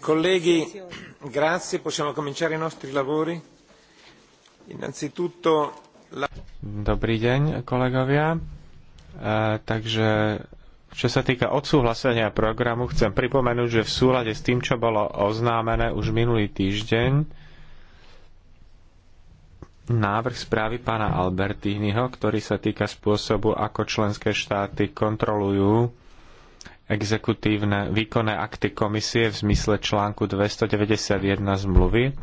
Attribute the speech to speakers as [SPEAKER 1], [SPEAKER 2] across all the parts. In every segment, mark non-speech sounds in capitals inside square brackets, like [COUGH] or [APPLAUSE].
[SPEAKER 1] Colleghi, grazie, possiamo cominciare i nostri lavori. Innanzitutto la...
[SPEAKER 2] Dobrý deň, kolegovia. E, takže čo sa týka odsúhlasenia programu, chcem pripomenúť, že v súlade s tým, čo bolo oznámené už minulý týždeň, návrh správy pána Albertínyho, ktorý sa týka spôsobu, ako členské štáty kontrolujú exekutívne výkonné akty komisie v zmysle článku 291 zmluvy.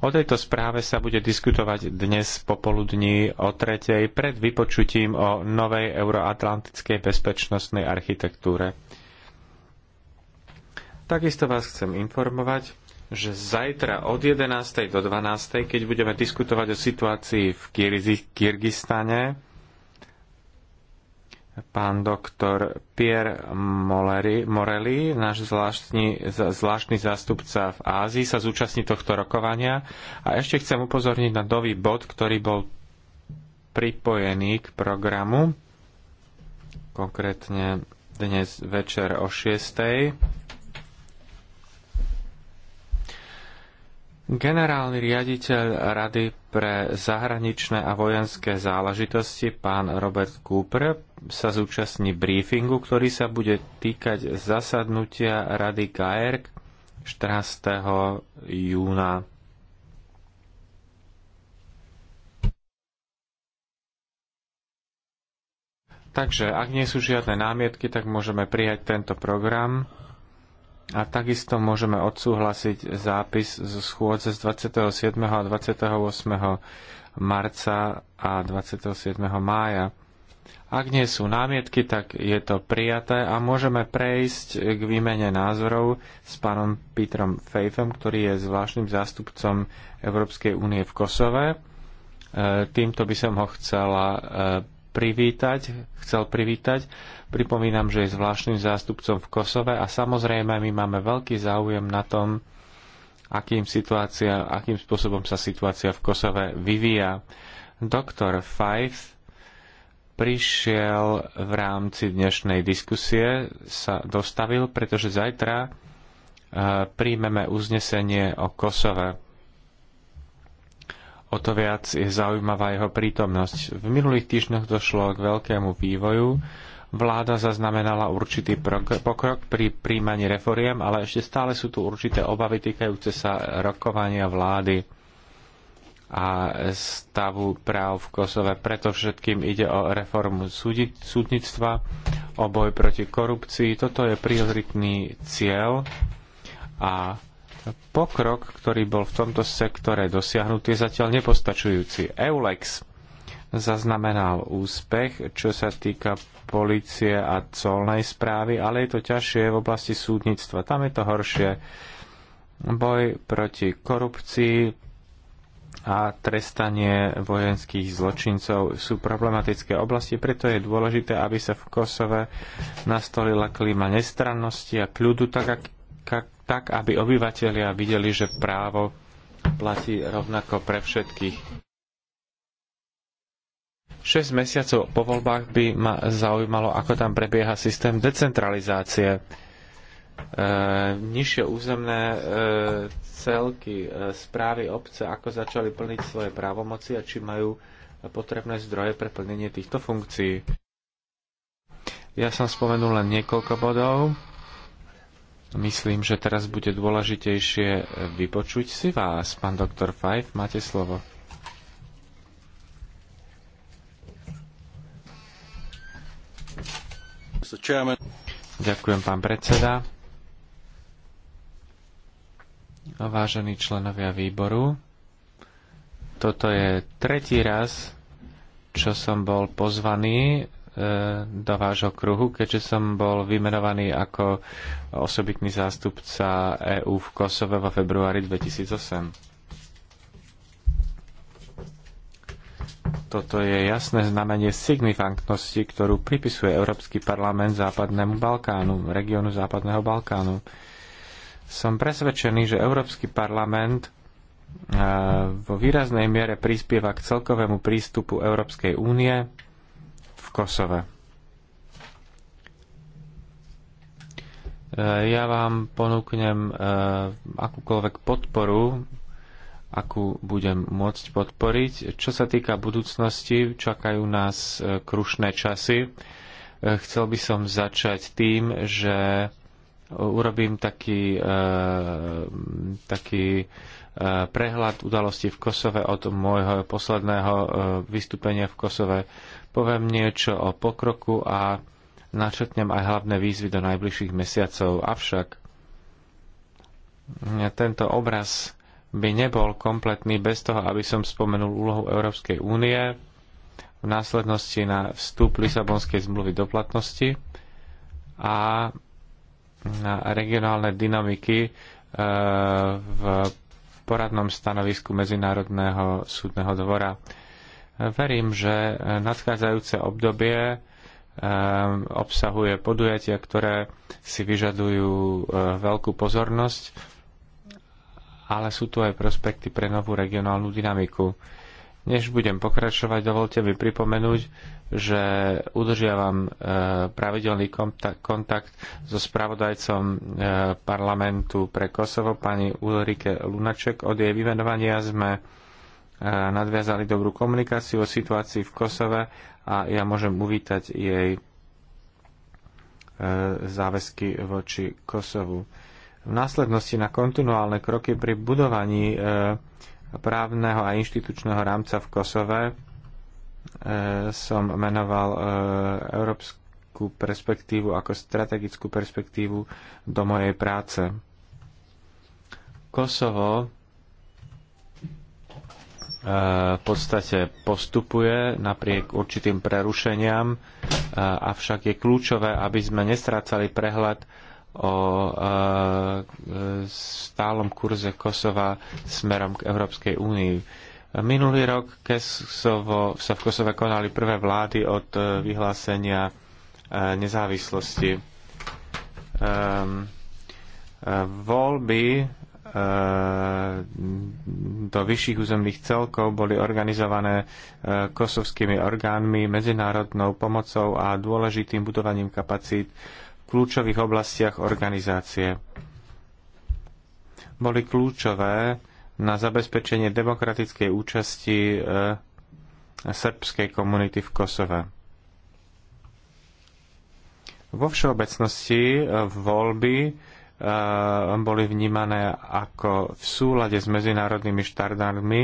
[SPEAKER 2] O tejto správe sa bude diskutovať dnes popoludní o tretej pred vypočutím o novej euroatlantickej bezpečnostnej architektúre. Takisto vás chcem informovať, že zajtra od 11. do 12. keď budeme diskutovať o situácii v Kyrgyzstane, pán doktor Pierre Moleri, Morelli, náš zvláštny, zvláštny zástupca v Ázii, sa zúčastní tohto rokovania. A ešte chcem upozorniť na nový bod, ktorý bol pripojený k programu, konkrétne dnes večer o 6. Generálny riaditeľ Rady pre zahraničné a vojenské záležitosti, pán Robert Cooper, sa zúčastní briefingu, ktorý sa bude týkať zasadnutia Rady KR 14. júna. Takže, ak nie sú žiadne námietky, tak môžeme prijať tento program. A takisto môžeme odsúhlasiť zápis z schôdze z 27. a 28. marca a 27. mája. Ak nie sú námietky, tak je to prijaté a môžeme prejsť k výmene názorov s pánom Petrom Fejfem, ktorý je zvláštnym zástupcom Európskej únie v Kosove. E, týmto by som ho chcela e, privítať, chcel privítať. Pripomínam, že je zvláštnym zástupcom v Kosove a samozrejme my máme veľký záujem na tom, akým, situácia, akým spôsobom sa situácia v Kosove vyvíja. Doktor Fife prišiel v rámci dnešnej diskusie, sa dostavil, pretože zajtra eh, príjmeme uznesenie o Kosove o to viac je zaujímavá jeho prítomnosť. V minulých týždňoch došlo k veľkému vývoju. Vláda zaznamenala určitý pokrok pri príjmaní reforiem, ale ešte stále sú tu určité obavy týkajúce sa rokovania vlády a stavu práv v Kosove. Preto všetkým ide o reformu súdnictva, o boj proti korupcii. Toto je prioritný cieľ a Pokrok, ktorý bol v tomto sektore dosiahnutý, je zatiaľ nepostačujúci. EULEX zaznamenal úspech, čo sa týka policie a colnej správy, ale je to ťažšie v oblasti súdnictva. Tam je to horšie. Boj proti korupcii a trestanie vojenských zločincov sú problematické oblasti, preto je dôležité, aby sa v Kosove nastolila klíma nestrannosti a kľudu, tak, ako tak aby obyvateľia videli, že právo platí rovnako pre všetkých. 6 mesiacov po voľbách by ma zaujímalo, ako tam prebieha systém decentralizácie. E, nižšie územné e, celky, e, správy obce, ako začali plniť svoje právomoci a či majú potrebné zdroje pre plnenie týchto funkcií. Ja som spomenul len niekoľko bodov. Myslím, že teraz bude dôležitejšie vypočuť si vás. Pán doktor Fajf, máte slovo. Ďakujem, pán predseda. Vážení členovia výboru, toto je tretí raz, čo som bol pozvaný E, do vášho kruhu, keďže som bol vymenovaný ako osobitný zástupca EÚ v Kosove vo februári 2008. Toto je jasné znamenie signifantnosti, ktorú pripisuje Európsky parlament Západnému Balkánu, regiónu Západného Balkánu. Som presvedčený, že Európsky parlament e, vo výraznej miere prispieva k celkovému prístupu Európskej únie Kosove. E, ja vám ponúknem e, akúkoľvek podporu, akú budem môcť podporiť. Čo sa týka budúcnosti, čakajú nás e, krušné časy. Chcel by som začať tým, že urobím taký, taký E, prehľad udalostí v Kosove od môjho posledného e, vystúpenia v Kosove. Poviem niečo o pokroku a načrtnem aj hlavné výzvy do najbližších mesiacov. Avšak e, tento obraz by nebol kompletný bez toho, aby som spomenul úlohu Európskej únie v následnosti na vstup Lisabonskej zmluvy do platnosti a na regionálne dynamiky v poradnom stanovisku Medzinárodného súdneho dvora. Verím, že nadchádzajúce obdobie eh, obsahuje podujatia, ktoré si vyžadujú eh, veľkú pozornosť, ale sú tu aj prospekty pre novú regionálnu dynamiku. Než budem pokračovať, dovolte mi pripomenúť, že udržiavam e, pravidelný kontakt so spravodajcom e, parlamentu pre Kosovo, pani Ulrike Lunaček. Od jej vymenovania sme e, nadviazali dobrú komunikáciu o situácii v Kosove a ja môžem uvítať jej záväzky voči Kosovu. V následnosti na kontinuálne kroky pri budovaní právneho a inštitučného rámca v Kosove e, som menoval e, európsku perspektívu ako strategickú perspektívu do mojej práce. Kosovo e, v podstate postupuje napriek určitým prerušeniam, avšak je kľúčové, aby sme nestrácali prehľad o e, stálom kurze Kosova smerom k Európskej únii. Minulý rok Kesovo, sa v Kosove konali prvé vlády od e, vyhlásenia e, nezávislosti. Um, voľby do vyšších územných celkov boli organizované kosovskými orgánmi, medzinárodnou pomocou a dôležitým budovaním kapacít kľúčových oblastiach organizácie. Boli kľúčové na zabezpečenie demokratickej účasti eh, srbskej komunity v Kosove. Vo všeobecnosti eh, voľby eh, boli vnímané ako v súlade s medzinárodnými štandardmi.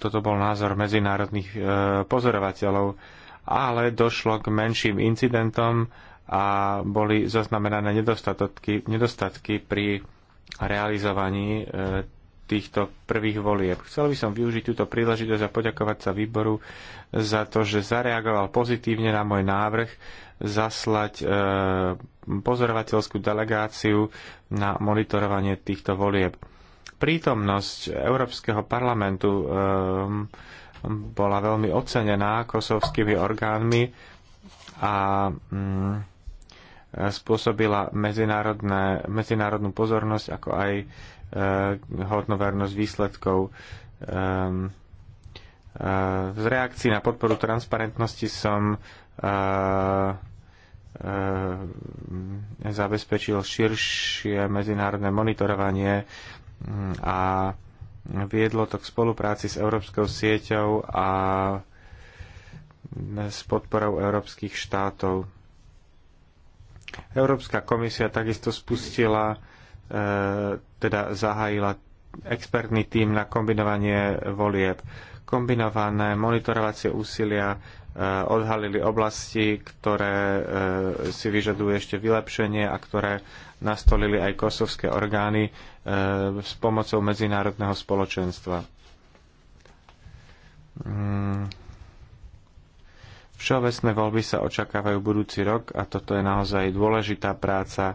[SPEAKER 2] Toto bol názor medzinárodných pozorovateľov, ale došlo k menším incidentom, a boli zaznamenané nedostatky, nedostatky pri realizovaní e, týchto prvých volieb. Chcel by som využiť túto príležitosť a poďakovať sa výboru za to, že zareagoval pozitívne na môj návrh zaslať e, pozorovateľskú delegáciu na monitorovanie týchto volieb. Prítomnosť Európskeho parlamentu e, bola veľmi ocenená kosovskými orgánmi a mm, spôsobila medzinárodnú pozornosť, ako aj e, hodnovernosť výsledkov. Ehm, e, e, v reakcii na podporu transparentnosti som e, e, zabezpečil širšie medzinárodné monitorovanie mm, a viedlo to k spolupráci s Európskou sieťou a s podporou európskych štátov Európska komisia takisto spustila, e, teda zahájila expertný tím na kombinovanie volieb. Kombinované monitorovacie úsilia e, odhalili oblasti, ktoré e, si vyžadujú ešte vylepšenie a ktoré nastolili aj kosovské orgány s pomocou medzinárodného spoločenstva mm. Všeobecné voľby sa očakávajú budúci rok a toto je naozaj dôležitá práca. E,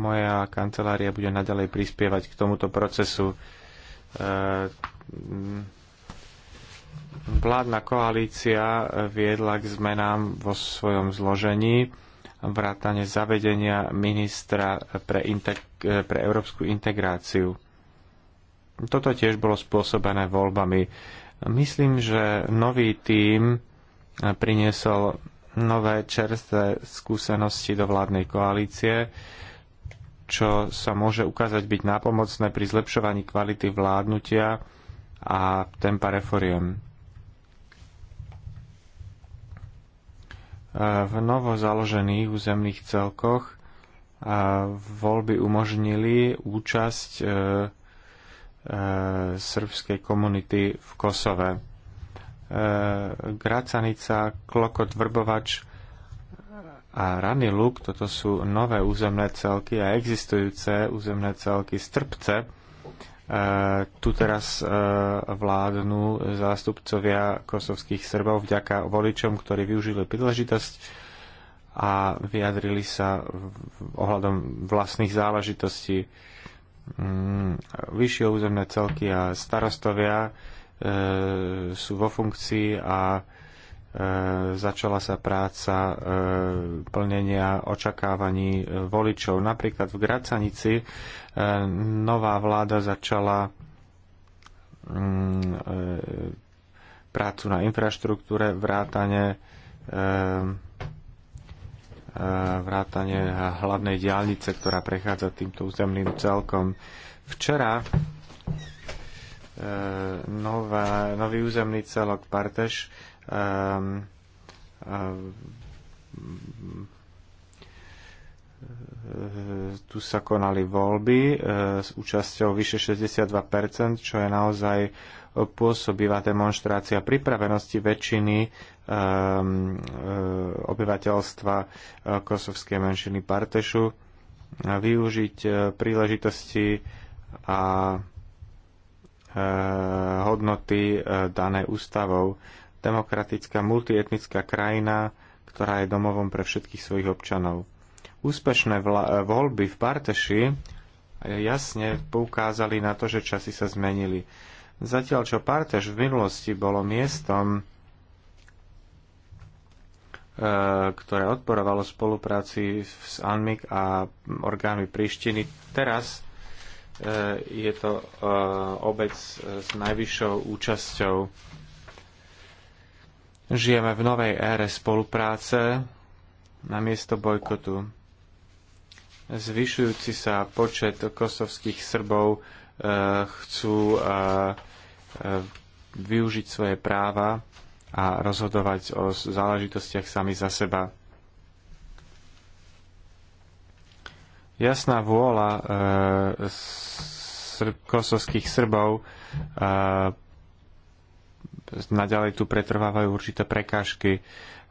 [SPEAKER 2] moja kancelária bude naďalej prispievať k tomuto procesu. E, vládna koalícia viedla k zmenám vo svojom zložení vrátane zavedenia ministra pre, pre európsku integráciu. Toto tiež bolo spôsobené voľbami Myslím, že nový tím eh, priniesol nové čerstvé skúsenosti do vládnej koalície, čo sa môže ukázať byť nápomocné pri zlepšovaní kvality vládnutia a tempa reforiem. Eh, v novo založených územných celkoch eh, voľby umožnili účasť Eh, srbskej komunity v Kosove. Eh, Gracanica, Klokot, Vrbovač a Rany Luk, toto sú nové územné celky a existujúce územné celky Strpce. Eh, tu teraz vládnu zástupcovia kosovských Srbov vďaka voličom, ktorí využili príležitosť a vyjadrili sa ohľadom vlastných záležitostí Mm, vyššie územné celky a starostovia e, sú vo funkcii a e, začala sa práca e, plnenia očakávaní e, voličov. Napríklad v Gracanici e, nová vláda začala mm, e, prácu na infraštruktúre, vrátane e, vrátane hlavnej diálnice, ktorá prechádza týmto územným celkom. Včera e, nová, nový územný celok Parteš um, um, tu sa konali voľby s účasťou vyše 62%, čo je naozaj pôsobivá demonstrácia pripravenosti väčšiny Um, uh, obyvateľstva uh, kosovskej menšiny Partešu, uh, využiť príležitosti a hodnoty dané ústavou. Demokratická multietnická krajina, ktorá je domovom pre všetkých svojich občanov. Úspešné voľby v Parteši jasne poukázali na to, že časy sa zmenili. Zatiaľ čo Parteš v minulosti bolo miestom, ktoré odporovalo spolupráci s ANMIK a orgánmi Prištiny. Teraz e, je to e, obec s najvyššou účasťou. Žijeme v novej ére spolupráce namiesto bojkotu. Zvyšujúci sa počet kosovských Srbov e, chcú využiť svoje práva a rozhodovať o záležitostiach sami za seba. Jasná vôľa e, sr- kosovských Srbov e, naďalej tu pretrvávajú určité prekážky.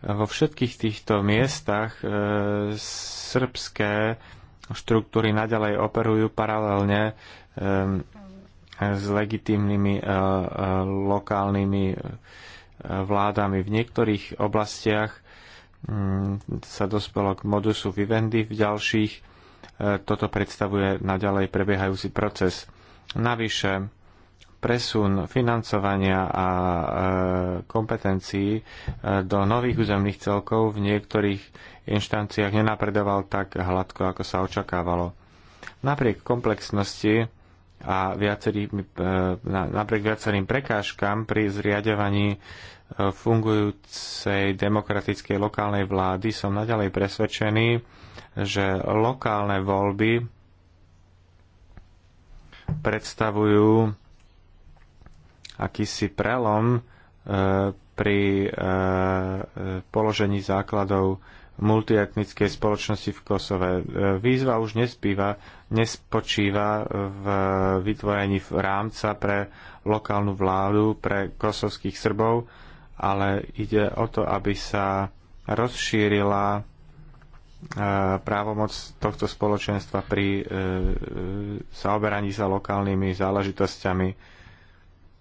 [SPEAKER 2] Vo všetkých týchto miestach e, srbské štruktúry naďalej operujú paralelne e, s legitímnymi e, e, lokálnymi e, vládami. V niektorých oblastiach mm, sa dospelo k modusu vivendi, v ďalších e, toto predstavuje naďalej prebiehajúci proces. Navyše, presun financovania a e, kompetencií e, do nových územných celkov v niektorých inštanciách nenapredoval tak hladko, ako sa očakávalo. Napriek komplexnosti a viacerý, e, napriek viacerým prekážkam pri zriadovaní e, fungujúcej demokratickej lokálnej vlády som naďalej presvedčený, že lokálne voľby predstavujú akýsi prelom e, pri položení základov multietnickej spoločnosti v Kosove. E, výzva už nespíva, nespočíva v vytvorení rámca pre lokálnu vládu pre kosovských Srbov, ale ide o to, aby sa rozšírila e, právomoc tohto spoločenstva pri e, zaoberaní sa lokálnymi záležitosťami.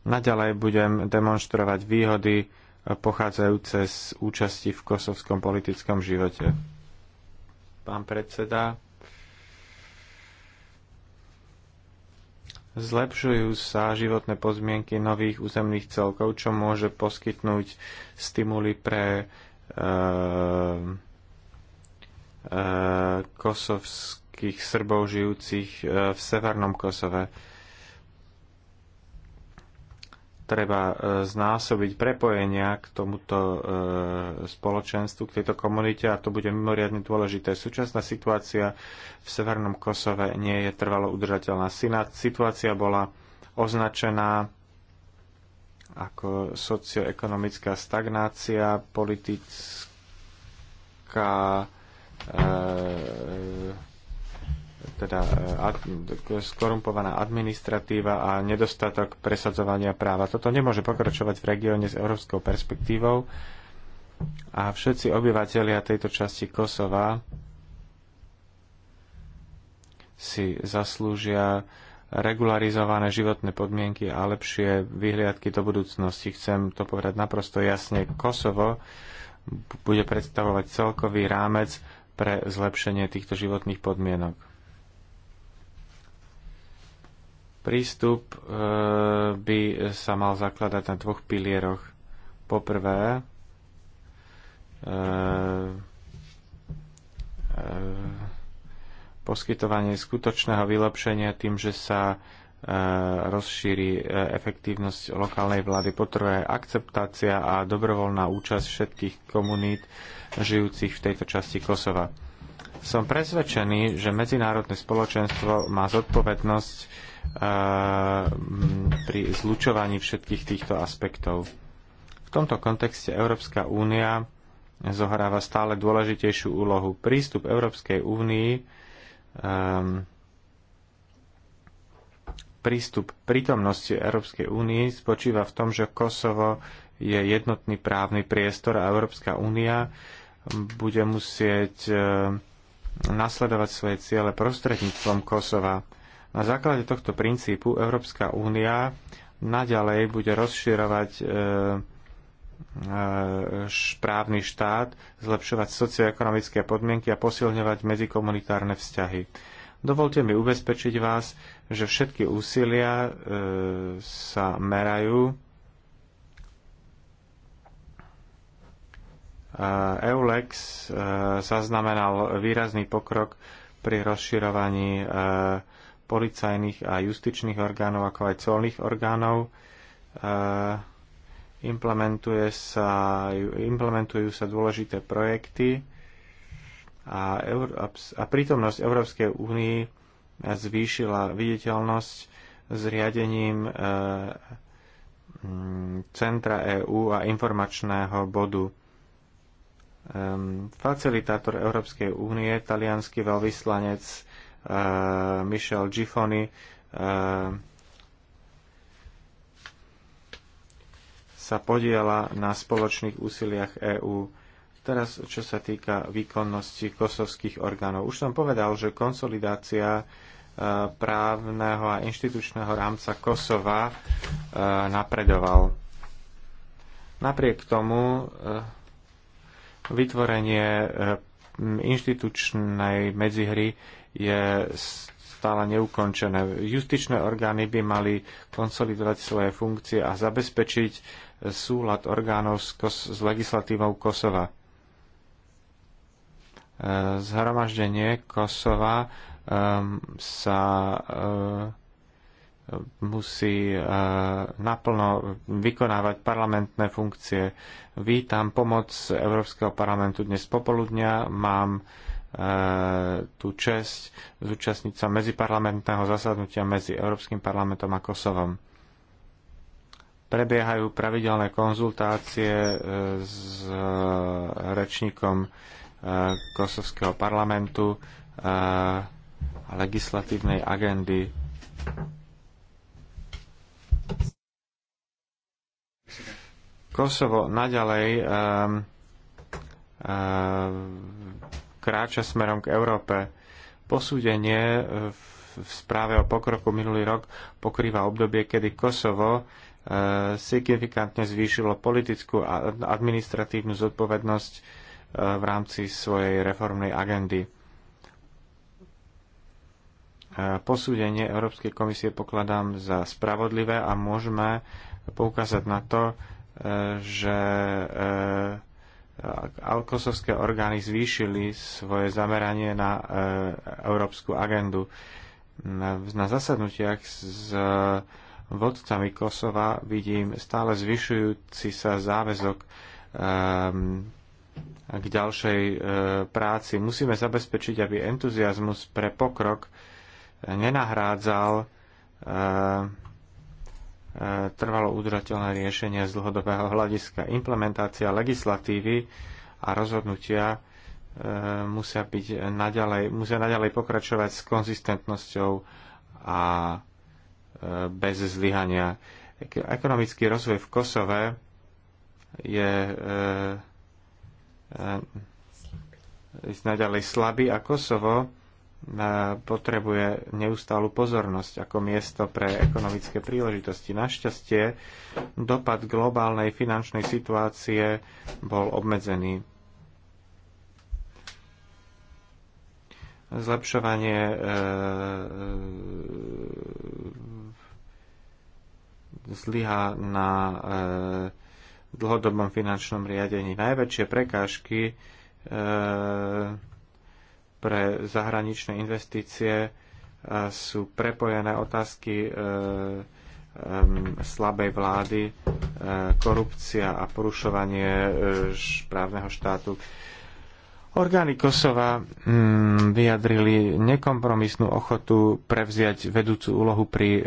[SPEAKER 2] Naďalej budem demonstrovať výhody pochádzajúce z účasti v kosovskom politickom živote. Pán predseda, Zlepšujú sa životné podmienky nových územných celkov, čo môže poskytnúť stimuly pre e, e, kosovských Srbov žijúcich e, v Severnom Kosove. E, treba e, znásobiť prepojenia k tomuto e, spoločenstvu, k tejto komunite a to bude mimoriadne dôležité. Súčasná situácia v Severnom Kosove nie je trvalo udržateľná. Situácia bola označená ako socioekonomická stagnácia, politická e, teda eh, ad, skorumpovaná administratíva a nedostatok presadzovania práva. Toto nemôže pokračovať v regióne s európskou perspektívou a všetci obyvateľia tejto časti Kosova si zaslúžia regularizované životné podmienky a lepšie vyhliadky do budúcnosti. Chcem to povedať naprosto jasne. Kosovo bude predstavovať celkový rámec pre zlepšenie týchto životných podmienok. Prístup e, by sa mal zakladať na dvoch pilieroch. Poprvé, e, e, poskytovanie skutočného vylepšenia tým, že sa rozšíri efektívnosť lokálnej vlády. Potrvé akceptácia a dobrovoľná účasť všetkých komunít žijúcich v tejto časti Kosova. Som presvedčený, že medzinárodné spoločenstvo má zodpovednosť pri zlučovaní všetkých týchto aspektov. V tomto kontexte Európska únia zohráva stále dôležitejšiu úlohu. Prístup Európskej únii, ehm, prístup prítomnosti Európskej únii spočíva v tom, že Kosovo je jednotný právny priestor a Európska únia bude musieť ehm, nasledovať svoje ciele prostredníctvom Kosova. Na základe tohto princípu Európska únia naďalej bude rozširovať e, e, právny štát, zlepšovať socioekonomické podmienky a posilňovať medzikomunitárne vzťahy. Dovolte mi ubezpečiť vás, že všetky úsilia e, sa merajú. E, EULEX e, zaznamenal výrazný pokrok pri rozširovaní e, policajných a justičných orgánov, ako aj colných orgánov. E, implementuje sa, implementujú sa dôležité projekty a, Eur, a prítomnosť Európskej únii zvýšila viditeľnosť zriadením e, Centra EÚ a informačného bodu. Facilitátor Európskej únie, talianský veľvyslanec Eh, Michel uh, sa podiela na spoločných úsiliach EÚ. Teraz, čo sa týka výkonnosti kosovských orgánov. Už som povedal, že konsolidácia eh, právneho a inštitučného rámca Kosova napredoval. Napriek tomu vytvorenie inštitučnej medzihry je stále neukončené. Justičné orgány by mali konsolidovať svoje funkcie a zabezpečiť súlad orgánov s, kos- s legislatívou Kosova. E, zhromaždenie Kosova um, sa um, musí um, naplno vykonávať parlamentné funkcie. Vítam pomoc Európskeho parlamentu dnes popoludnia. Mám um, E, tú česť zúčastniť sa medziparlamentného zasadnutia medzi Európskym parlamentom a Kosovom. Prebiehajú pravidelné konzultácie e, s e, rečníkom kosovského parlamentu a legislatívnej agendy. Kosovo naďalej kráča smerom k Európe. Posúdenie e, v správe o pokroku minulý rok pokrýva obdobie, kedy Kosovo e, signifikantne zvýšilo politickú a administratívnu zodpovednosť e, v rámci svojej reformnej agendy. Posúdenie Európskej komisie pokladám za spravodlivé a môžeme poukázať na to, že kosovské orgány zvýšili svoje zameranie na e, európsku agendu. Na, na zasadnutiach s e, vodcami Kosova vidím stále zvyšujúci sa záväzok e, k ďalšej práci. Musíme zabezpečiť, aby entuziasmus pre pokrok nenahrádzal trvalo udržateľné riešenie z dlhodobého hľadiska. Implementácia legislatívy a rozhodnutia e, musia, byť naďalej, musia naďalej pokračovať s konzistentnosťou a e, bez zlyhania. Ekonomický rozvoj v Kosove je e, e naďalej slabý a Kosovo potrebuje neustálu pozornosť ako miesto pre ekonomické príležitosti. Našťastie dopad globálnej finančnej situácie bol obmedzený. Zlepšovanie e, e, zlyha na e, dlhodobom finančnom riadení. Najväčšie prekážky pre zahraničné investície e, sú prepojené otázky e, e, slabej vlády, korupcia a porušovanie právneho štátu. Orgány Kosova mm, vyjadrili nekompromisnú ochotu prevziať vedúcu úlohu pri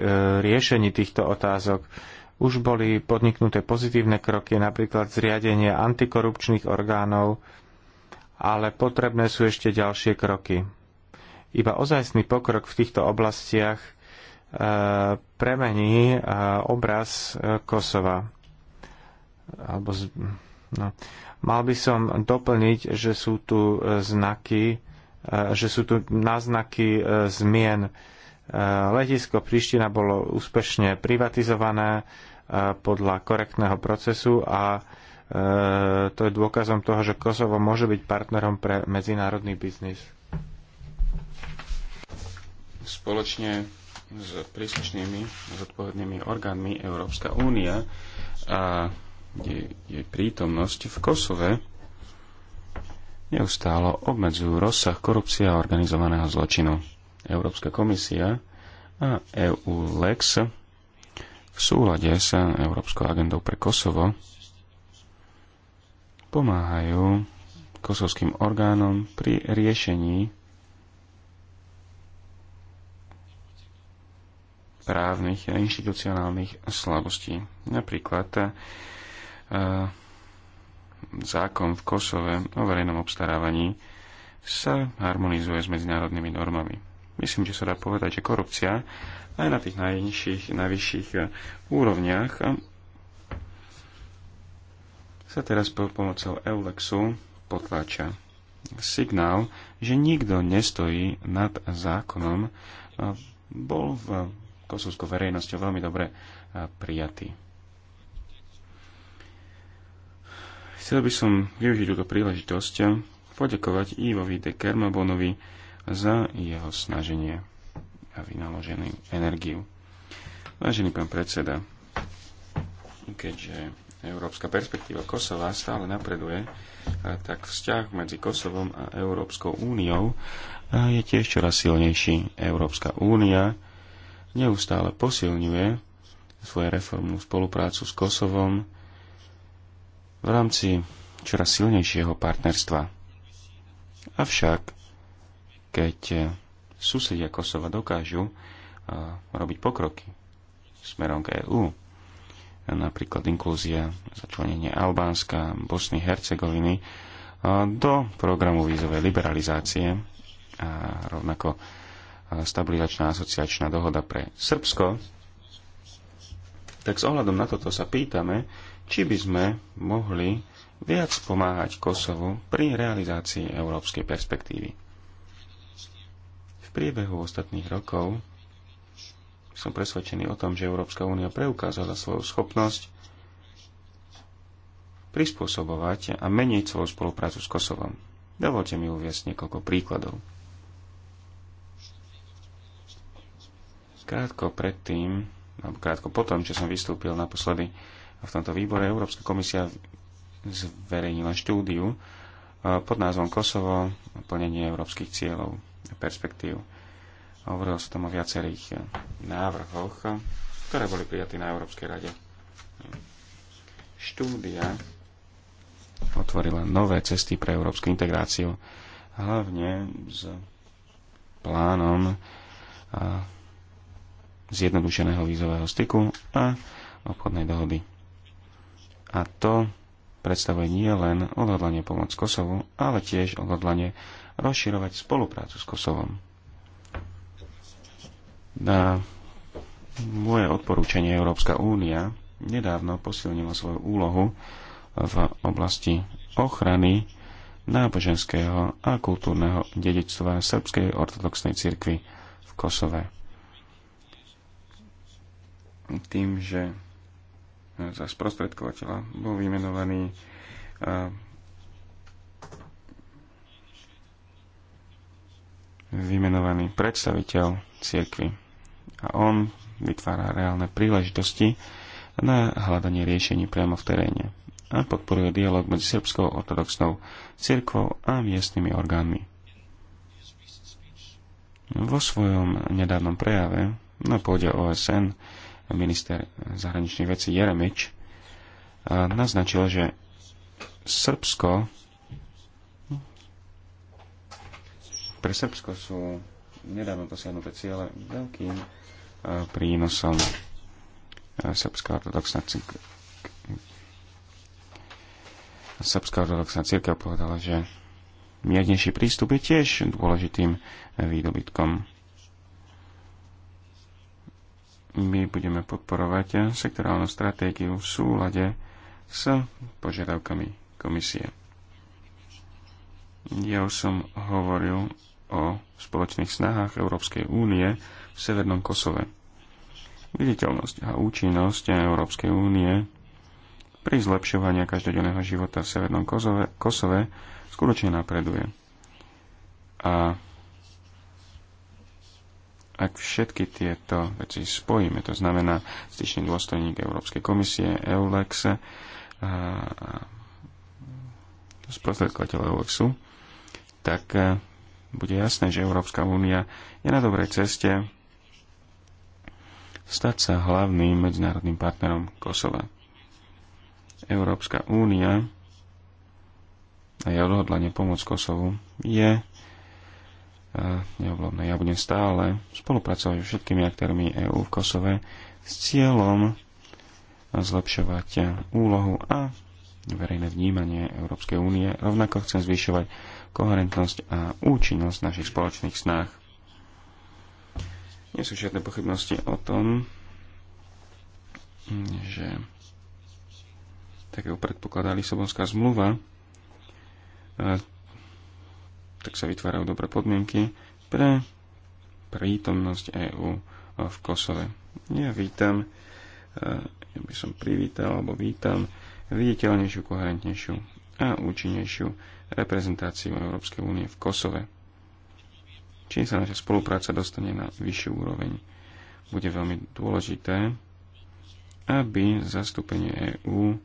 [SPEAKER 2] riešení týchto otázok. Už boli podniknuté pozitívne kroky, napríklad zriadenie antikorupčných orgánov, ale potrebné sú ešte ďalšie kroky. Iba ozajstný pokrok v týchto oblastiach e, premení e, obraz e, Kosova. Albo z, no. Mal by som doplniť, že sú tu znaky, že sú tu náznaky zmien. Letisko Priština bolo úspešne privatizované podľa korektného procesu a E, to je dôkazom toho, že Kosovo môže byť partnerom pre medzinárodný biznis.
[SPEAKER 3] Spoločne s príslušnými zodpovednými orgánmi Európska únia a jej, jej prítomnosť v Kosove neustále obmedzujú rozsah korupcia a organizovaného zločinu. Európska komisia a EU Lex v súlade s Európskou agendou pre Kosovo pomáhajú kosovským orgánom pri riešení právnych a inštitucionálnych slabostí. Napríklad eh, zákon v Kosove o verejnom obstarávaní sa harmonizuje s medzinárodnými normami. Myslím, že sa dá povedať, že korupcia aj na tých najnižších, najvyšších eh, úrovniach sa teraz po pomocou Eulexu potláča signál, že nikto nestojí nad zákonom, bol v kosovskou verejnosťou veľmi dobre prijatý. Chcel by som využiť túto príležitosť poďakovať Ivovi de Kermabonovi za jeho snaženie a vynaloženú energiu. Vážený pán predseda, keďže európska perspektíva Kosova stále napreduje, tak vzťah medzi Kosovom a Európskou úniou je tiež čoraz silnejší. Európska únia neustále posilňuje svoju reformnú spoluprácu s Kosovom v rámci čoraz silnejšieho partnerstva. Avšak, keď susedia Kosova dokážu robiť pokroky smerom k EÚ, napríklad inklúzia, začlenenie Albánska, Bosny, Hercegoviny do programu vízovej liberalizácie a rovnako stabilizačná asociačná dohoda pre Srbsko, tak s ohľadom na toto sa pýtame, či by sme mohli viac pomáhať Kosovu pri realizácii európskej perspektívy. V priebehu ostatných rokov som presvedčený o tom, že Európska únia preukázala svoju schopnosť prispôsobovať a meniť svoju spoluprácu s Kosovom. Dovolte mi uviesť niekoľko príkladov. Krátko predtým, alebo krátko potom, čo som vystúpil naposledy v tomto výbore, Európska komisia zverejnila štúdiu eh, pod názvom Kosovo plnenie európskych cieľov a perspektív. Hovoril som o viacerých eh, návrhoch, ktoré boli prijaté na Európskej rade. Štúdia otvorila nové cesty pre európsku integráciu, hlavne s plánom eh, zjednodušeného vízového styku a obchodnej dohody. A to predstavuje nie len odhodlanie pomôcť Kosovu, ale tiež odhodlanie rozširovať spoluprácu s Kosovom. Na moje odporúčanie Európska únia nedávno posilnila svoju úlohu v oblasti ochrany náboženského a kultúrneho dedičstva Srbskej ortodoxnej cirkvi v Kosove. Tým, že za sprostredkovateľa bol vymenovaný vymenovaný predstaviteľ cirkvi a on vytvára reálne príležitosti na hľadanie riešení priamo v teréne a podporuje dialog medzi srbskou ortodoxnou cirkvou a miestnymi orgánmi. Vo svojom nedávnom prejave na pôde OSN minister zahraničných vecí Jeremič eh, naznačil, že Srbsko pre Srbsko sú nedávno dosiahnuté ciele veľkým e, prínosom e, Srbská ortodoxná církev. Srbská ortodoxná církev povedala, že miernejší prístup je tiež dôležitým výdobytkom. My budeme podporovať sektorálnu stratégiu v súlade s požiadavkami komisie. Ja už som hovoril o spoločných snahách Európskej únie v Severnom Kosove. Viditeľnosť a účinnosť Európskej únie pri zlepšovaní každodenného života v Severnom Kosove, Kosove skutočne napreduje. A ak všetky tieto veci spojíme, to znamená styčný dôstojník Európskej komisie, EULEX, sprostredkovateľ EULEXu, tak bude jasné, že Európska únia je na dobrej ceste stať sa hlavným medzinárodným partnerom Kosova. Európska únia a jej odhodlanie pomôcť Kosovu je neoblomné. Ja budem stále spolupracovať so všetkými aktérmi EÚ v Kosove s cieľom zlepšovať úlohu a verejné vnímanie Európskej únie. Rovnako chcem zvyšovať koherentnosť a účinnosť našich spoločných snách. Nie sú žiadne pochybnosti o tom, že tak predpokladá Lisabonská zmluva, e, tak sa vytvárajú dobré podmienky pre prítomnosť EÚ v Kosove. Ja vítam, e, ja by som privítal alebo vítam viditeľnejšiu, koherentnejšiu a účinnejšiu reprezentáciu Európskej únie v Kosove. Čím sa naša spolupráca dostane na vyššiu úroveň, bude veľmi dôležité, aby zastúpenie EÚ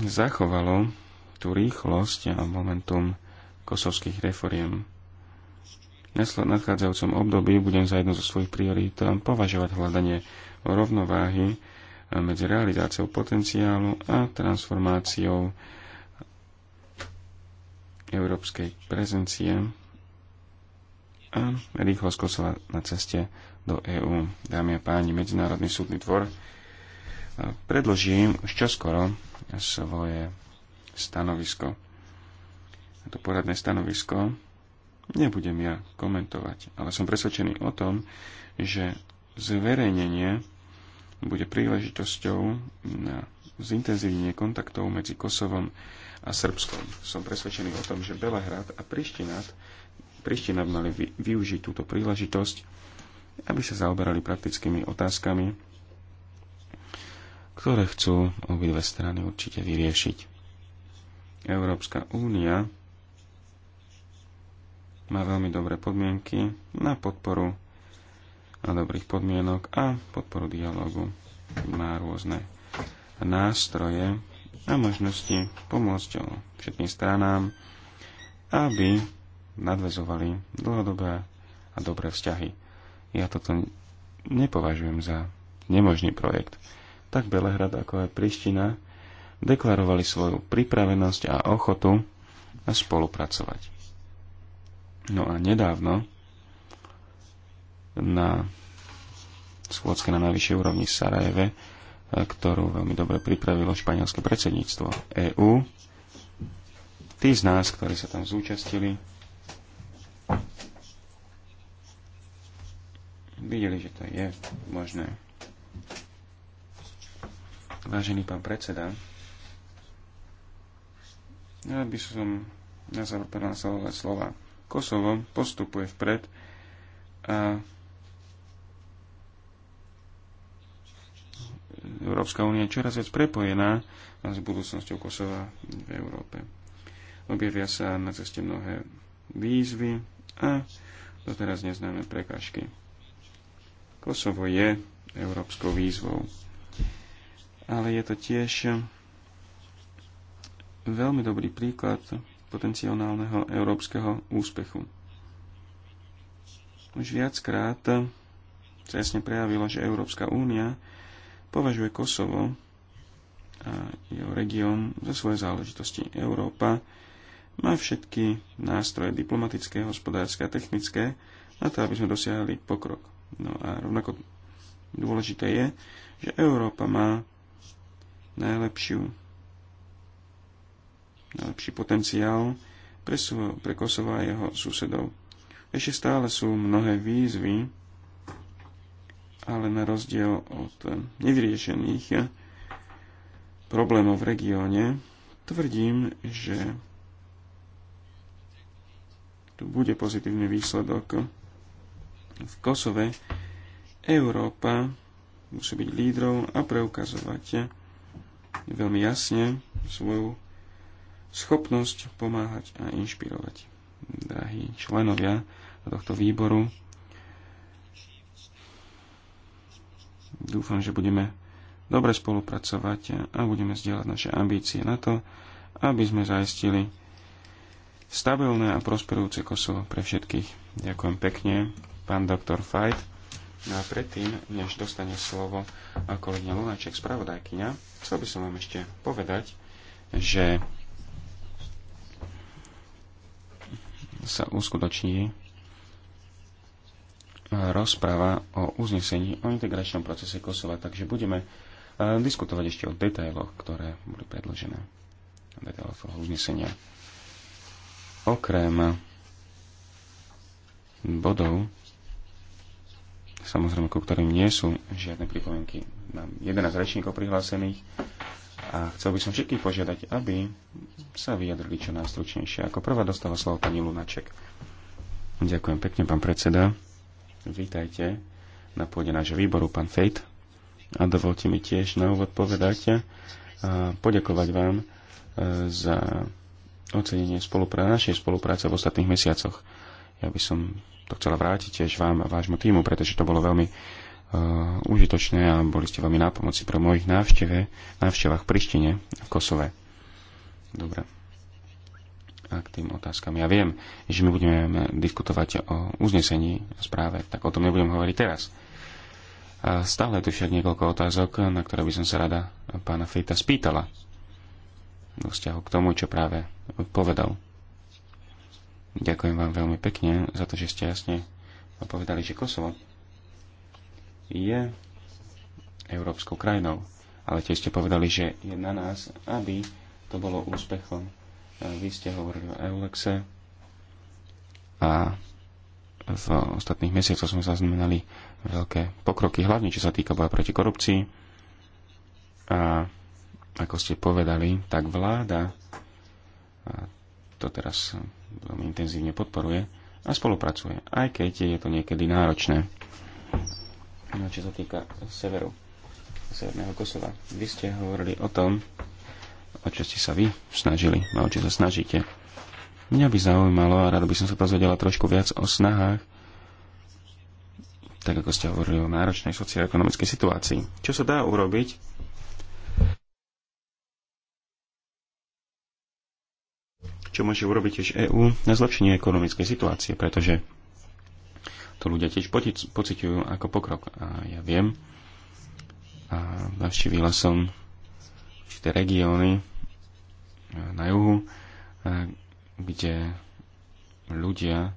[SPEAKER 3] zachovalo tú rýchlosť a momentum kosovských reforiem. V nadchádzajúcom období budem za jednu zo svojich priorít považovať hľadanie rovnováhy medzi realizáciou potenciálu a transformáciou európskej prezencie a rýchlosť Kosova na ceste do EÚ. Dámy a páni, Medzinárodný súdny dvor predloží už čoskoro svoje stanovisko. A to poradné stanovisko nebudem ja komentovať, ale som presvedčený o tom, že zverejnenie bude príležitosťou na zintenzívnenie kontaktov medzi Kosovom a Srbskom. Som presvedčený o tom, že Belehrad a Priština, mali využiť túto príležitosť, aby sa zaoberali praktickými otázkami, ktoré chcú obidve strany určite vyriešiť. Európska únia má veľmi dobré podmienky na podporu a dobrých podmienok a podporu dialogu. Má rôzne nástroje a možnosti pomôcť všetkým stranám, aby nadvezovali dlhodobé a dobré vzťahy. Ja toto nepovažujem za nemožný projekt. Tak Belehrad ako aj Priština deklarovali svoju pripravenosť a ochotu na spolupracovať. No a nedávno na schôdzke na najvyššej úrovni v Sarajeve, e, ktorú veľmi dobre pripravilo španielské predsedníctvo EÚ. Tí z nás, ktorí sa tam zúčastili, videli, že to je možné. Vážený pán predseda, ja by som na záver slova. Kosovo postupuje vpred a Európska únia čoraz viac prepojená s budúcnosťou Kosova v Európe. Objavia sa na ceste mnohé výzvy a doteraz neznáme prekážky. Kosovo je európskou výzvou, ale je to tiež veľmi dobrý príklad potenciálneho európskeho úspechu. Už viackrát sa jasne prejavilo, že Európska únia považuje Kosovo a jeho región za svoje záležitosti. Európa má všetky nástroje diplomatické, hospodárske a technické na to, aby sme dosiahli pokrok. No a rovnako dôležité je, že Európa má najlepšiu, najlepší potenciál pre, pre Kosovo a jeho susedov. Ešte stále sú mnohé výzvy, ale na rozdiel od nevyriešených problémov v regióne, tvrdím, že tu bude pozitívny výsledok. V Kosove Európa musí byť lídrom a preukazovať veľmi jasne svoju schopnosť pomáhať a inšpirovať. Drahí členovia tohto výboru, Dúfam, že budeme dobre spolupracovať a budeme zdieľať naše ambície na to, aby sme zaistili stabilné a prosperujúce Kosovo pre všetkých. Ďakujem pekne, pán doktor Fajt. No a predtým, než dostane slovo kolegyňa Lunáček, spravodajkyňa, chcel by som vám ešte povedať, že sa uskutoční rozpráva o uznesení o integračnom procese Kosova, takže budeme e, diskutovať ešte o detailoch, ktoré boli predložené. Detailoch toho uznesenia. Okrem bodov, samozrejme, ku ktorým nie sú žiadne pripomienky. Mám 11 rečníkov prihlásených a chcel by som všetkých požiadať, aby sa vyjadrili čo najstručnejšie. Ako prvá dostáva slovo pani Lunaček. Ďakujem pekne, pán predseda. Vítajte na pôde nášho výboru, pán Fejt. A dovolte mi tiež na úvod povedať a poďakovať vám e, za ocenenie spolupra- našej spolupráce v ostatných mesiacoch. Ja by som to chcela vrátiť tiež vám a vášmu týmu, pretože to bolo veľmi Uh, užitočné a boli ste veľmi nápomoci pre mojich návšteve, návštevách v Prištine v Kosove. Dobre k tým otázkam. Ja viem, že my budeme diskutovať o uznesení správe, tak o tom nebudem hovoriť teraz. A stále tu však niekoľko otázok, na ktoré by som sa rada pána Fejta spýtala vo vzťahu k tomu, čo práve povedal. Ďakujem vám veľmi pekne za to, že ste jasne povedali, že Kosovo je európskou krajinou. Ale tiež ste povedali, že je na nás, aby to bolo úspechom vy ste hovorili o Eulexe a v ostatných mesiacoch sme zaznamenali veľké pokroky, hlavne čo sa týka boja proti korupcii. A ako ste povedali, tak vláda to teraz veľmi intenzívne podporuje a spolupracuje, aj keď je to niekedy náročné. No, čo sa týka severu, severného Kosova. Vy ste hovorili o tom, o čo ste sa vy snažili, a o čo sa snažíte. Mňa by zaujímalo a rád by som sa dozvedela trošku viac o snahách, tak ako ste hovorili o náročnej socioekonomickej situácii. Čo sa dá urobiť? Čo môže urobiť tiež EÚ na zlepšenie ekonomickej situácie, pretože to ľudia tiež pociťujú ako pokrok. A ja viem, a navštívila som určité regióny e, na juhu, e, kde ľudia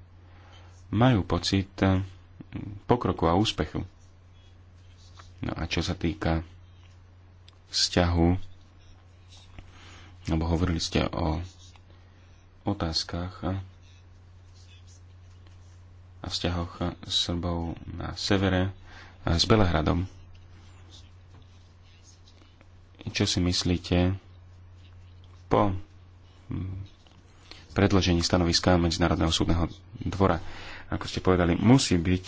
[SPEAKER 3] majú pocit e, pokroku a úspechu. No a čo sa týka vzťahu, alebo hovorili ste o otázkach a vzťahoch Srbov na severe s Belehradom čo si myslíte po predložení stanoviska Medzinárodného súdneho dvora. Ako ste povedali, musí byť,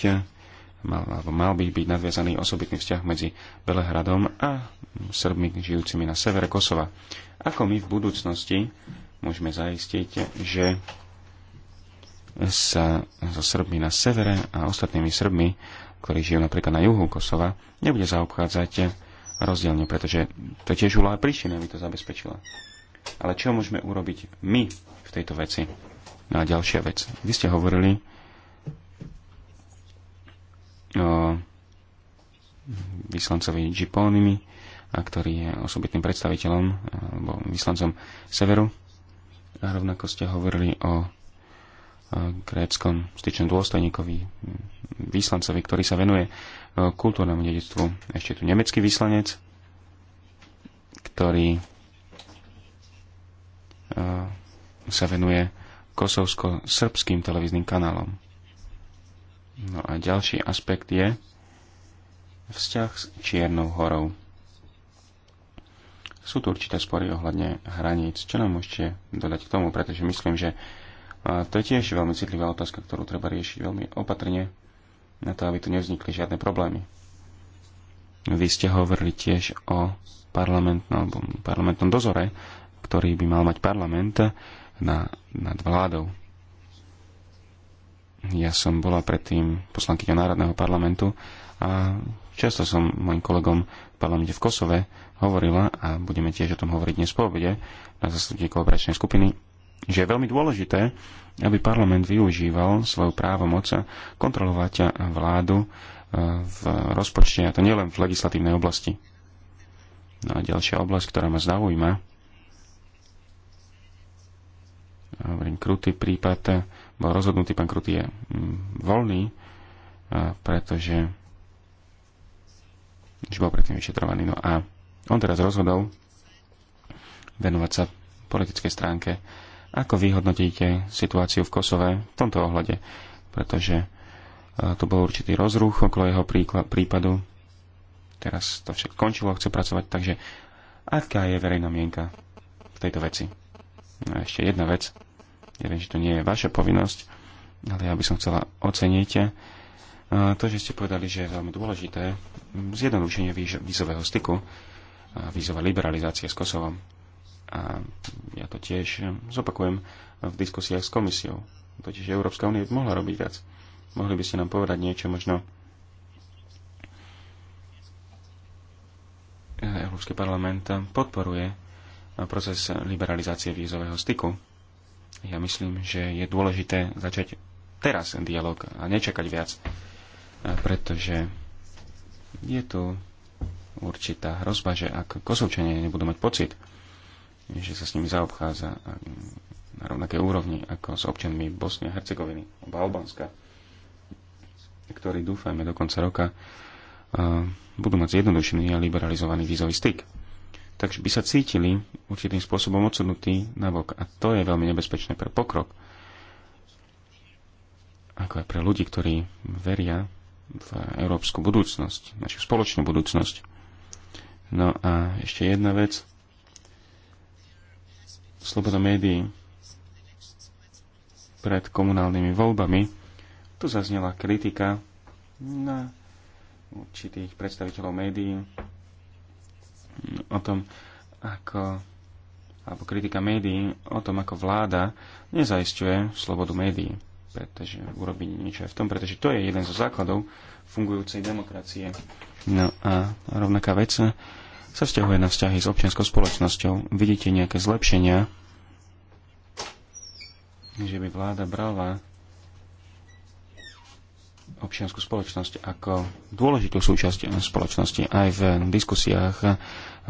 [SPEAKER 3] mal, alebo mal by byť nadviazaný osobitný vzťah medzi Belehradom a Srbmi žijúcimi na severe Kosova. Ako my v budúcnosti môžeme zaistiť, že sa so Srbmi na severe a ostatnými Srbmi, ktorí žijú napríklad na juhu Kosova, nebude zaobchádzať rozdielne, pretože to je tiež úloha príčina aby to zabezpečila. Ale čo môžeme urobiť my v tejto veci? No a ďalšia vec. Vy ste hovorili o vyslancovi Džipónimi, a ktorý je osobitným predstaviteľom alebo vyslancom Severu. A rovnako ste hovorili o gréckom styčnom dôstojníkovi, výslancovi, ktorý sa venuje kultúrnemu dedictvu. Ešte tu nemecký vyslanec, ktorý e, sa venuje kosovsko-srbským televíznym kanálom. No a ďalší aspekt je vzťah s Čiernou horou. Sú tu určité spory ohľadne hraníc. Čo nám môžete dodať k tomu? Pretože myslím, že e, to je tiež veľmi citlivá otázka, ktorú treba riešiť veľmi opatrne na to, aby tu nevznikli žiadne problémy. Vy ste hovorili tiež o parlamentnom, alebo parlamentnom dozore, ktorý by mal mať parlament na, nad vládou. Ja som bola predtým poslankyňa Národného parlamentu a často som mojim kolegom v parlamente v Kosove hovorila a budeme tiež o tom hovoriť dnes po obede na zastupníkov operačnej skupiny že je veľmi dôležité, aby parlament využíval svoju právomoc kontrolovať vládu eh, v rozpočte, a to nielen v legislatívnej oblasti. No a ďalšia oblasť, ktorá ma zaujíma, hovorím, krutý prípad, bol rozhodnutý, pán Krutý je mm, voľný, eh, pretože už bol predtým vyšetrovaný. No a on teraz rozhodol venovať sa politickej stránke ako vyhodnotíte situáciu v Kosove v tomto ohľade? Pretože e, tu bol určitý rozruch okolo jeho prípadu. Teraz to všetko končilo, chce pracovať, takže aká je verejná mienka v tejto veci? No a ešte jedna vec. Ja viem, že to nie je vaša povinnosť, ale ja by som chcela oceniť e, to, že ste povedali, že je veľmi dôležité zjednodušenie vízového styku, a vízová liberalizácia s Kosovom a ja to tiež zopakujem v diskusiách s komisiou. Totiž Európska únia by mohla robiť viac. Mohli by ste nám povedať niečo možno Európsky parlament podporuje proces liberalizácie vízového styku. Ja myslím, že je dôležité začať teraz dialog a nečakať viac, pretože je tu určitá hrozba, že ak kosovčania nebudú mať pocit, že sa s nimi zaobchádza mm, na rovnakej úrovni ako s občanmi Bosny a Hercegoviny alebo Albánska, ktorí dúfajme do konca roka budú mať zjednodušený a liberalizovaný vízový styk. Takže by sa cítili určitým spôsobom odsudnutí na bok. A to je veľmi nebezpečné pre pokrok. Ako aj pre ľudí, ktorí veria v európsku budúcnosť, našu spoločnú budúcnosť. No a ešte jedna vec sloboda médií pred komunálnymi voľbami, tu zaznela kritika na určitých predstaviteľov médií o tom, ako alebo kritika médií o tom, ako vláda nezajistuje slobodu médií, pretože urobí niečo aj v tom, pretože to je jeden zo základov fungujúcej demokracie. No a rovnaká vec sa vzťahuje na vzťahy s občianskou spoločnosťou. Vidíte nejaké zlepšenia, že by vláda brala občianskú spoločnosť ako dôležitú súčasť spoločnosti aj v diskusiách,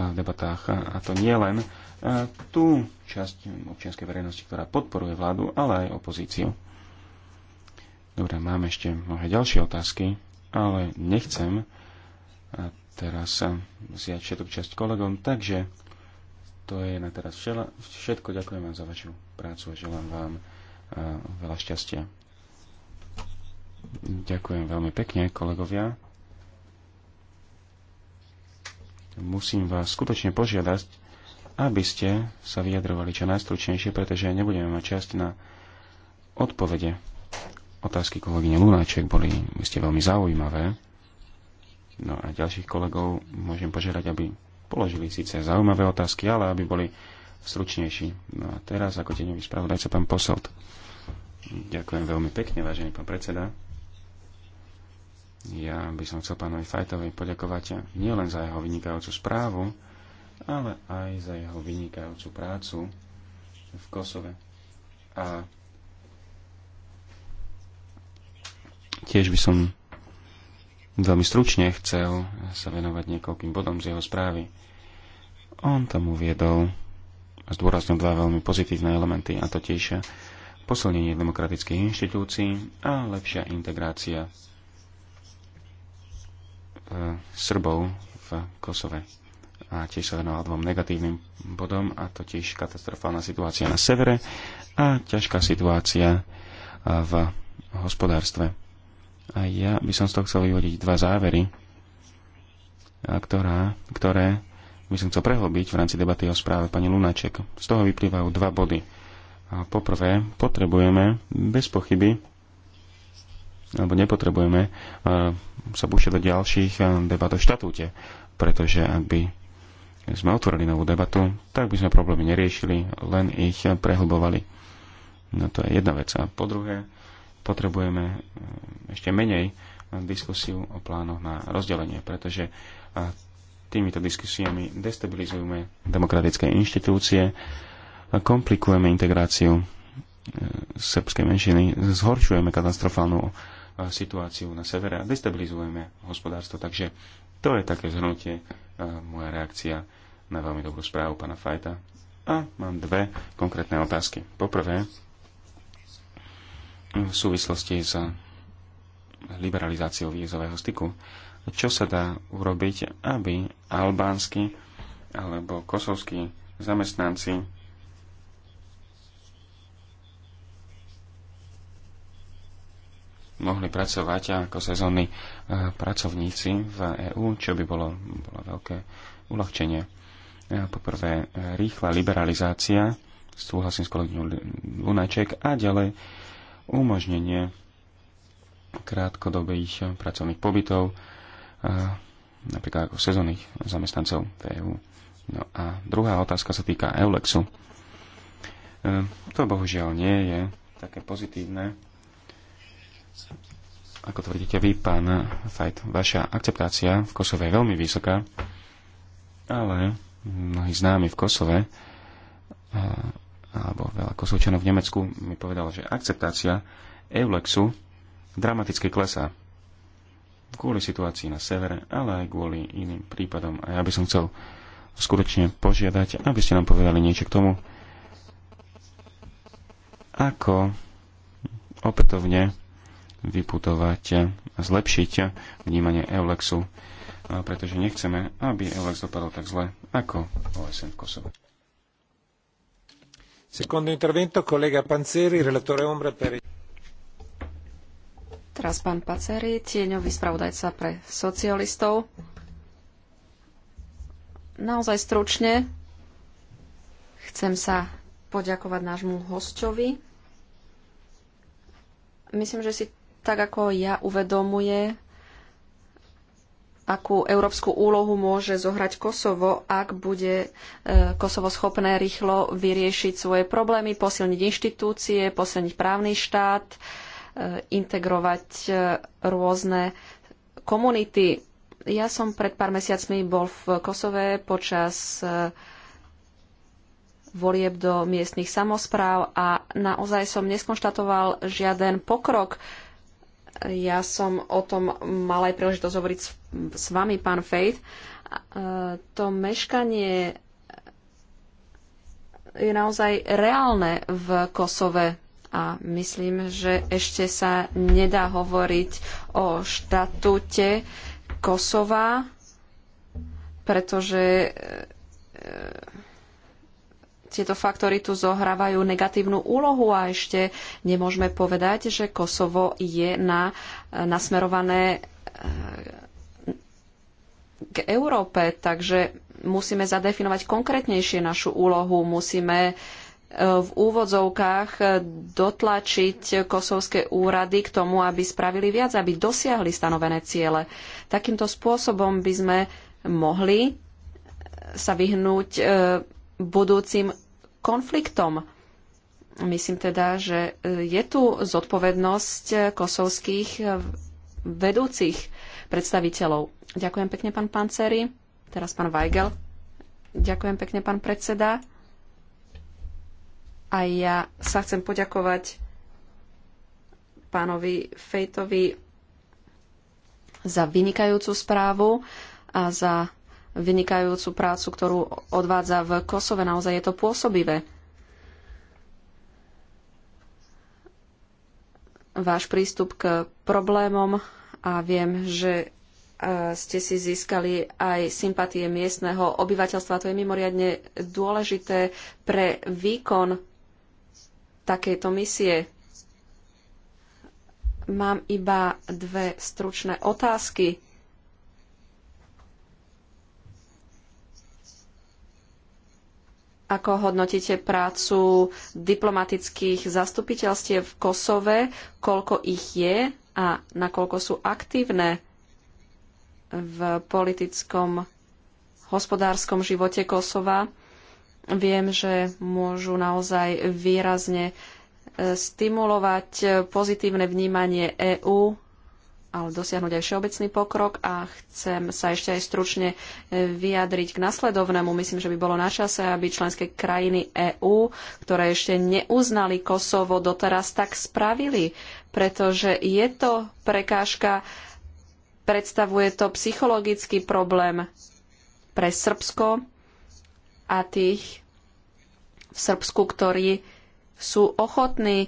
[SPEAKER 3] v debatách. A to nie len tú časť občianskej verejnosti, ktorá podporuje vládu, ale aj opozíciu. Dobre, máme ešte mnohé ďalšie otázky, ale nechcem teraz vziať všetok časť kolegom. Takže to je na teraz všetko. Ďakujem vám za vašu prácu a želám vám e, veľa šťastia. Ďakujem veľmi pekne, kolegovia. Musím vás skutočne požiadať, aby ste sa vyjadrovali čo najstručnejšie, pretože nebudeme mať časť na odpovede. Otázky kolegyne Lunáček boli, ste veľmi zaujímavé. No a ďalších kolegov môžem požiadať, aby položili síce zaujímavé otázky, ale aby boli stručnejší. No a teraz ako teňový spravodajca pán posol, Ďakujem veľmi pekne, vážený pán predseda. Ja by som chcel pánovi Fajtovi poďakovať nielen za jeho vynikajúcu správu, ale aj za jeho vynikajúcu prácu v Kosove. A tiež by som veľmi stručne chcel sa venovať niekoľkým bodom z jeho správy. On tam uviedol a zdôraznil dva veľmi pozitívne elementy, a totiž posilnenie demokratických inštitúcií a lepšia integrácia e, Srbov v Kosove. A tiež sa venoval dvom negatívnym bodom, a totiž katastrofálna situácia na severe a ťažká situácia v hospodárstve a ja by som z toho chcel vyvodiť dva závery, ktorá, ktoré by som chcel prehlbiť v rámci debaty o správe pani Lunaček. Z toho vyplývajú dva body. A poprvé, potrebujeme bez pochyby alebo nepotrebujeme e, sa púšťať do ďalších e, debat o štatúte, pretože ak by sme otvorili novú debatu, tak by sme problémy neriešili, len ich prehlbovali. No to je jedna vec. A po druhé, potrebujeme eh, ešte menej eh, diskusiu o plánoch na rozdelenie, pretože eh, týmito diskusiami destabilizujeme demokratické inštitúcie, komplikujeme integráciu srbskej menšiny, zhoršujeme katastrofálnu situáciu na severe a destabilizujeme hospodárstvo. Takže to je také zhrnutie moja reakcia na veľmi dobrú správu pana Fajta. A mám dve konkrétne otázky. Poprvé, v súvislosti s liberalizáciou vízového styku. Čo sa dá urobiť, aby albánsky alebo kosovskí zamestnanci mohli pracovať ako sezónni eh, pracovníci v EÚ, čo by bolo, bolo veľké uľahčenie. Eh, poprvé, eh, rýchla liberalizácia, súhlasím s kolegyňou Lunaček, a ďalej umožnenie krátkodobých pracovných pobytov, napríklad ako sezónnych zamestnancov v EU. No a druhá otázka sa týka Eulexu. E, to bohužiaľ nie je také pozitívne, ako tvrdíte vy, pán Fajt. Vaša akceptácia v Kosove je veľmi vysoká, ale mnohí známi v Kosove alebo veľa kosovčanov v Nemecku mi povedal, že akceptácia Eulexu dramaticky klesá. Kvôli situácii na severe, ale aj kvôli iným prípadom. A ja by som chcel skutočne požiadať, aby ste nám povedali niečo k tomu, ako opätovne vyputovať a zlepšiť vnímanie Eulexu, pretože nechceme, aby Eulex dopadol tak zle ako OSN
[SPEAKER 1] v Kosovo. Teraz
[SPEAKER 4] pán Paceri, tieňový spravodajca pre socialistov. Naozaj stručne chcem sa poďakovať nášmu hostovi. Myslím, že si tak ako ja uvedomuje, akú európsku úlohu môže zohrať Kosovo, ak bude e, Kosovo schopné rýchlo vyriešiť svoje problémy, posilniť inštitúcie, posilniť právny štát, e, integrovať e, rôzne komunity. Ja som pred pár mesiacmi bol v Kosove počas volieb do miestnych samospráv a naozaj som neskonštatoval žiaden pokrok ja som o tom mala aj príležitosť hovoriť s, s vami, pán Faith. To meškanie je naozaj reálne v Kosove a myslím, že ešte sa nedá hovoriť o štatúte Kosova, pretože e, tieto faktory tu zohrávajú negatívnu úlohu a ešte nemôžeme povedať, že Kosovo je na, e, nasmerované e, k Európe, takže musíme zadefinovať konkrétnejšie našu úlohu, musíme e, v úvodzovkách dotlačiť kosovské úrady k tomu, aby spravili viac, aby dosiahli stanovené ciele. Takýmto spôsobom by sme mohli sa vyhnúť budúcim konfliktom. Myslím teda, že e, je tu zodpovednosť e, kosovských e, vedúcich predstaviteľov. Ďakujem pekne, pán Panceri. Teraz pán Weigel. Ďakujem pekne, pán predseda. A ja sa chcem poďakovať pánovi Fejtovi za vynikajúcu správu a za vynikajúcu prácu, ktorú odvádza v Kosove. Naozaj je to pôsobivé. Váš prístup k problémom a viem, že e, ste si získali aj sympatie miestneho obyvateľstva. To je mimoriadne dôležité pre výkon takejto misie. Mám iba dve stručné otázky. Ako hodnotíte prácu diplomatických zastupiteľstiev v Kosove? Koľko ich je a nakoľko sú aktívne v politickom, hospodárskom živote Kosova? Viem, že môžu naozaj výrazne e, stimulovať e, pozitívne vnímanie EÚ ale dosiahnuť aj všeobecný pokrok a chcem sa ešte aj stručne e, vyjadriť k nasledovnému. Myslím, že by bolo na čase, aby členské krajiny EÚ, ktoré ešte neuznali Kosovo doteraz, tak spravili, pretože je to prekážka, predstavuje to psychologický problém pre Srbsko a tých v Srbsku, ktorí sú ochotní e,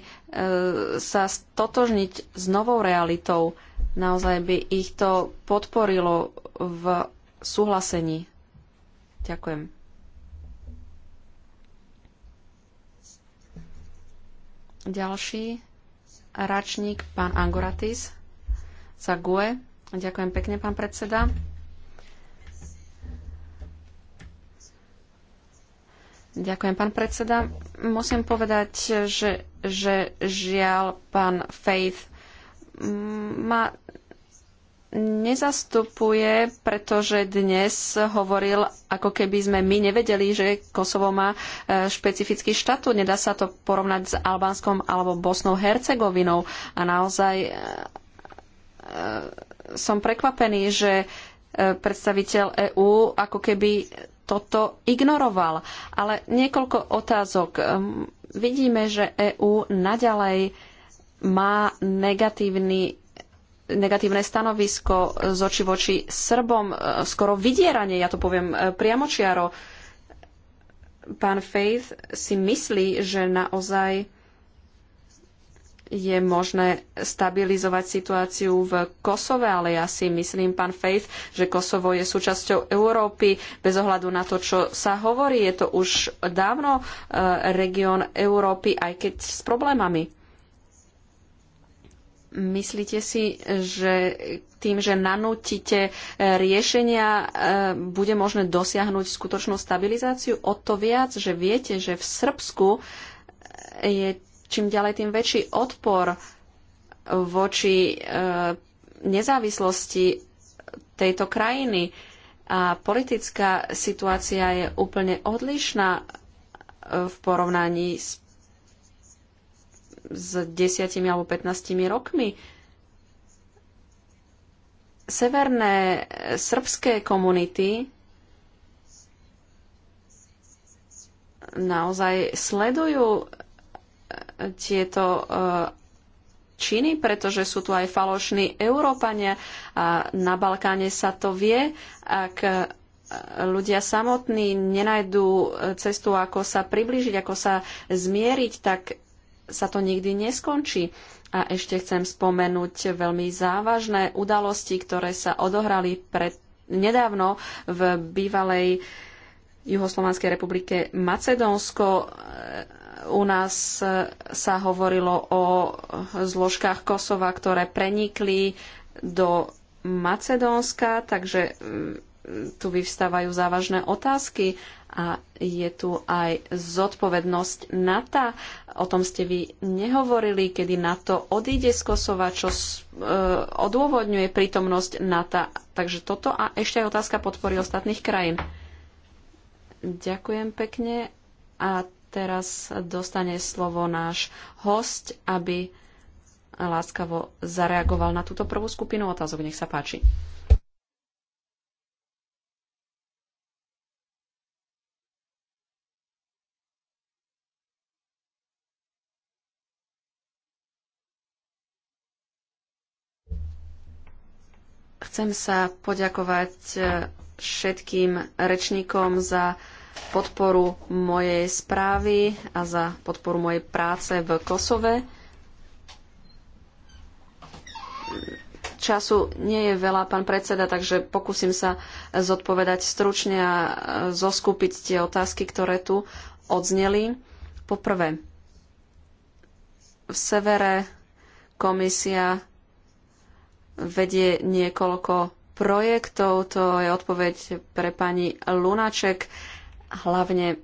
[SPEAKER 4] sa stotožniť s novou realitou Naozaj by ich to podporilo v súhlasení. Ďakujem. Ďalší račník, pán Angoratis za GUE. Ďakujem pekne, pán predseda. Ďakujem, pán predseda. Musím povedať, že, že žiaľ, pán Faith ma nezastupuje, pretože dnes hovoril, ako keby sme my nevedeli, že Kosovo má e, špecifický štatút. Nedá sa to porovnať s Albánskom alebo Bosnou Hercegovinou. A naozaj e, e, som prekvapený, že predstaviteľ EÚ ako keby toto ignoroval. Ale niekoľko otázok. Vidíme, že EÚ naďalej má negatívny negatívne stanovisko z oči voči Srbom, e, skoro vydieranie, ja to poviem e, priamočiaro. Pán Faith si myslí, že naozaj je možné stabilizovať situáciu v Kosove, ale ja si myslím, pán Faith, že Kosovo je súčasťou Európy bez ohľadu na to, čo sa hovorí. Je to už dávno e, región Európy, aj keď s problémami. Myslíte si, že tým, že nanútite e, riešenia, e, bude možné dosiahnuť skutočnú stabilizáciu? O to viac, že viete, že v Srbsku e, je čím ďalej tým väčší odpor voči nezávislosti tejto krajiny. A politická situácia je úplne odlišná v porovnaní s s 10 alebo 15 rokmi. Severné eh, srbské komunity naozaj sledujú eh, tieto eh, činy, pretože sú tu aj falošní Európania a na Balkáne sa to vie, ak ľudia samotní nenajdú cestu, ako sa priblížiť, ako sa zmieriť, tak sa to nikdy neskončí. A ešte chcem spomenúť veľmi závažné udalosti, ktoré sa odohrali pred, nedávno v bývalej Juhoslovanskej republike Macedónsko. U nás e, sa hovorilo o zložkách Kosova, ktoré prenikli do Macedónska, takže tu vyvstávajú závažné otázky a je tu aj zodpovednosť NATO. O tom ste vy nehovorili, kedy NATO odíde z Kosova, čo e, odôvodňuje prítomnosť NATO. Takže toto a ešte aj otázka podpory ostatných krajín. Ďakujem pekne a teraz dostane slovo náš host, aby láskavo zareagoval na túto prvú skupinu otázok. Nech sa páči. Chcem sa poďakovať e, všetkým rečníkom za podporu mojej správy a za podporu mojej práce v Kosove. Času nie je veľa, pán predseda, takže pokúsim sa zodpovedať stručne a e, zoskupiť tie otázky, ktoré tu odzneli. Poprvé, v severe komisia vedie niekoľko projektov. To je odpoveď pre pani Lunaček. Hlavne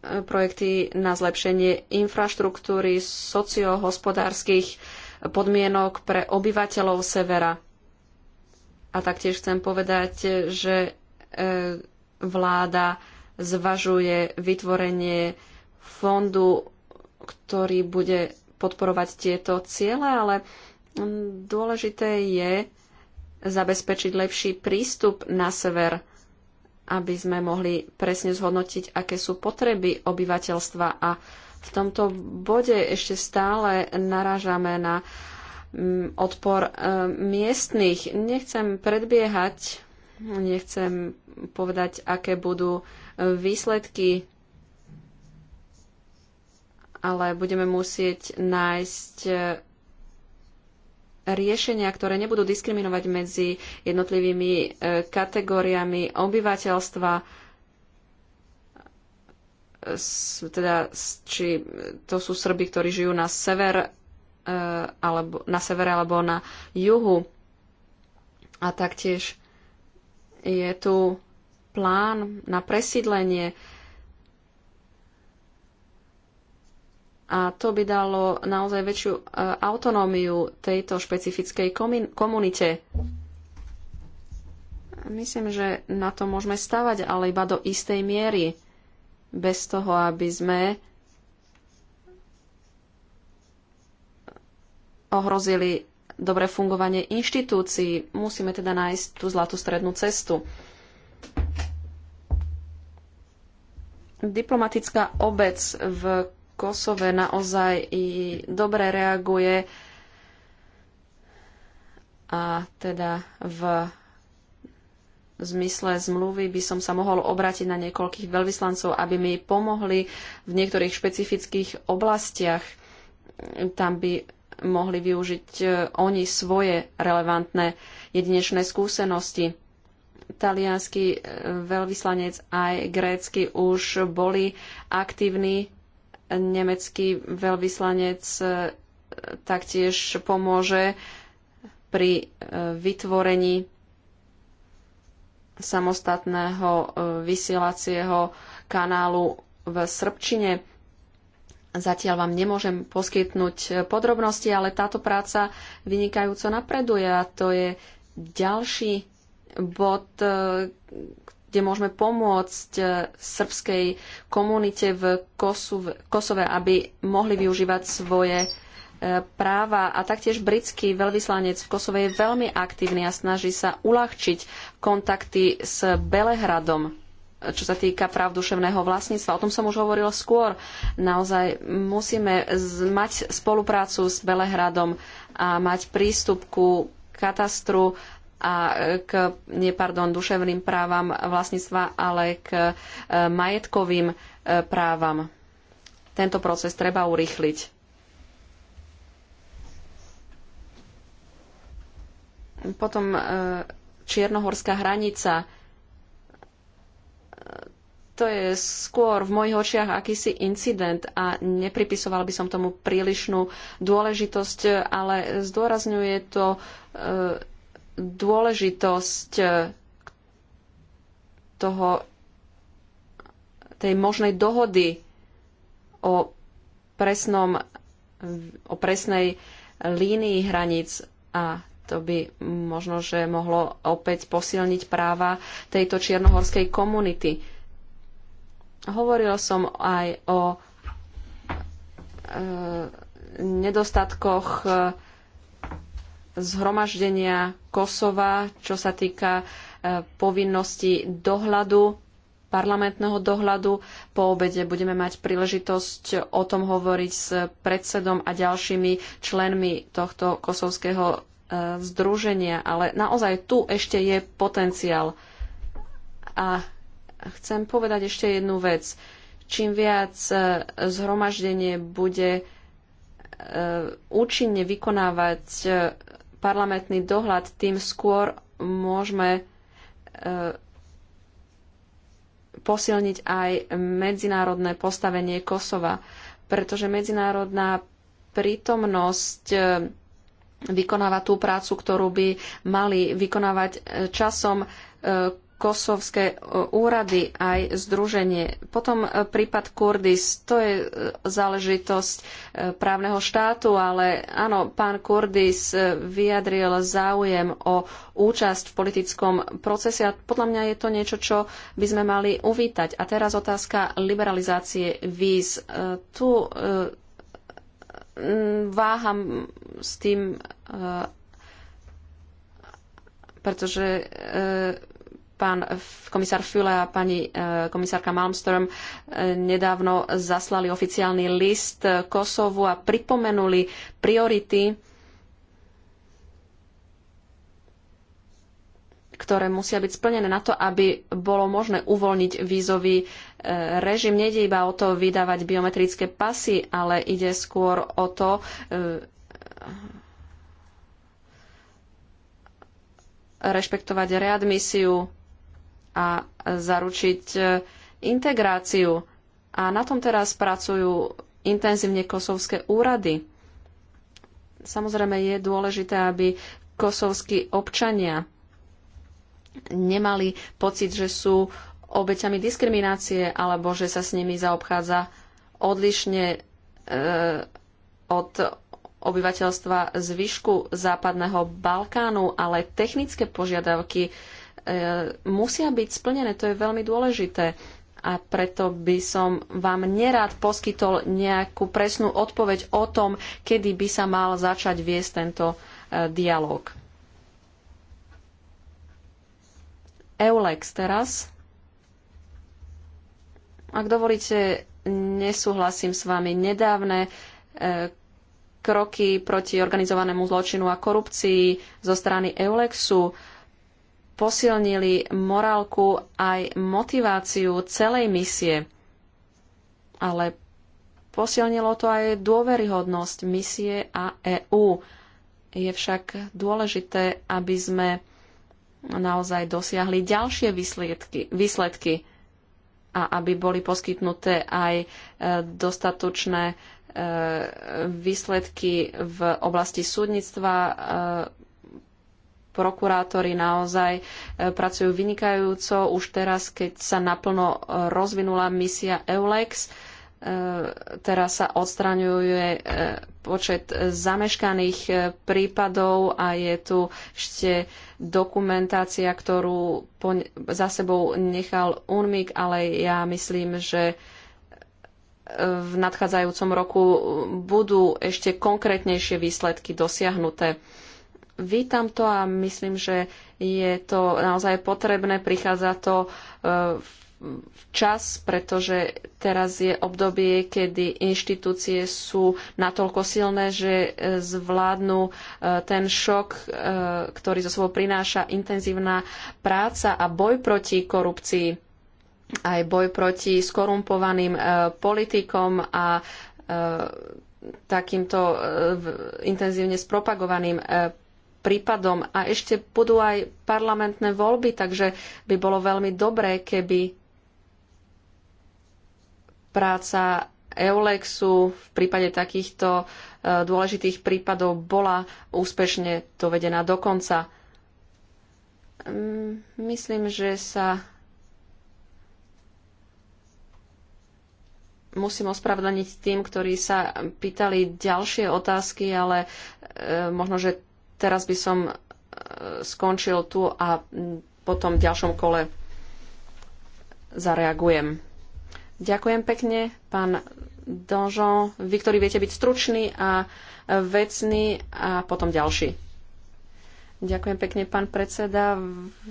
[SPEAKER 4] projekty na zlepšenie infraštruktúry sociohospodárskych podmienok pre obyvateľov severa. A taktiež chcem povedať, že e, vláda zvažuje vytvorenie fondu, ktorý bude podporovať tieto ciele, ale dôležité je zabezpečiť lepší prístup na sever, aby sme mohli presne zhodnotiť, aké sú potreby obyvateľstva a v tomto bode ešte stále narážame na mm, odpor e, miestnych. Nechcem predbiehať, nechcem povedať, aké budú e, výsledky ale budeme musieť nájsť e, riešenia, ktoré nebudú diskriminovať medzi jednotlivými e, kategóriami obyvateľstva, e, teda či to sú Srby, ktorí žijú na sever alebo na severe alebo na juhu. A taktiež je tu plán na presídlenie A to by dalo naozaj väčšiu e, autonómiu tejto špecifickej komunite. Myslím, že na to môžeme stavať, ale iba do istej miery. Bez toho, aby sme ohrozili dobré fungovanie inštitúcií. Musíme teda nájsť tú zlatú strednú cestu. Diplomatická obec v Kosove naozaj i dobre reaguje a teda v zmysle zmluvy by som sa mohol obrátiť na niekoľkých veľvyslancov, aby mi pomohli v niektorých špecifických oblastiach. Tam by mohli využiť e, oni svoje relevantné jedinečné skúsenosti. Talianský e, veľvyslanec aj grécky už boli aktívni Nemecký veľvyslanec e, taktiež pomôže pri e, vytvorení samostatného e, vysielacieho kanálu v Srbčine. Zatiaľ vám nemôžem poskytnúť podrobnosti, ale táto práca vynikajúco napreduje a to je ďalší bod, kde môžeme pomôcť e, srbskej komunite v Kosove, aby mohli využívať svoje e, práva a taktiež britský veľvyslanec v Kosove je veľmi aktívny a snaží sa uľahčiť kontakty s Belehradom, čo sa týka práv duševného vlastníctva. O tom som už hovoril skôr. Naozaj musíme mať spoluprácu s Belehradom a mať prístup ku katastru a k, nie, pardon, duševným právam vlastníctva, ale k e, majetkovým e, právam. Tento proces treba urýchliť. Potom e, čiernohorská hranica. To je skôr v mojich očiach akýsi incident a nepripisoval by som tomu prílišnú dôležitosť, ale zdôrazňuje to dôležitosť eh, toho, tej možnej dohody o presnom, o presnej línii hraníc a to by možno, že mohlo opäť posilniť práva tejto čiernohorskej komunity. Hovoril som aj o e, nedostatkoch e, zhromaždenia Kosova, čo sa týka e, povinnosti dohľadu, parlamentného dohľadu. Po obede budeme mať príležitosť o tom hovoriť s predsedom a ďalšími členmi tohto kosovského e, združenia, ale naozaj tu ešte je potenciál. A chcem povedať ešte jednu vec. Čím viac e, zhromaždenie bude účinne vykonávať parlamentný dohľad, tým skôr môžeme e, posilniť aj medzinárodné postavenie Kosova, pretože medzinárodná prítomnosť e, vykonáva tú prácu, ktorú by mali vykonávať e, časom kosovské e, úrady aj združenie. Potom e, prípad Kurdis, to je e, záležitosť právneho štátu, ale áno, pán Kurdis vyjadril záujem o účasť v politickom procese a podľa mňa je to niečo, čo by sme mali uvítať. A teraz otázka liberalizácie víz. Tu váham s tým, pretože pán komisár Füle a pani e, komisárka Malmström e, nedávno zaslali oficiálny list Kosovu a pripomenuli priority, ktoré musia byť splnené na to, aby bolo možné uvoľniť vízový e, režim. Nejde iba o to vydávať biometrické pasy, ale ide skôr o to rešpektovať readmisiu a zaručiť e, integráciu. A na tom teraz pracujú intenzívne kosovské úrady. Samozrejme je dôležité, aby kosovskí občania nemali pocit, že sú obeťami diskriminácie alebo že sa s nimi zaobchádza odlišne e, od obyvateľstva zvyšku západného Balkánu, ale technické požiadavky E, musia byť splnené, to je veľmi dôležité. A preto by som vám nerád poskytol nejakú presnú odpoveď o tom, kedy by sa mal začať viesť tento e, dialog. Eulex teraz. Ak dovolíte, nesúhlasím s vami. Nedávne e, kroky proti organizovanému zločinu a korupcii zo strany Eulexu posilnili morálku aj motiváciu celej misie. Ale posilnilo to aj dôveryhodnosť misie a EÚ. Je však dôležité, aby sme naozaj dosiahli ďalšie výsledky, výsledky a aby boli poskytnuté aj e, dostatočné e, výsledky v oblasti súdnictva, e, prokurátori naozaj e, pracujú vynikajúco. Už teraz, keď sa naplno rozvinula misia EULEX, e, teraz sa odstraňuje e, počet zameškaných prípadov a je tu ešte dokumentácia, ktorú za sebou nechal UNMIK, ale ja myslím, že v nadchádzajúcom roku budú ešte konkrétnejšie výsledky dosiahnuté vítam to a myslím, že je to naozaj potrebné. Prichádza to e, v čas, pretože teraz je obdobie, kedy inštitúcie sú natoľko silné, že e, zvládnu e, ten šok, ktorý zo sebou prináša intenzívna práca a boj proti korupcii aj boj proti skorumpovaným politikom a takýmto intenzívne spropagovaným prípadom. A ešte budú aj parlamentné voľby, takže by bolo veľmi dobré, keby práca Eulexu v prípade takýchto e, dôležitých prípadov bola úspešne dovedená do konca. Mm, myslím, že sa musím ospravedlniť tým, ktorí sa pýtali ďalšie otázky, ale e, možno, že Teraz by som e, skončil tu a potom v ďalšom kole zareagujem. Ďakujem pekne, pán Donžon. Vy, ktorý viete byť stručný a e, vecný a potom ďalší. Ďakujem pekne, pán predseda,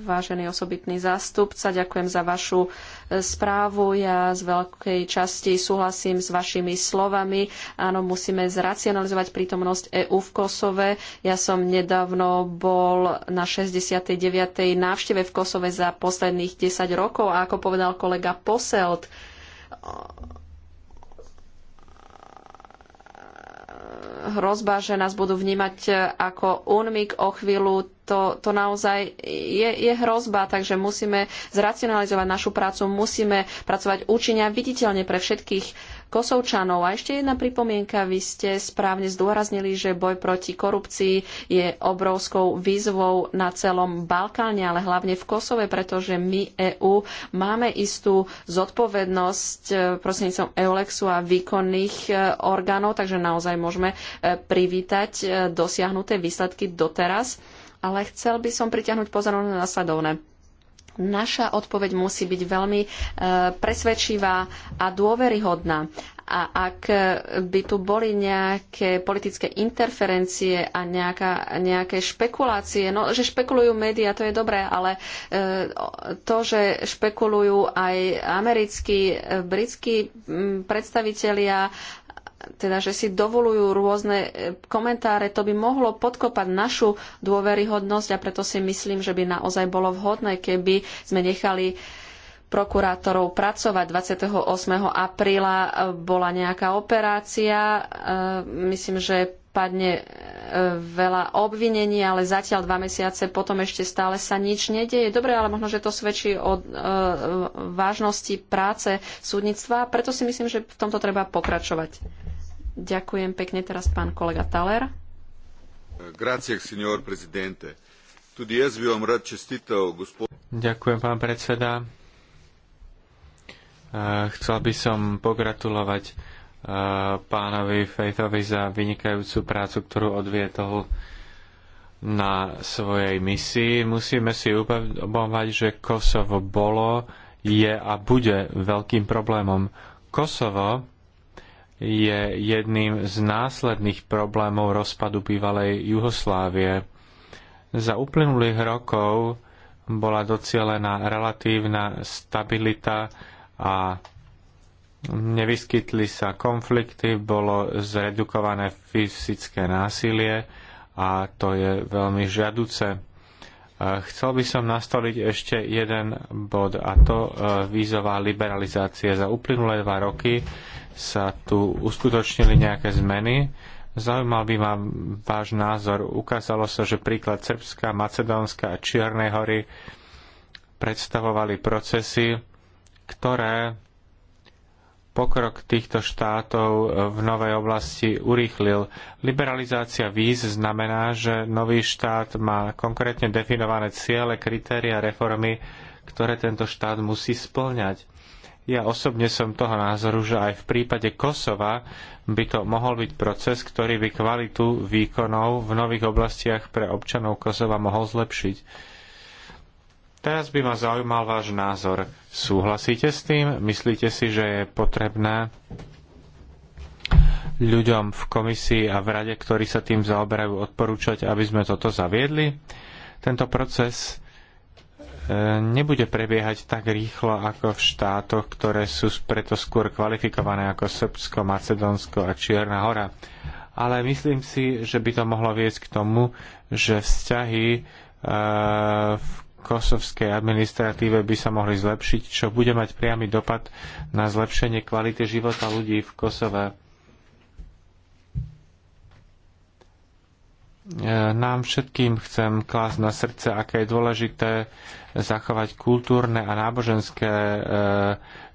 [SPEAKER 4] vážený osobitný zástupca. Ďakujem za vašu e, správu. Ja z veľkej časti súhlasím s vašimi slovami. Áno, musíme zracionalizovať prítomnosť EÚ v Kosove. Ja som nedávno bol na 69. návšteve v Kosove za posledných 10 rokov a ako povedal kolega Poselt, hrozba, že nás budú vnímať e, ako unmik o chvíľu, to, to naozaj je, je hrozba, takže musíme zracionalizovať našu prácu, musíme pracovať účinne a viditeľne pre všetkých Kosovčanov. A ešte jedna pripomienka. Vy ste správne zdôraznili, že boj proti korupcii je obrovskou výzvou na celom Balkáne, ale hlavne v Kosove, pretože my EÚ máme istú zodpovednosť e, prostredníctvom EULEXu a výkonných e, orgánov, takže naozaj môžeme e, privítať dosiahnuté výsledky doteraz. Ale chcel by som pritiahnuť pozornosť na nasledovné Naša odpoveď musí byť veľmi e, presvedčivá a dôveryhodná. A ak e, by tu boli nejaké politické interferencie a nejaká, nejaké špekulácie, no že špekulujú médiá, to je dobré, ale e, to, že špekulujú aj americkí, britskí predstavitelia teda, že si dovolujú rôzne e, komentáre, to by mohlo podkopať našu dôveryhodnosť a preto si myslím, že by naozaj bolo vhodné, keby sme nechali prokurátorov pracovať. 28. apríla e, bola nejaká operácia. E, myslím, že padne veľa obvinení, ale zatiaľ dva mesiace potom ešte stále sa nič nedieje. Dobre, ale možno, že to svedčí o e, vážnosti práce súdnictva, preto si myslím, že v tomto treba pokračovať. Ďakujem pekne teraz pán kolega Taler.
[SPEAKER 1] Grazie, signor presidente. Tudi jaz bi vam rad čestitev, gospod...
[SPEAKER 4] Ďakujem, pán predseda.
[SPEAKER 2] E, chcel by som pogratulovať pánovi Fejtovi za vynikajúcu prácu, ktorú odvietol na svojej misii. Musíme si uvedomovať, že Kosovo bolo, je a bude veľkým problémom. Kosovo je jedným z následných problémov rozpadu bývalej Juhoslávie. Za uplynulých rokov bola docielená relatívna stabilita a nevyskytli sa konflikty, bolo zredukované fyzické násilie a to je veľmi žiaduce. E, chcel by som nastoliť ešte jeden bod a to e, vízová liberalizácia. Za uplynulé dva roky sa tu uskutočnili nejaké zmeny. Zaujímal by ma váš názor. Ukázalo sa, že príklad Srbska, Macedónska a Čiernej hory predstavovali procesy, ktoré pokrok týchto štátov e, v novej oblasti urýchlil. Liberalizácia víz znamená, že nový štát má konkrétne definované ciele, kritéria, reformy, ktoré tento štát musí splňať. Ja osobne som toho názoru, že aj v prípade Kosova by to mohol byť proces, ktorý by kvalitu výkonov v nových oblastiach pre občanov Kosova mohol zlepšiť Teraz by ma zaujímal váš názor. Súhlasíte s tým? Myslíte si, že je potrebné ľuďom v komisii a v rade, ktorí sa tým zaoberajú, odporúčať, aby sme toto zaviedli? Tento proces e, nebude prebiehať tak rýchlo ako v štátoch, ktoré sú preto skôr kvalifikované ako Srbsko, Macedónsko a Čierna hora. Ale myslím si, že by to mohlo viesť k tomu, že vzťahy e, v kosovskej administratíve by sa mohli zlepšiť, čo bude mať priamy dopad na zlepšenie kvality života ľudí v Kosove. E, nám všetkým chcem klásť na srdce, aké je dôležité zachovať kultúrne a náboženské e,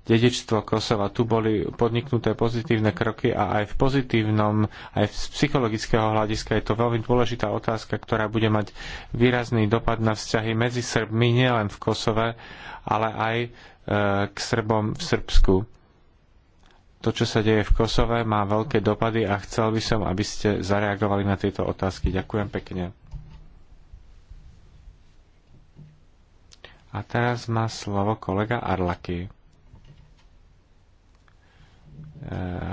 [SPEAKER 2] dedičstvo Kosova. Tu boli podniknuté pozitívne kroky a aj v pozitívnom, aj z psychologického hľadiska je to veľmi dôležitá otázka, ktorá bude mať výrazný dopad na vzťahy medzi Srbmi nielen v Kosove, ale aj e, k Srbom v Srbsku. To, čo sa deje v Kosove, má veľké dopady a chcel by som, aby ste zareagovali na tieto otázky. Ďakujem pekne. A teraz má slovo kolega Arlaky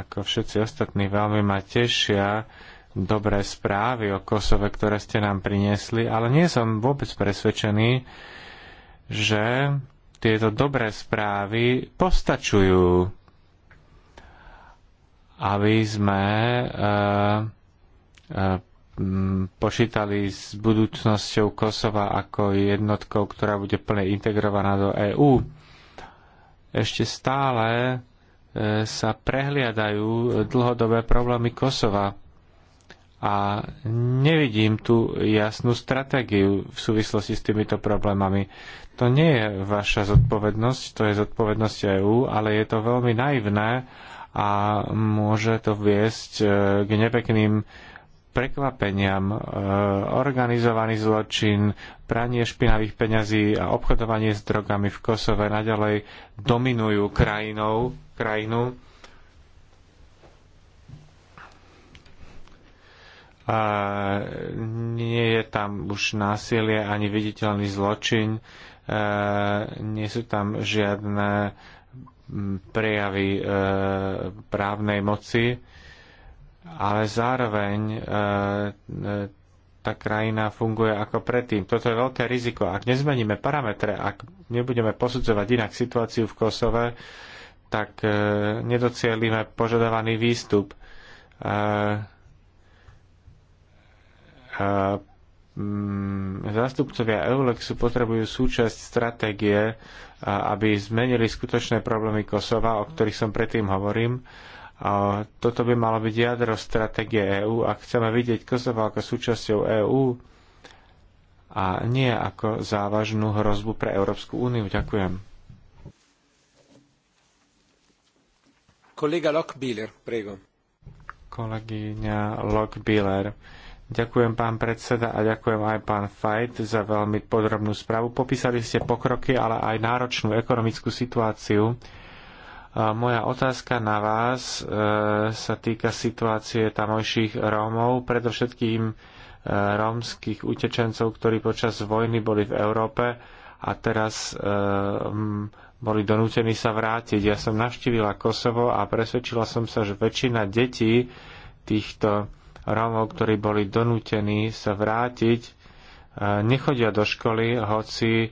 [SPEAKER 2] ako všetci ostatní, veľmi ma tešia dobré správy o Kosove, ktoré ste nám priniesli, ale nie som vôbec presvedčený, že tieto dobré správy postačujú, aby sme e, e, počítali s budúcnosťou Kosova ako jednotkou, ktorá bude plne integrovaná do EÚ. Ešte stále E, sa prehliadajú dlhodobé problémy Kosova a nevidím tu jasnú stratégiu v súvislosti s týmito problémami. To nie je vaša zodpovednosť, to je zodpovednosť EÚ, ale je to veľmi naivné a môže to viesť e, k nepekným prekvapeniam, e, organizovaný zločin, pranie špinavých peňazí a obchodovanie s drogami v Kosove naďalej dominujú krajinou, krajinu. A nie je tam už násilie ani viditeľný zločin, e, nie sú tam žiadne prejavy e, právnej moci ale zároveň e, e, tá krajina funguje ako predtým. Toto je veľké riziko. Ak nezmeníme parametre, ak nebudeme posudzovať inak situáciu v Kosove, tak e, nedocielíme požadovaný výstup mm, zástupcovia Eulexu potrebujú súčasť stratégie, aby zmenili skutočné problémy Kosova, o ktorých som predtým hovorím, a toto by malo byť jadro stratégie EÚ, ak chceme vidieť Kosovo ako súčasťou EÚ a nie ako závažnú hrozbu pre Európsku úniu. Ďakujem.
[SPEAKER 1] Kolega Lockbiller, prego.
[SPEAKER 2] Kolegyňa Lockbiller. Ďakujem pán predseda a ďakujem aj pán Fajt za veľmi podrobnú správu. Popísali ste pokroky, ale aj náročnú ekonomickú situáciu a moja otázka na vás e, sa týka situácie tamojších Rómov, predovšetkým e, rómskych utečencov, ktorí počas vojny boli v Európe a teraz e, m, boli donútení sa vrátiť. Ja som navštívila Kosovo a presvedčila som sa, že väčšina detí týchto Rómov, ktorí boli donútení sa vrátiť, e, nechodia do školy, hoci e,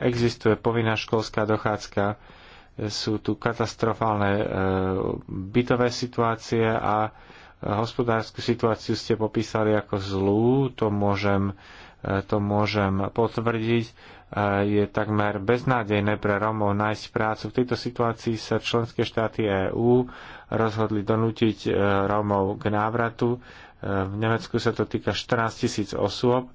[SPEAKER 2] existuje povinná školská dochádzka sú tu katastrofálne e, bytové situácie a e, hospodárskú situáciu ste popísali ako zlú, to môžem, e, to môžem potvrdiť. Je takmer beznádejné pre Romov nájsť prácu. V tejto situácii sa členské štáty EÚ rozhodli donútiť Romov k návratu. V Nemecku sa to týka 14 tisíc osôb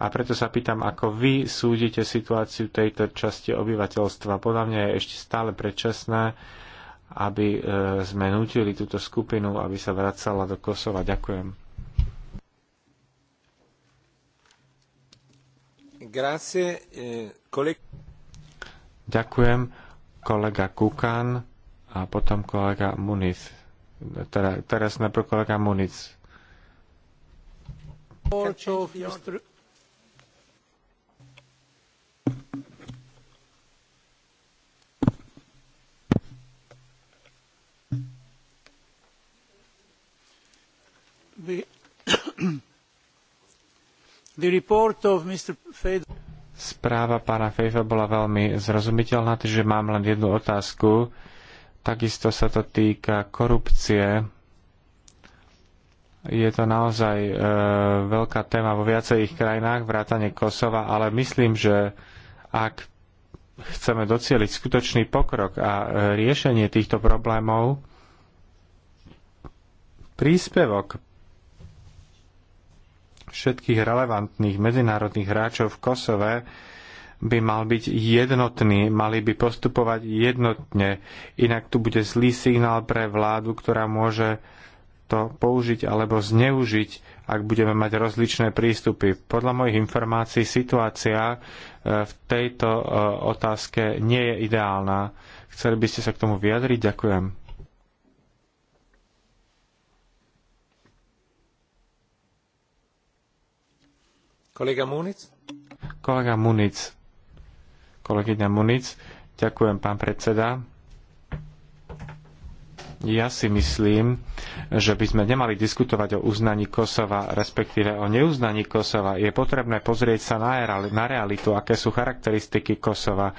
[SPEAKER 2] a preto sa pýtam, ako vy súdite situáciu tejto časti obyvateľstva. Podľa mňa je ešte stále predčasné, aby e, sme nutili túto skupinu, aby sa vracala do Kosova. Ďakujem.
[SPEAKER 1] Grazie, e, koleg-
[SPEAKER 2] Ďakujem kolega Kukan a potom kolega Muniz. Teda, teraz najprv kolega Muniz.
[SPEAKER 1] Porčov, [COUGHS]
[SPEAKER 2] Správa pána Fejfa bola veľmi zrozumiteľná, takže mám len jednu otázku. Takisto sa to týka korupcie. Je to naozaj e, veľká téma vo viacerých krajinách, vrátane Kosova, ale myslím, že e, ak chceme docieliť skutočný pokrok a e, riešenie týchto problémov, príspevok všetkých relevantných medzinárodných hráčov v Kosove by mal byť jednotný, mali by postupovať jednotne, inak tu bude zlý signál pre vládu, ktorá môže to použiť alebo zneužiť ak budeme mať rozličné prístupy. Podľa mojich informácií situácia e, v tejto e, otázke nie je ideálna. Chceli by ste sa k tomu vyjadriť? Ďakujem.
[SPEAKER 1] Kolega Munic?
[SPEAKER 2] Kolega Munic. Kolegyňa Munic. Ďakujem, pán predseda. Ja si myslím, že by sme nemali diskutovať o uznaní Kosova, respektíve o neuznaní Kosova. Je potrebné pozrieť sa na realitu, aké sú charakteristiky Kosova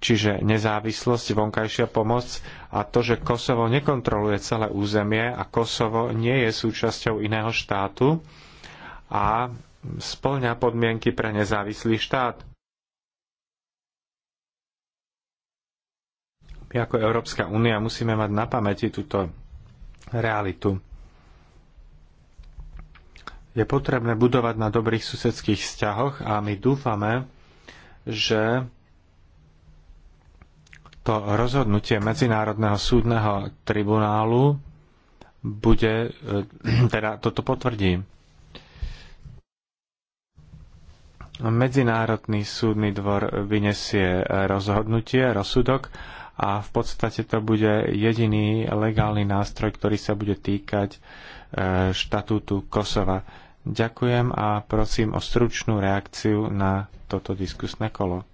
[SPEAKER 2] čiže nezávislosť, vonkajšia pomoc a to, že Kosovo nekontroluje celé územie a Kosovo nie je súčasťou iného štátu a splňa podmienky pre nezávislý štát. My ako Európska únia musíme mať na pamäti túto realitu. Je potrebné budovať na dobrých susedských vzťahoch a my dúfame, že to rozhodnutie Medzinárodného súdneho tribunálu bude, e, [CLEARS THROAT] teda toto potvrdí. Medzinárodný súdny dvor vynesie rozhodnutie, rozsudok a v podstate to bude jediný legálny nástroj, ktorý sa bude týkať e, štatútu Kosova. Ďakujem a prosím o stručnú reakciu na toto diskusné kolo.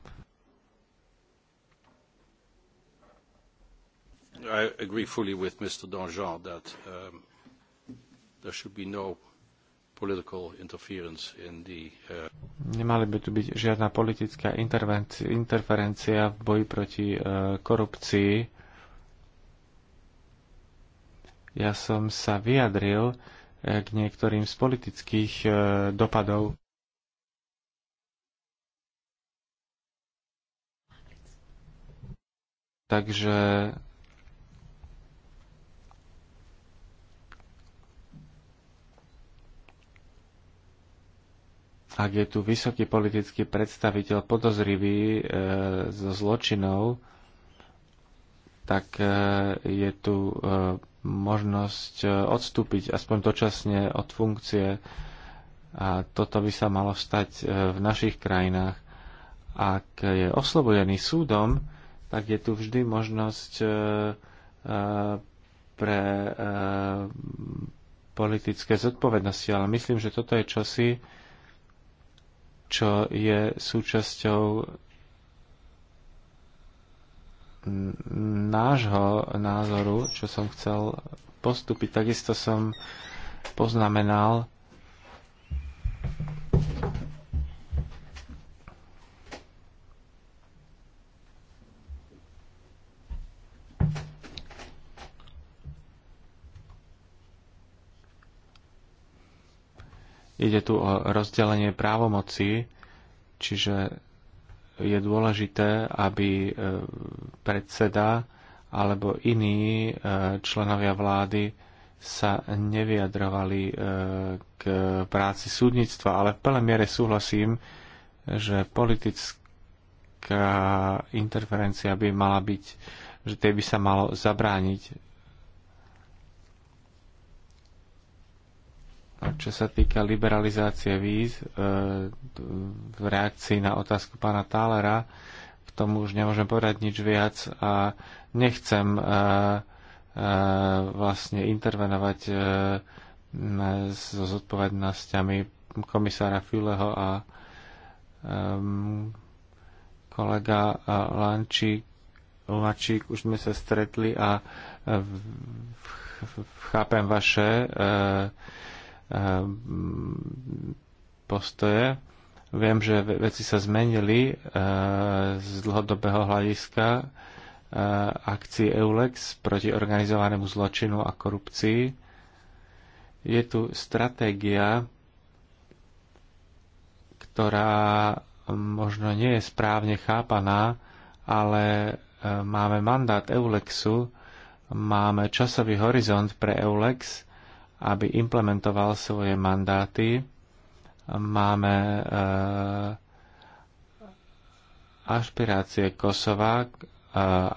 [SPEAKER 3] I agree fully with Mr. Donjon that um, there should be no Uh,
[SPEAKER 2] Nemali by tu byť žiadna politická interferencia v boji proti uh, korupcii. Ja som sa vyjadril uh, k niektorým z politických dopadov. Takže ak je tu vysoký politický predstaviteľ podozrivý e, zo zločinov, tak e, je tu e, možnosť e, odstúpiť aspoň dočasne od funkcie a toto by sa malo stať e, v našich krajinách. Ak je oslobodený súdom, tak je tu vždy možnosť e, e, pre e, politické zodpovednosti, ale myslím, že toto je čosi, čo je súčasťou nášho názoru, čo som chcel postúpiť. Takisto som poznamenal Ide tu o rozdelenie právomoci, čiže je dôležité, aby e, predseda alebo iní e, členovia vlády sa nevyjadrovali e, k práci súdnictva, ale v plnej miere súhlasím, že politická interferencia by mala byť, že tej by sa malo zabrániť čo sa týka liberalizácie víz, e, v reakcii na otázku pána Tálera, k tomu už nemôžem povedať nič viac a nechcem e, e, vlastne intervenovať so zodpovednosťami komisára Fileho a kolega Lančík, Lačík, už sme sa stretli a chápem vaše Ehm, postoje. Viem, že veci sa zmenili ehm, z dlhodobého hľadiska ehm, akcii EULEX proti organizovanému zločinu a korupcii. Je tu stratégia, ktorá možno nie je správne chápaná, ale máme mandát EULEXu, máme časový horizont pre EULEX aby implementoval svoje mandáty. Máme e, eh, ašpirácie Kosova, eh,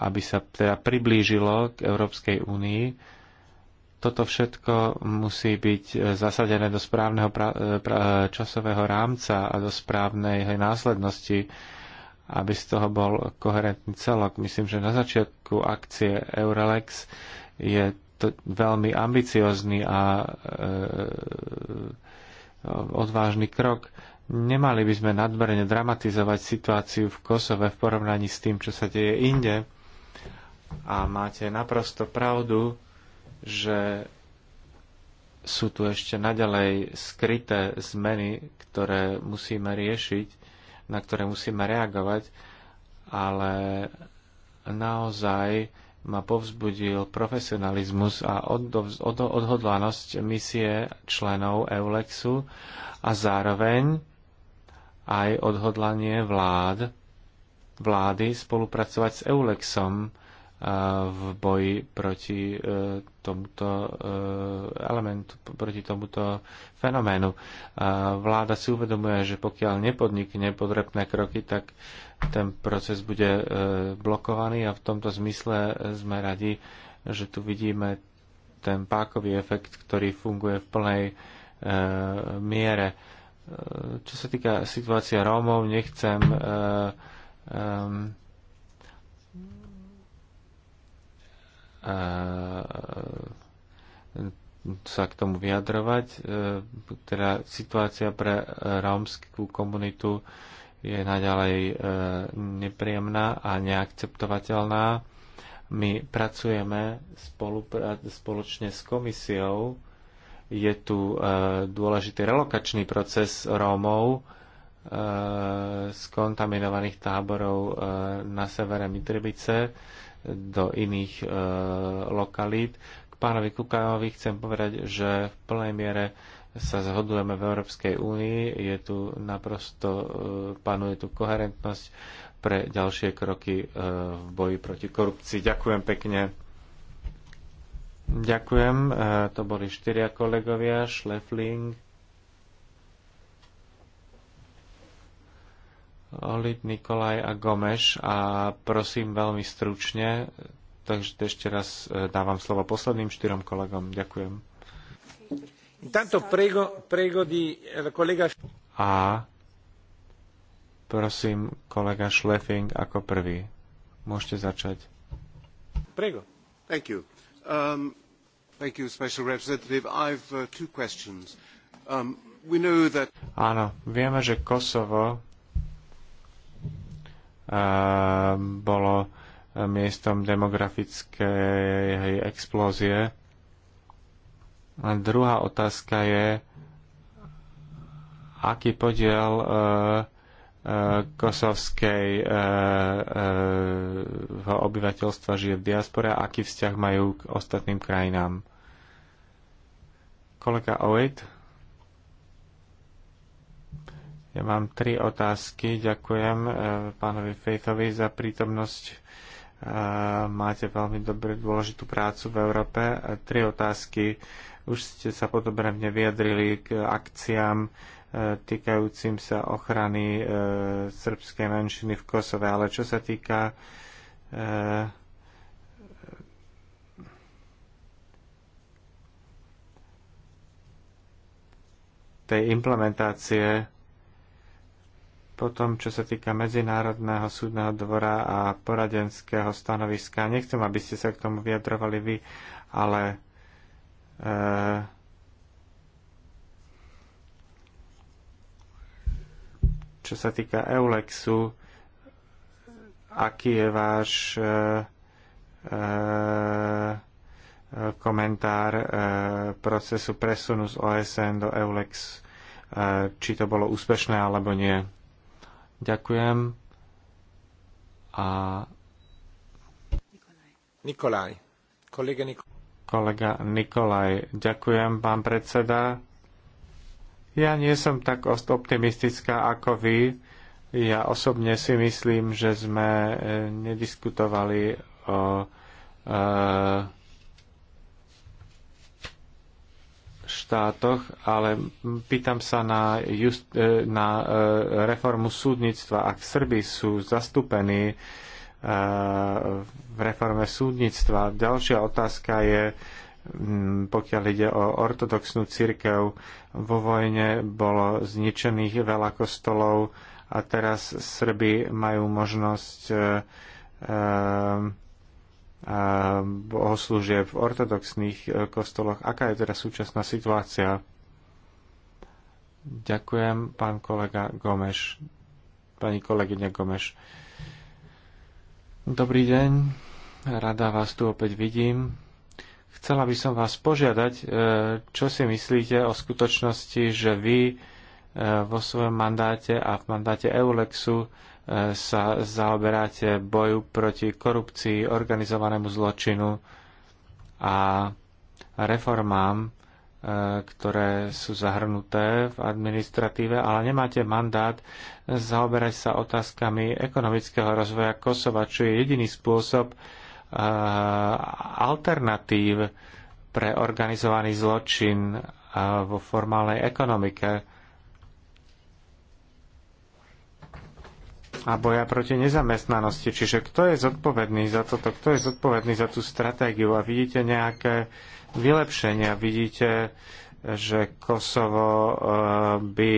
[SPEAKER 2] aby sa teda priblížilo k Európskej únii. Toto všetko musí byť eh, zasadené do správneho pra, pra, časového rámca a do správnej následnosti, aby z toho bol koherentný celok. Myslím, že na začiatku akcie Eurelex je to veľmi ambiciozný a e, odvážny krok. Nemali by sme nadmerne dramatizovať situáciu v Kosove v porovnaní s tým, čo sa deje inde. A máte naprosto pravdu, že sú tu ešte naďalej skryté zmeny, ktoré musíme riešiť, na ktoré musíme reagovať, ale naozaj ma povzbudil profesionalizmus a odhodlanosť misie členov Eulexu a zároveň aj odhodlanie vlád, vlády spolupracovať s Eulexom eh, v boji proti eh, tomuto eh, elementu, proti tomuto fenoménu. Vláda si uvedomuje, že pokiaľ nepodnikne podrepné kroky, tak ten proces bude e, blokovaný a v tomto zmysle e, sme radi, že tu vidíme ten pákový efekt, ktorý funguje v plnej e, miere. Čo sa týka situácia Rómov, nechcem sa k tomu vyjadrovať. Teda situácia pre rómskú komunitu je naďalej e, nepríjemná a neakceptovateľná. My pracujeme spoločne s komisiou. Je tu e, dôležitý relokačný proces Rómov e, z kontaminovaných táborov na severe Mitribice do iných lokalít. K pánovi Kukajovi chcem povedať, že v plnej miere sa zhodujeme v Európskej únii, je tu naprosto, e, panuje tu koherentnosť pre ďalšie kroky e, v boji proti korupcii. Ďakujem pekne. Ďakujem. E, to boli štyria kolegovia. Šlefling, Olid, Nikolaj a Gomeš. A prosím veľmi stručne, takže ešte raz dávam slovo posledným štyrom kolegom. Ďakujem.
[SPEAKER 1] Eh,
[SPEAKER 2] A prosím kolega Schleffing ako prvý. Môžete začať.
[SPEAKER 1] Prego. Thank you. Um, thank you, Special Representative. I've uh, two questions. Um, we know that...
[SPEAKER 2] Áno, vieme, že Kosovo uh, bolo eh, miestom demografickej explózie a druhá otázka je, aký podiel e, e kosovskej e, e, obyvateľstva žije v diaspore a aký vzťah majú k ostatným krajinám. Kolega Oit, ja mám tri otázky. Ďakujem e, pánovi Fejtovi za prítomnosť. E, máte veľmi dobrú dôležitú prácu v Európe. E, tri otázky. Už ste sa podobne vyjadrili k akciám e, týkajúcim sa ochrany e, srbskej menšiny v Kosove. Ale čo sa týka e, tej implementácie, potom čo sa týka Medzinárodného súdneho dvora a poradenského stanoviska, nechcem, aby ste sa k tomu vyjadrovali vy, ale Eh, čo sa týka Eulexu, aký je váš eh, eh, komentár procesu presunu z OSN do Eulex, či to bolo úspešné alebo nie. Ďakujem. A...
[SPEAKER 1] Nikolaj. Kolega Nikolaj
[SPEAKER 2] kolega Nikolaj. Ďakujem, pán predseda. Ja nie som tak optimistická ako vy. Ja osobne si myslím, že sme e, nediskutovali o e, štátoch, ale pýtam sa na, just, e, na reformu súdnictva. Ak Srby sú zastúpení v reforme súdnictva. Ďalšia otázka je, pokiaľ ide o ortodoxnú cirkev, vo vojne bolo zničených veľa kostolov a teraz Srby majú možnosť e, e, e, bohoslúžieb v ortodoxných kostoloch. Aká je teda súčasná situácia? Ďakujem, pán kolega Gomeš. Pani kolegyňa Gomeš. Dobrý deň, rada vás tu opäť vidím. Chcela by som vás požiadať, e, čo si myslíte o skutočnosti, že vy e, vo svojom mandáte a v mandáte Eulexu e, sa zaoberáte boju proti korupcii, organizovanému zločinu a reformám E, ktoré sú zahrnuté v administratíve, ale nemáte mandát zaoberať sa otázkami ekonomického rozvoja Kosova, čo je jediný spôsob e, alternatív pre organizovaný zločin e, vo formálnej ekonomike a boja proti nezamestnanosti. Čiže kto je zodpovedný za toto? Kto je zodpovedný za tú stratégiu? A vidíte nejaké uh, vylepšenia. Vidíte, že Kosovo eh, by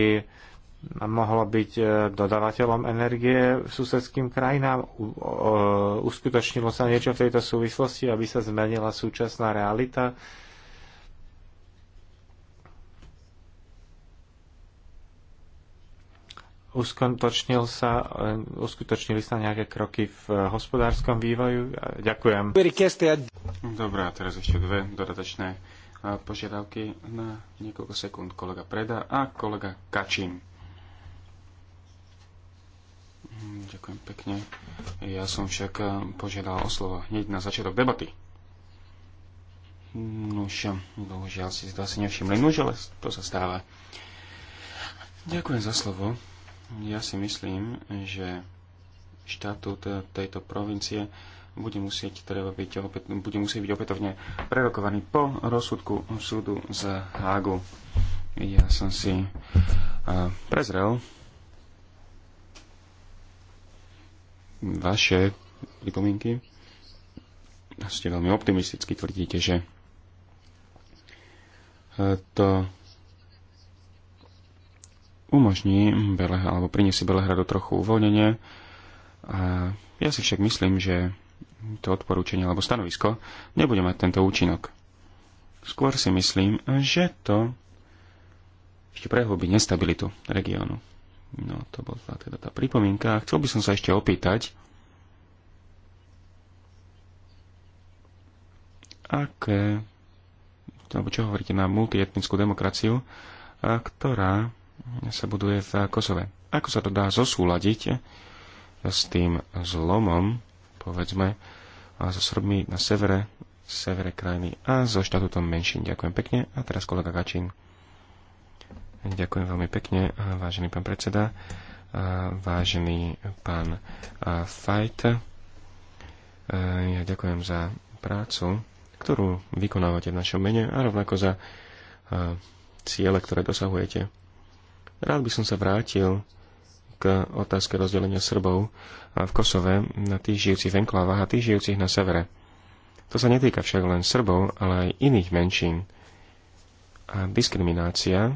[SPEAKER 2] mohlo byť eh, dodávateľom energie susedským krajinám. Uskutočnilo sa niečo v tejto súvislosti, aby sa zmenila súčasná realita uskutočnil sa, eh, uskutočnili sa nejaké kroky v eh, hospodárskom vývoju? Ďakujem.
[SPEAKER 3] Dobre, a teraz ešte dve dodatočné eh, požiadavky na niekoľko sekúnd. Kolega Preda a kolega Kačín. Mm, ďakujem pekne. Ja som však požiadal o slovo hneď na začiatok debaty. Nuž, mm, bohužiaľ si to asi nevšimli. Nuž, ale to sa stáva. Ďakujem za slovo. Ja si myslím, že štatút tejto provincie bude musieť, treba byť, opäť, bude musieť byť opätovne prerokovaný po rozsudku súdu z Hágu. Ja som si uh, prezrel vaše pripomienky. Ste veľmi optimisticky, tvrdíte, že eh, to umožní Beleha, alebo priniesie Belehradu trochu uvoľnenie. A ja si však myslím, že to odporúčanie alebo stanovisko nebude mať tento účinok. Skôr si myslím, že to ešte prehlbí nestabilitu regiónu. No, to bola teda tá pripomienka. Chcel by som sa ešte opýtať, aké, alebo čo hovoríte na multietnickú demokraciu, ktorá sa buduje v Kosove. Ako sa to dá zosúľadiť s tým zlomom, povedzme, a so Srbmi na severe, severe krajiny a so štatutom menšín. Ďakujem pekne. A teraz kolega Kačín. Ďakujem veľmi pekne, vážený pán predseda, vážený pán Fajt. E, ja ďakujem za prácu, ktorú vykonávate v našom mene a rovnako za e, ciele, ktoré dosahujete Rád by som sa vrátil k otázke rozdelenia Srbov v Kosove na tých žijúcich v enklávach a tých žijúcich na severe. To sa netýka však len Srbov, ale aj iných menšín. A diskriminácia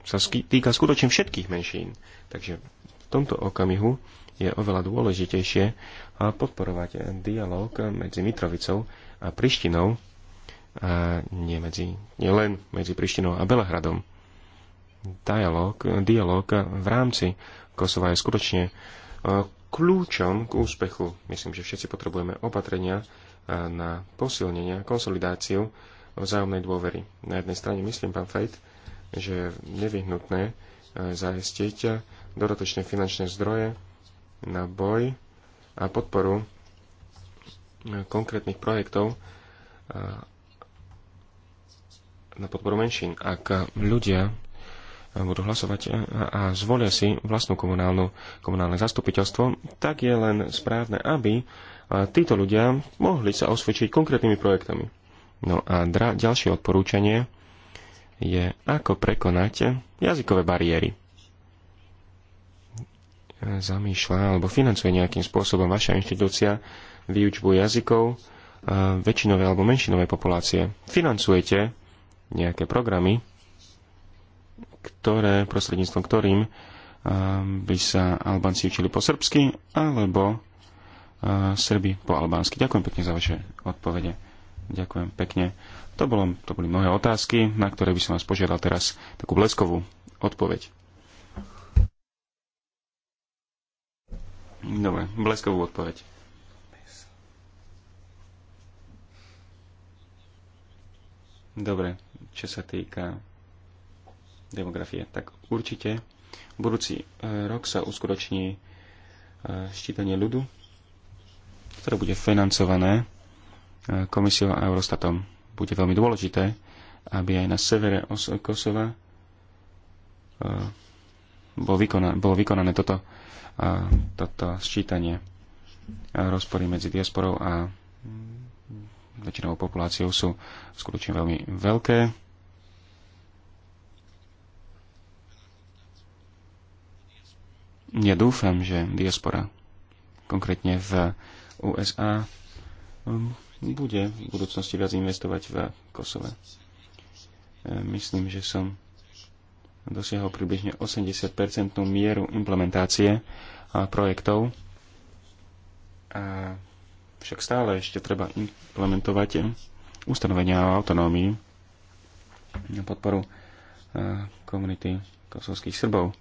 [SPEAKER 3] sa týka skutočne všetkých menšín. Takže v tomto okamihu je oveľa dôležitejšie podporovať dialog medzi Mitrovicou a Prištinou, a nie, medzi, nie len medzi Prištinou a Belehradom dialog, dialog v rámci Kosova je skutočne e, kľúčom k úspechu. Myslím, že všetci potrebujeme opatrenia e, na posilnenie a konsolidáciu vzájomnej dôvery. Na jednej strane myslím, pán Fejt, že je nevyhnutné e, zajistiť dodatočné finančné zdroje na boj a podporu konkrétnych projektov na podporu menšín. Ak ľudia budú hlasovať a zvolia si vlastnú komunálnu, komunálne zastupiteľstvo, tak je len správne, aby e, títo ľudia mohli sa osvedčiť konkrétnymi projektami. No a dra- ďalšie odporúčanie je, ako prekonať jazykové bariéry. Zamýšľa alebo financuje nejakým spôsobom vaša inštitúcia výučbu jazykov e, väčšinovej alebo menšinovej populácie. Financujete nejaké programy, ktoré, prostredníctvom ktorým by sa Albánci učili po srbsky alebo Srbi po albánsky. Ďakujem pekne za vaše odpovede. Ďakujem pekne. To, bolo, to boli mnohé otázky, na ktoré by som vás požiadal teraz takú bleskovú odpoveď. Dobre, bleskovú odpoveď. Dobre, čo sa týka demografie, tak určite budúci e, rok sa uskutoční e, ščítanie ľudu, ktoré bude financované e, komisiou a Eurostatom. Bude veľmi dôležité, aby aj na severe Kosova bolo, vykonané, bolo vykonané toto, toto sčítanie. Rozpory medzi diasporou a väčšinou populáciou sú skutočne veľmi veľké. ja dúfam, že diaspora, konkrétne v USA, um, bude v budúcnosti viac investovať v Kosove. E, myslím, že som dosiahol približne 80 mieru implementácie projektov. A však stále ešte treba implementovať ustanovenia o autonómii na podporu komunity kosovských Srbov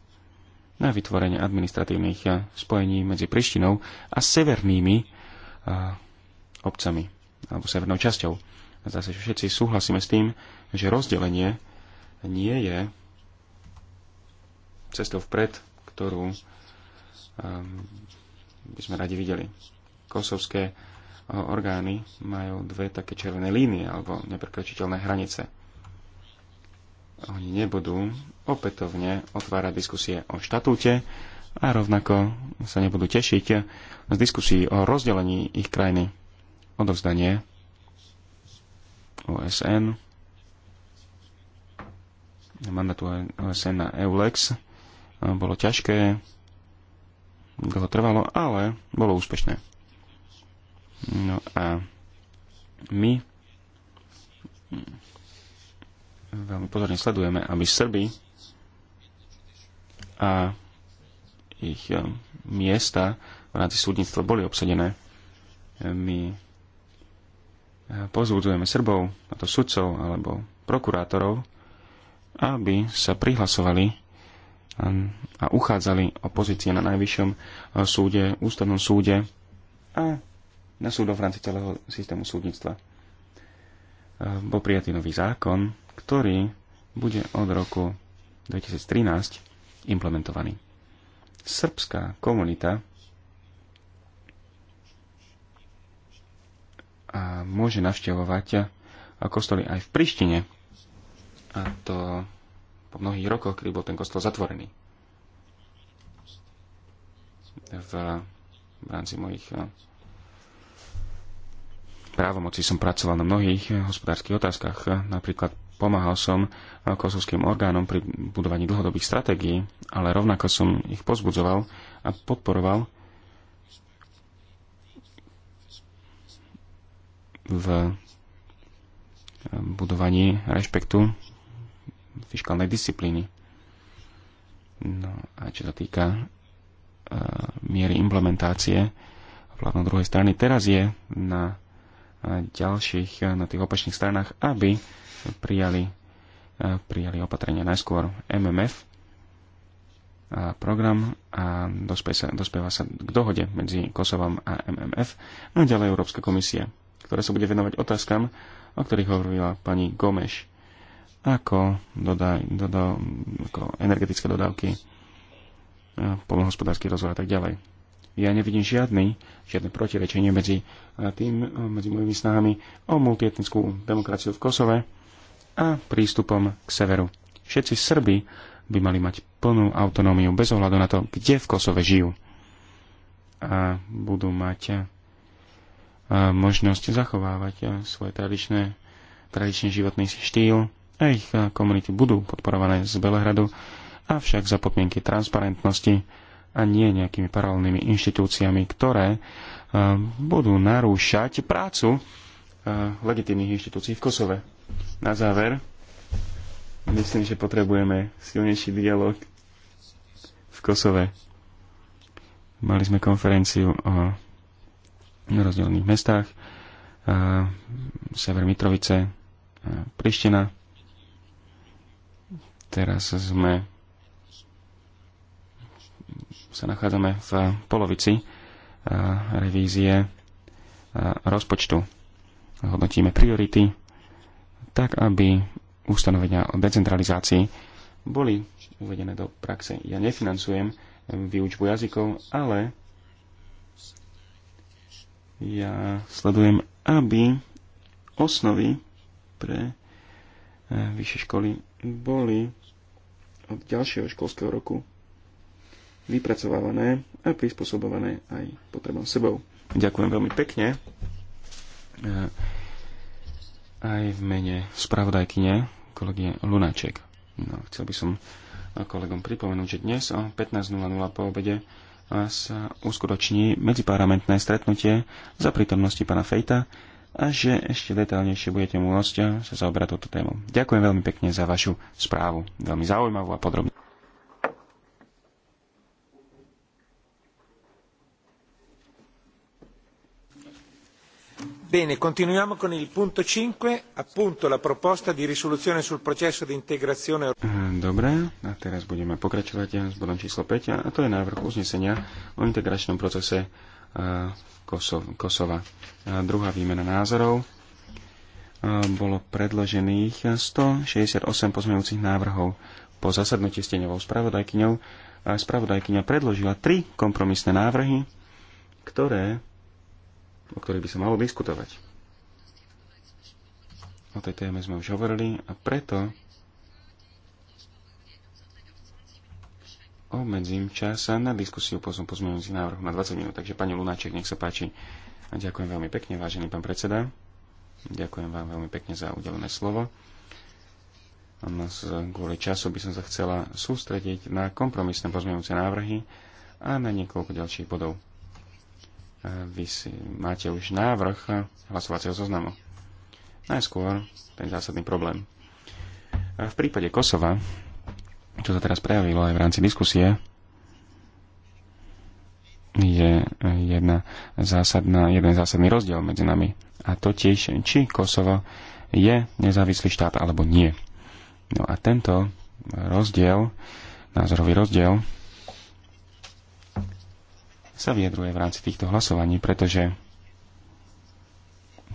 [SPEAKER 3] na vytvorenie administratívnych eh, spojení medzi Prištinou a severnými eh, obcami alebo severnou časťou. Zase všetci súhlasíme s tým, že rozdelenie nie je cestou vpred, ktorú ehm, by sme radi videli. Kosovské eh, orgány majú dve také červené línie alebo neprekročiteľné hranice oni nebudú opätovne otvárať diskusie o štatúte a rovnako sa nebudú tešiť z diskusí o rozdelení ich krajiny. Odovzdanie OSN mandátu OSN na EULEX bolo ťažké, dlho trvalo, ale bolo úspešné. No a my veľmi pozorne sledujeme, aby Srby a ich eh, miesta v rámci súdnictva boli obsadené. Eh, my eh, pozvúdzujeme Srbov, a to sudcov alebo prokurátorov, aby sa prihlasovali a uchádzali o pozície na najvyššom súde, ústavnom súde a na súdo v rámci celého systému súdnictva. Bol prijatý nový zákon, ktorý bude od roku 2013 implementovaný. Srbská komunita a môže navštevovať kostoly aj v Prištine. A to po mnohých rokoch, kedy bol ten kostol zatvorený. V, v rámci mojich eh, právomocí som pracoval na mnohých eh, hospodárskych otázkach, eh, napríklad pomáhal som kosovským orgánom pri budovaní dlhodobých stratégií, ale rovnako som ich pozbudzoval a podporoval v budovaní rešpektu fiskálnej disciplíny. No a čo sa týka uh, miery implementácie vládnou druhej strany, teraz je na e, ďalších, na tých opačných stranách, aby prijali, eh, prijali opatrenia najskôr MMF a program a sa, dospieva sa k dohode medzi Kosovom a MMF no a ďalej Európska komisia, ktorá sa bude venovať otázkam, o ktorých hovorila pani Gomeš, ako, doda, doda, ako energetické dodávky, eh, polnohospodársky rozvoj a tak ďalej ja nevidím žiadny, žiadne protirečenie medzi eh, tým, medzi mojimi snahami o multietnickú demokraciu v Kosove a prístupom k severu. Všetci Srby by mali mať plnú autonómiu bez ohľadu na to, kde v Kosove žijú. A budú mať možnosť zachovávať svoje tradičné, tradičný životný štýl a ich komunity budú podporované z Belehradu, avšak za podmienky transparentnosti a nie nejakými paralelnými inštitúciami, ktoré budú narúšať prácu legitímnych inštitúcií v Kosove na záver, myslím, že potrebujeme silnejší dialog v Kosove. Mali sme konferenciu o rozdielných mestách, a sever Mitrovice, a Priština. Teraz sme sa nachádzame v polovici revízie rozpočtu. Hodnotíme priority, tak aby ustanovenia o decentralizácii boli uvedené do praxe. Ja nefinancujem výučbu jazykov, ale ja sledujem, aby osnovy pre eh, vyššie školy boli od ďalšieho školského roku vypracovávané a prispôsobované aj potrebám sebou. Ďakujem veľmi pekne. Eh, aj v mene spravodajkyne kolegyne Lunáček. No, chcel by som kolegom pripomenúť, že dnes o 15.00 po obede sa uskutoční medziparlamentné stretnutie za prítomnosti pána Fejta a že ešte detaľnejšie budete môcť sa zaoberať touto tému. Ďakujem veľmi pekne za vašu správu. Veľmi zaujímavú a podrobnú.
[SPEAKER 1] Bene, continuiamo con il punto 5, appunto la proposta di risoluzione sul processo di integrazione.
[SPEAKER 3] Eh, dobre, a teraz budeme pokračovať s bodom číslo 5, a to je návrh uznesenia o integračnom procese eh, Kosova. druhá výmena názorov. Eh, bolo predložených 168 pozmeňujúcich návrhov. Po zasadnutí s spravodajkyňou spravodajkyňa predložila tri kompromisné návrhy, ktoré o ktorých by sa malo diskutovať. O tej téme sme už hovorili a preto obmedzím čas na diskusiu po pozmeňujúcich návrhu na 20 minút. Takže pani Lunáček, nech sa páči. A ďakujem veľmi pekne, vážený pán predseda. Ďakujem vám veľmi pekne za udelené slovo. A kvôli času by som sa chcela sústrediť na kompromisné pozmeňujúce návrhy a na niekoľko ďalších bodov vy si máte už návrh hlasovacieho zoznamu. Najskôr ten zásadný problém. V prípade Kosova, čo sa teraz prejavilo aj v rámci diskusie, je jedna zásadná, jeden zásadný rozdiel medzi nami. A totiž, či Kosovo je nezávislý štát alebo nie. No a tento rozdiel, názorový rozdiel, sa vyjadruje v rámci týchto hlasovaní, pretože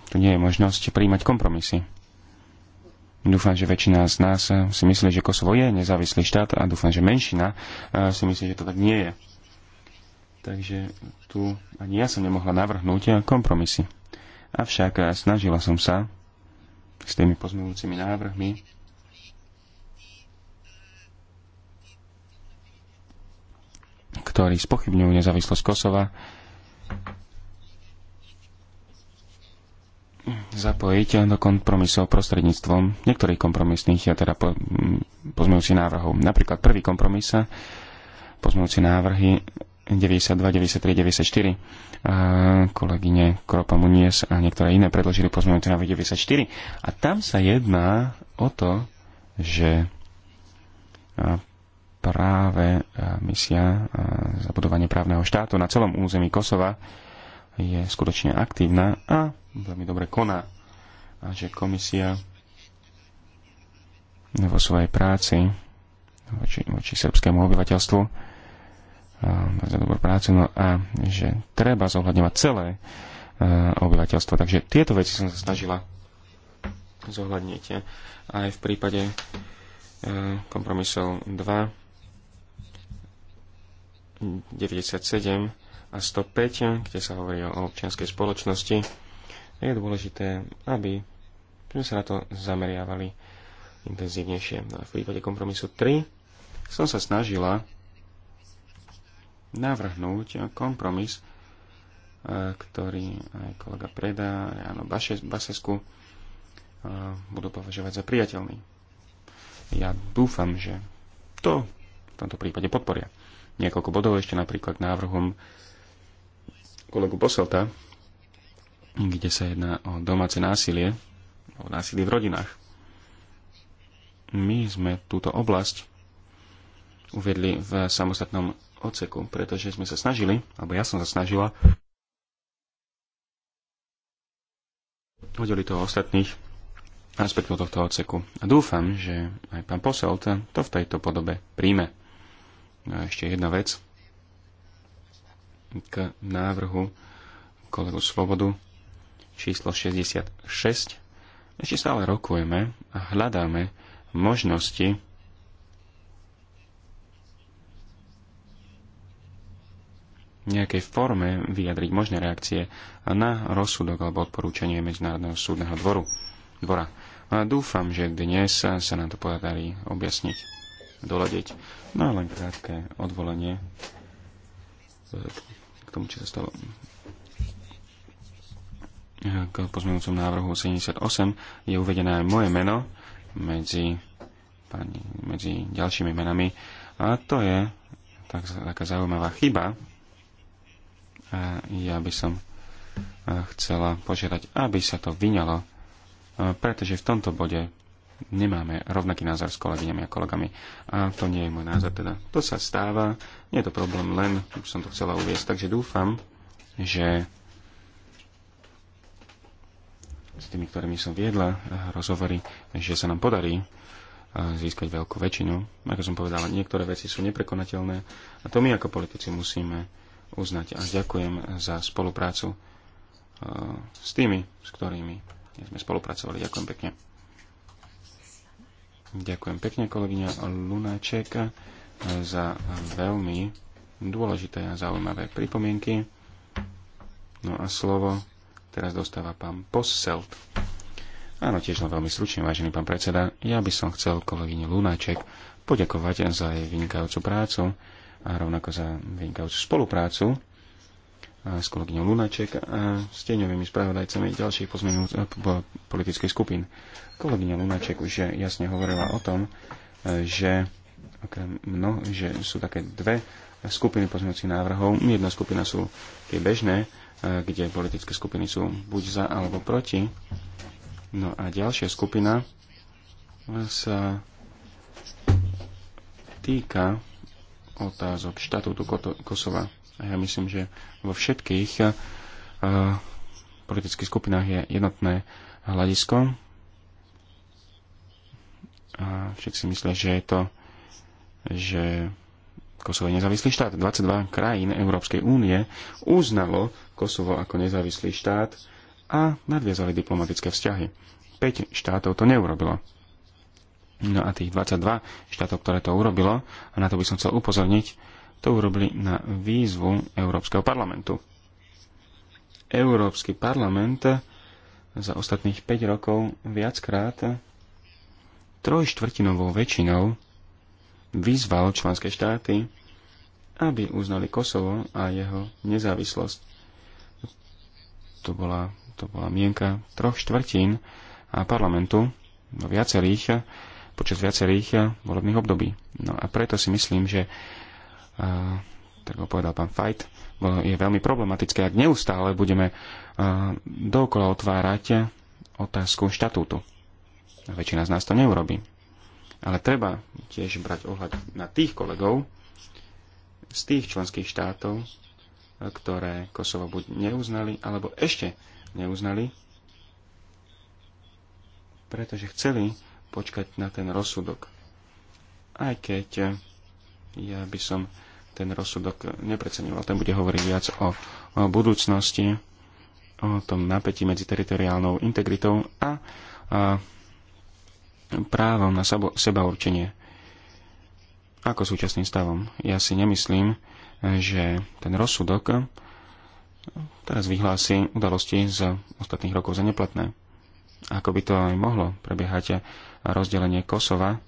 [SPEAKER 3] tu nie je možnosť príjmať kompromisy. Dúfam, že väčšina z nás si myslí, že Kosovo je nezávislý štát a dúfam, že menšina si myslí, že to tak nie je. Takže tu ani ja som nemohla navrhnúť kompromisy. Avšak snažila som sa s tými pozmeňujúcimi návrhmi ktorí spochybňujú nezávislosť Kosova, zapojiť do kompromisov prostredníctvom niektorých kompromisných, ja teda po, pozmejúci návrhov. Napríklad prvý kompromis sa pozmejúci návrhy 92, 93, 94. A kolegyne Kropa Munies a niektoré iné predložili pozmejúci návrhy 94. A tam sa jedná o to, že práve e, misia e, za budovanie právneho štátu na celom území Kosova je skutočne aktívna a veľmi dobre koná. A že komisia vo svojej práci voči, voči srbskému obyvateľstvu e, za dobrú prácu, no a že treba zohľadňovať celé obyvateľstvo. Takže tieto veci som sa snažila zohľadniť aj v prípade kompromisov 2 97 a 105, kde sa hovorí o občianskej spoločnosti, je dôležité, aby sme sa na to zameriavali intenzívnejšie. No a v prípade kompromisu 3 som sa snažila navrhnúť kompromis, e, ktorý aj kolega Preda, Jano Basesku e, budú považovať za priateľný. Ja dúfam, že to v tomto prípade podporia niekoľko bodov ešte napríklad návrhom kolegu Boselta, kde sa jedná o domáce násilie, o násilie v rodinách. My sme túto oblasť uviedli v samostatnom odseku, pretože sme sa snažili, alebo ja som sa snažila, hodili to ostatných aspektov tohto odseku. A dúfam, že aj pán Poselt to v tejto podobe príjme. A ešte jedna vec k návrhu kolegu Svobodu číslo 66. Ešte stále rokujeme a hľadáme možnosti nejakej forme vyjadriť možné reakcie na rozsudok alebo odporúčanie Medzinárodného súdneho dvoru, dvora. A dúfam, že dnes sa nám to podarí objasniť doladiť. No len krátke odvolanie e, k tomu, čo sa stalo k pozmenujúcom návrhu 78 je uvedené aj moje meno medzi, pani, medzi ďalšími menami a to je tak, taká zaujímavá chyba a ja by som e, chcela požiadať, aby sa to vyňalo e, pretože v tomto bode nemáme rovnaký názor s kolegyňami a kolegami. A to nie je môj názor teda. To sa stáva, nie je to problém, len už som to chcela uviesť, takže dúfam, že s tými, ktorými som viedla eh, rozhovory, že sa nám podarí eh, získať veľkú väčšinu. Ako som povedala, niektoré veci sú neprekonateľné a to my ako politici musíme uznať. A ďakujem za spoluprácu eh, s tými, s ktorými sme spolupracovali. Ďakujem pekne. Ďakujem pekne kolegyňa Lunáček za veľmi dôležité a zaujímavé pripomienky. No a slovo teraz dostáva pán Posselt. Áno, tiež len veľmi stručne, vážený pán predseda. Ja by som chcel kolegyne Lunáček poďakovať za jej vynikajúcu prácu a rovnako za vynikajúcu spoluprácu s kolegyňou Lunaček a s tieňovými spravodajcami ďalších eh, politických skupín. Kolegyňa Lunaček už jasne hovorila o tom, eh, že, okrem mno, že sú také dve skupiny pozmeňujúcich návrhov. Jedna skupina sú tie bežné, eh, kde politické skupiny sú buď za alebo proti. No a ďalšia skupina sa týka otázok štatútu Kosova a ja myslím, že vo všetkých eh, politických skupinách je jednotné hľadisko. A všetci si myslia, že je to, že Kosovo je nezávislý štát. 22 krajín Európskej únie uznalo Kosovo ako nezávislý štát a nadviazali diplomatické vzťahy. 5 štátov to neurobilo. No a tých 22 štátov, ktoré to urobilo, a na to by som chcel upozorniť, to urobili na výzvu Európskeho parlamentu. Európsky parlament za ostatných 5 rokov viackrát trojštvrtinovou väčšinou vyzval členské štáty, aby uznali Kosovo a jeho nezávislosť. To bola, to bola mienka troch štvrtín a parlamentu viacerých, počas viacerých volebných období. No a preto si myslím, že tak ho povedal pán Fajt, je veľmi problematické, ak neustále budeme dokola dookola otvárať otázku štatútu. Väčšina z nás to neurobí. Ale treba tiež brať ohľad na tých kolegov z tých členských štátov, ktoré Kosovo buď neuznali, alebo ešte neuznali, pretože chceli počkať na ten rozsudok. Aj keď ja by som ten rozsudok nepreceňoval. Ten bude hovoriť viac o, o budúcnosti, o tom napätí medzi teritoriálnou integritou a, a právom na sabo, seba určenie. Ako súčasným stavom? Ja si nemyslím, že ten rozsudok teraz vyhlási udalosti z ostatných rokov za neplatné. Ako by to aj mohlo prebiehať rozdelenie Kosova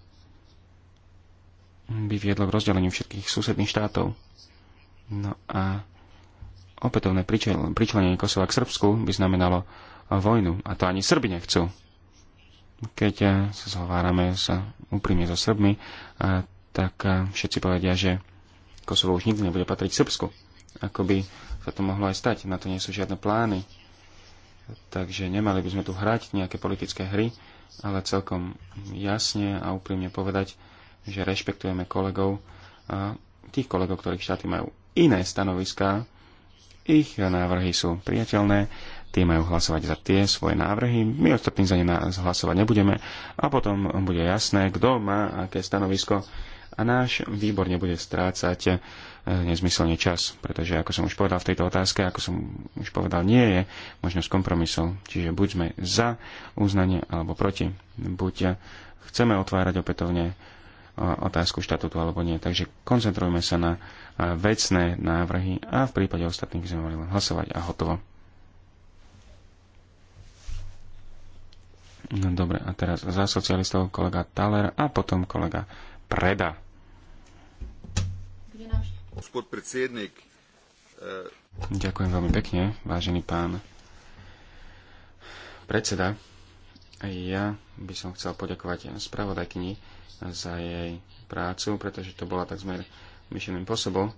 [SPEAKER 3] by viedlo k rozdeleniu všetkých susedných štátov. No a opätovné pričlenenie Kosova k Srbsku by znamenalo vojnu. A to ani Srbi nechcú. Keď eh, sa zhovárame sa úprimne so Srbmi, eh, tak eh, všetci povedia, že Kosovo už nikdy nebude patriť Srbsku. Ako by sa to mohlo aj stať. Na to nie sú žiadne plány. Takže nemali by sme tu hrať nejaké politické hry, ale celkom jasne a úprimne povedať, že rešpektujeme kolegov, tých kolegov, ktorých štáty majú iné stanoviská, ich návrhy sú priateľné, tí majú hlasovať za tie svoje návrhy, my ostatní za ne hlasovať nebudeme a potom bude jasné, kto má aké stanovisko a náš výbor nebude strácať e, nezmyselne čas, pretože ako som už povedal v tejto otázke, ako som už povedal, nie je možnosť kompromisov. Čiže buď sme za uznanie alebo proti. Buď chceme otvárať opätovne otázku štatutu alebo nie. Takže koncentrujme sa na vecné návrhy a v prípade ostatných by sme mali len hlasovať a hotovo. No, dobre, a teraz za socialistov kolega Taler a potom kolega Preda.
[SPEAKER 4] E,
[SPEAKER 3] Ďakujem veľmi pekne, vážený pán predseda. Ja by som chcel poďakovať spravodajkyni za jej prácu, pretože to bola takzmer Mission Impossible.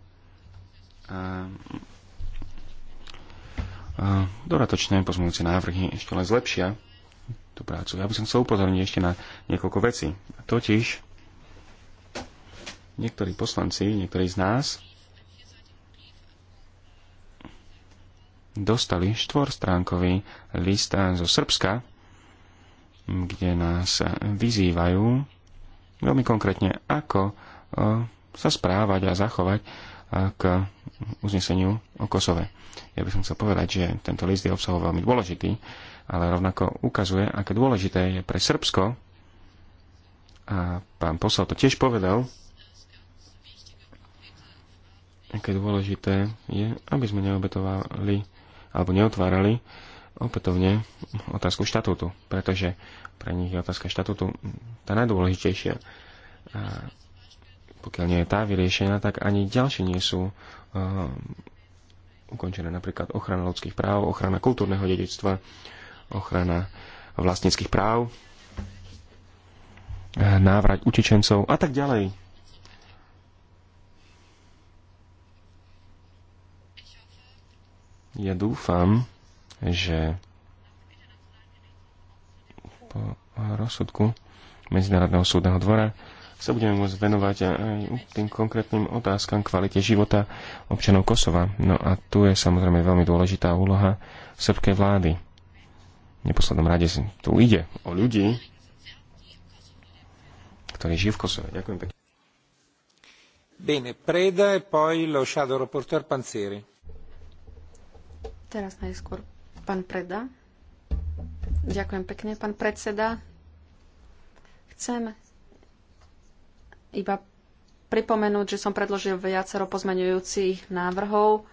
[SPEAKER 3] A, a doratočné pozmúce návrhy ešte len zlepšia tú prácu. Ja by som chcel upozorniť ešte na niekoľko vecí. Totiž niektorí poslanci, niektorí z nás dostali štvorstránkový list zo Srbska, kde nás vyzývajú veľmi konkrétne, ako e, sa správať a zachovať e, k uzneseniu o Kosove. Ja by som chcel povedať, že tento list je obsahov veľmi dôležitý, ale rovnako ukazuje, aké dôležité je pre Srbsko, a pán posol to tiež povedal, aké dôležité je, aby sme neobetovali alebo neotvárali opätovne otázku štatútu, pretože pre nich je otázka štatútu tá najdôležitejšia. A pokiaľ nie je tá vyriešená, tak ani ďalšie nie sú uh, ukončené. Napríklad ochrana ľudských práv, ochrana kultúrneho dedictva, ochrana vlastníckých práv, návrat utečencov a tak ďalej. Ja dúfam, že po rozsudku Medzinárodného súdneho dvora sa budeme môcť venovať aj tým konkrétnym otázkam kvalite života občanov Kosova. No a tu je samozrejme veľmi dôležitá úloha srbkej vlády. V neposlednom rade si tu ide o ľudí, ktorí žijú v Kosove. Ďakujem
[SPEAKER 1] pekne. Bene, preda e poi lo shadow reporter Panzeri.
[SPEAKER 4] Teraz najskôr Pán Preda. Ďakujem pekne, pán predseda. Chcem iba pripomenúť, že som predložil viacero pozmeňujúcich návrhov.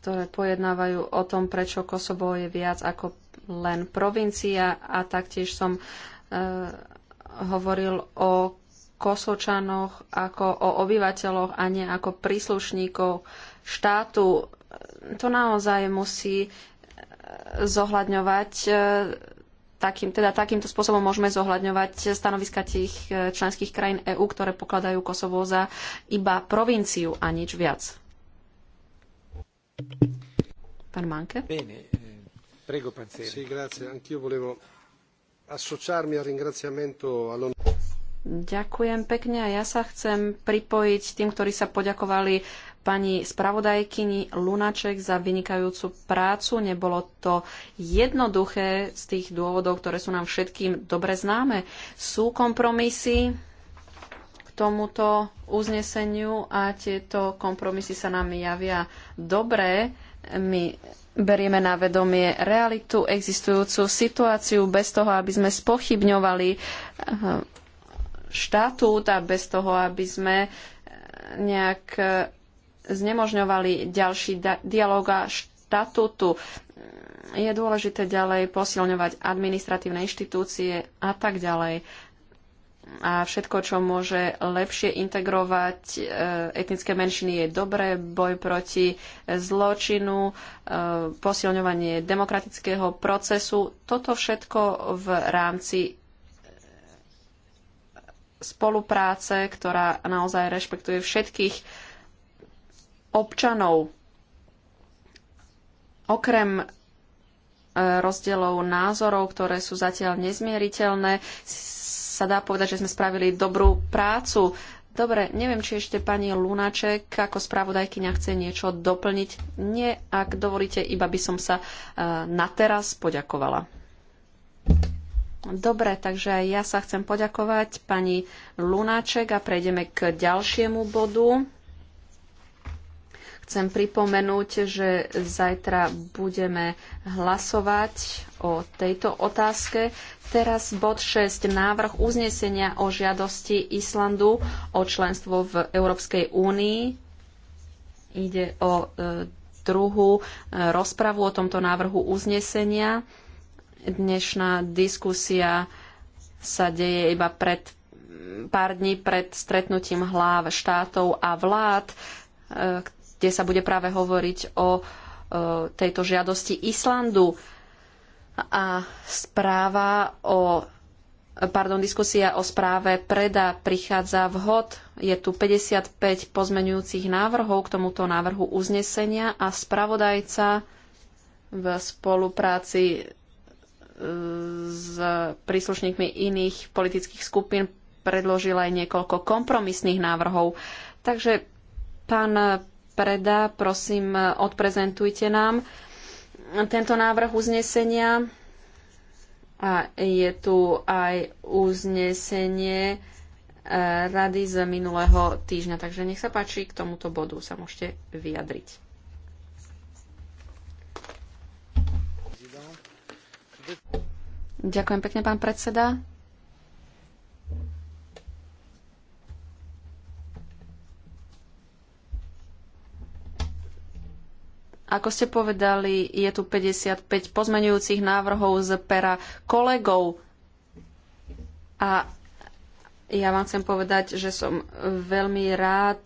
[SPEAKER 4] ktoré pojednávajú o tom, prečo Kosovo je viac ako len provincia a taktiež som e, hovoril o Kosočanoch ako o obyvateľoch a nie ako príslušníkov štátu. To naozaj musí e, zohľadňovať e, takým, teda takýmto spôsobom môžeme zohľadňovať stanoviska tých e, členských krajín EÚ, ktoré pokladajú Kosovo za iba provinciu a nič viac. Pán Manke.
[SPEAKER 1] Bene, eh, prego, Panzeri. Sì, grazie. Anch'io volevo associarmi al ringraziamento all'on...
[SPEAKER 4] Ďakujem pekne a ja sa chcem pripojiť tým, ktorí sa poďakovali pani spravodajkyni Lunaček za vynikajúcu prácu. Nebolo to jednoduché z tých dôvodov, ktoré sú nám všetkým dobre známe. Sú kompromisy k tomuto uzneseniu a tieto kompromisy sa nám javia dobré. My berieme na vedomie realitu, existujúcu situáciu bez toho, aby sme spochybňovali eh, štatút a bez toho, aby sme eh, nejak eh, znemožňovali ďalší dialog a štatútu. Je dôležité ďalej posilňovať administratívne inštitúcie a tak ďalej. A všetko, čo môže lepšie integrovať eh, etnické menšiny, je dobré. Boj proti zločinu, posilňovanie demokratického procesu. Toto všetko v rámci spolupráce, ktorá naozaj rešpektuje všetkých občanov. Okrem e, rozdielov názorov, ktoré sú zatiaľ nezmieriteľné, sa dá povedať, že sme spravili dobrú prácu. Dobre, neviem, či ešte pani Lunaček ako spravodajkyňa chce niečo doplniť. Nie, ak dovolíte, iba by som sa e, na teraz poďakovala. Dobre, takže ja sa chcem poďakovať pani Lunáček a prejdeme k ďalšiemu bodu. Chcem pripomenúť, že zajtra budeme hlasovať o tejto otázke. Teraz bod 6. Návrh uznesenia o žiadosti Islandu o členstvo v Európskej únii. Ide o e, druhú e, rozpravu o tomto návrhu uznesenia. Dnešná diskusia sa deje iba pred pár dní pred stretnutím hlav štátov a vlád, e, kde sa bude práve hovoriť o e, tejto žiadosti Islandu. A správa o pardon, diskusia o správe Preda prichádza vhod. Je tu 55 pozmenujúcich návrhov k tomuto návrhu uznesenia a spravodajca v spolupráci s príslušníkmi iných politických skupín predložil aj niekoľko kompromisných návrhov. Takže pán Preda, prosím, odprezentujte nám tento návrh uznesenia. A je tu aj uznesenie e, rady z minulého týždňa. Takže nech sa páči, k tomuto bodu sa môžete vyjadriť. Ďakujem pekne, pán predseda. Ako ste povedali, je tu 55 pozmenujúcich návrhov z pera kolegov. A ja vám chcem povedať, že som veľmi rád,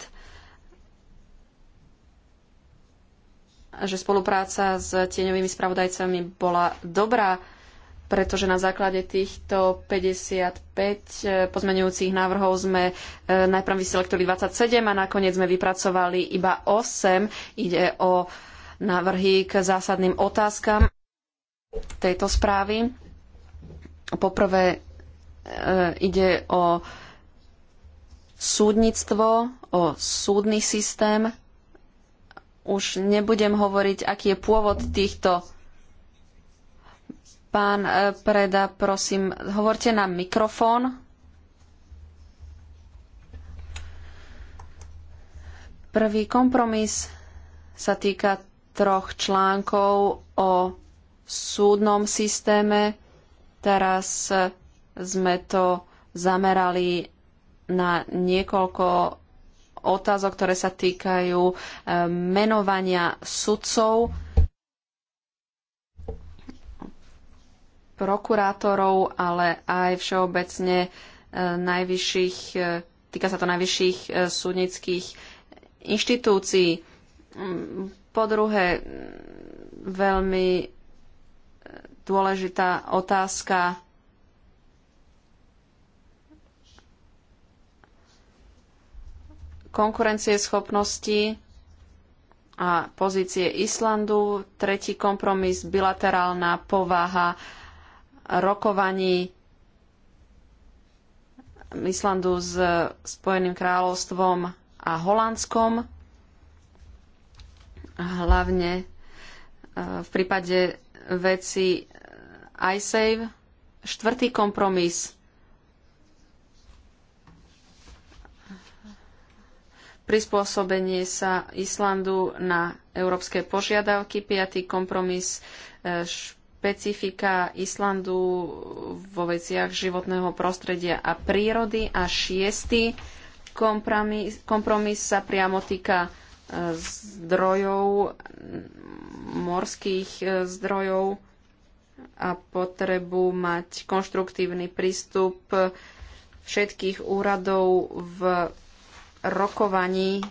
[SPEAKER 4] že spolupráca s tieňovými spravodajcami bola dobrá pretože na základe týchto 55 e, pozmenujúcich návrhov sme e, najprv vyselektovali 27 a nakoniec sme vypracovali iba 8. Ide o návrhy k zásadným otázkam tejto správy. Poprvé e, ide o súdnictvo, o súdny systém. Už nebudem hovoriť, aký je pôvod týchto Pán e, Preda, prosím, hovorte na mikrofón. Prvý kompromis sa týka troch článkov o súdnom systéme. Teraz e, sme to zamerali na niekoľko otázok, ktoré sa týkajú e, menovania sudcov prokurátorov, ale aj všeobecne e, najvyšších, e, týka sa to najvyšších e, súdnických inštitúcií. Mm, po druhé, veľmi dôležitá otázka konkurencie schopnosti a pozície Islandu. Tretí kompromis, bilaterálna povaha rokovaní Islandu s Spojeným kráľovstvom a Holandskom, hlavne e, v prípade veci iSave. Štvrtý kompromis prispôsobenie sa Islandu na európske požiadavky. Piatý kompromis e, špecifika Islandu vo veciach životného prostredia a prírody a šiestý kompromis, kompromis sa priamo týka e, zdrojov, morských e, zdrojov a potrebu mať konštruktívny prístup všetkých úradov v rokovaní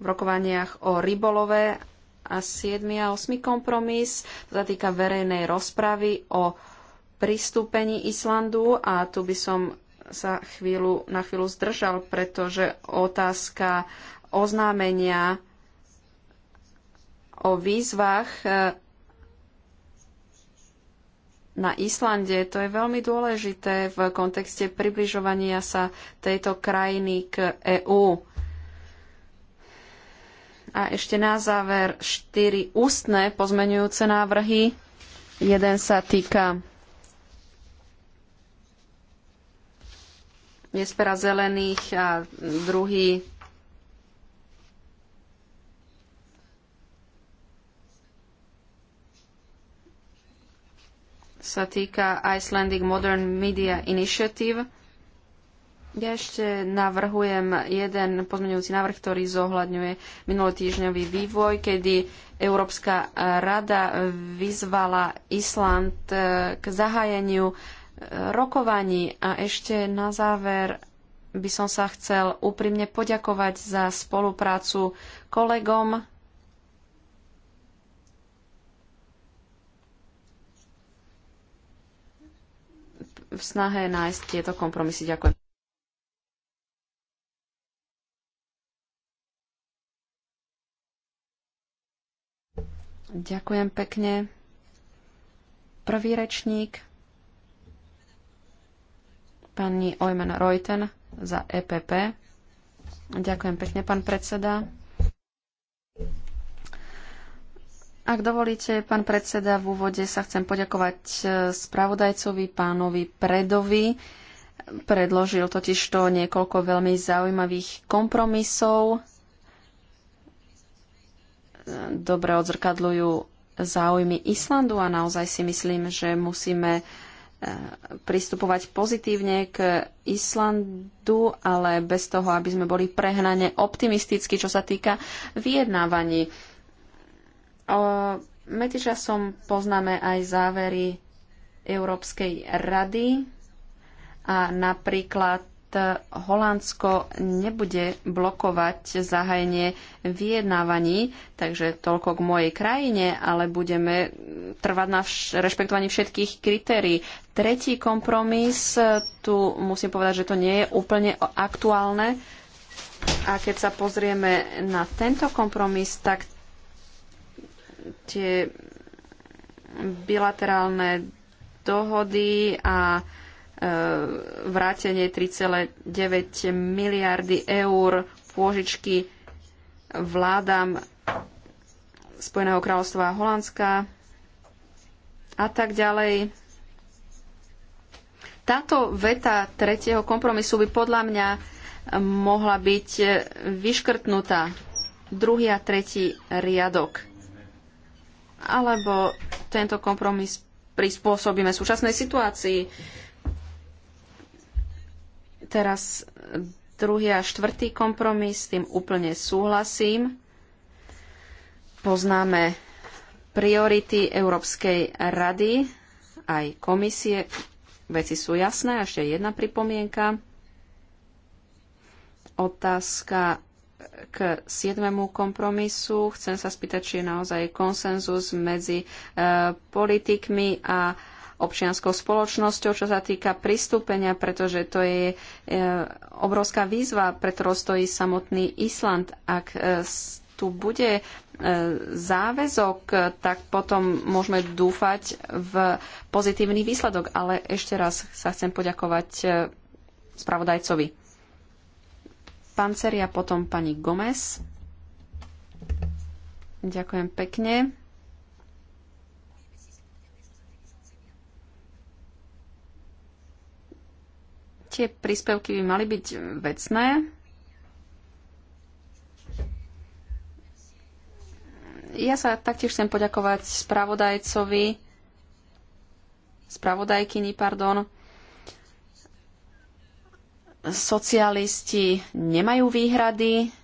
[SPEAKER 4] v rokovaniach o rybolove a 7. a 8. kompromis. To sa týka verejnej rozpravy o pristúpení Islandu a tu by som sa chvíľu, na chvíľu zdržal, pretože otázka oznámenia o výzvach e, na Islande, to je veľmi dôležité v kontexte približovania sa tejto krajiny k EÚ a ešte na záver štyri ústne pozmenujúce návrhy. Jeden sa týka nespera zelených a druhý sa týka Icelandic Modern Media Initiative. Ja ešte navrhujem jeden pozmeňujúci návrh, ktorý zohľadňuje minulotýžňový vývoj, kedy Európska rada vyzvala Island e, k zahájeniu e, rokovaní. A ešte na záver by som sa chcel úprimne poďakovať za spoluprácu kolegom. v snahe nájsť tieto kompromisy. Ďakujem. Ďakujem pekne. Prvý rečník, pani Ojmen Reuten za EPP. Ďakujem pekne, pán predseda. Ak dovolíte, pán predseda, v úvode sa chcem poďakovať eh, spravodajcovi, pánovi Predovi. Predložil totiž to niekoľko veľmi zaujímavých kompromisov dobre odzrkadľujú záujmy Islandu a naozaj si myslím, že musíme e, pristupovať pozitívne k Islandu, ale bez toho, aby sme boli prehnane optimistickí, čo sa týka vyjednávaní. Medzičasom poznáme aj závery Európskej rady a napríklad Holandsko nebude blokovať zahájenie vyjednávaní, takže toľko k mojej krajine, ale budeme trvať na vš- rešpektovaní všetkých kritérií. Tretí kompromis, tu musím povedať, že to nie je úplne aktuálne. A keď sa pozrieme na tento kompromis, tak tie bilaterálne dohody a E, vrátenie 3,9 miliardy eur pôžičky vládam Spojeného kráľovstva a Holandska a tak ďalej. Táto veta tretieho kompromisu by podľa mňa mohla byť vyškrtnutá. Druhý a tretí riadok. Alebo tento kompromis prispôsobíme súčasnej situácii. Teraz druhý a štvrtý kompromis, s tým úplne súhlasím. Poznáme priority Európskej rady aj komisie. Veci sú jasné. ešte jedna pripomienka. Otázka k siedmemu kompromisu. Chcem sa spýtať, či je naozaj konsenzus medzi e, politikmi a e, občianskou spoločnosťou, čo sa týka pristúpenia, pretože to je e, obrovská výzva, pre ktorou stojí samotný Island. Ak e, tu bude e, záväzok, tak potom môžeme dúfať v pozitívny výsledok. Ale ešte raz sa chcem poďakovať spravodajcovi. Pán Ceria, potom pani Gomez. Ďakujem pekne. tie príspevky by mali byť vecné. Ja sa taktiež chcem poďakovať spravodajcovi, spravodajkyni, pardon. Socialisti nemajú výhrady.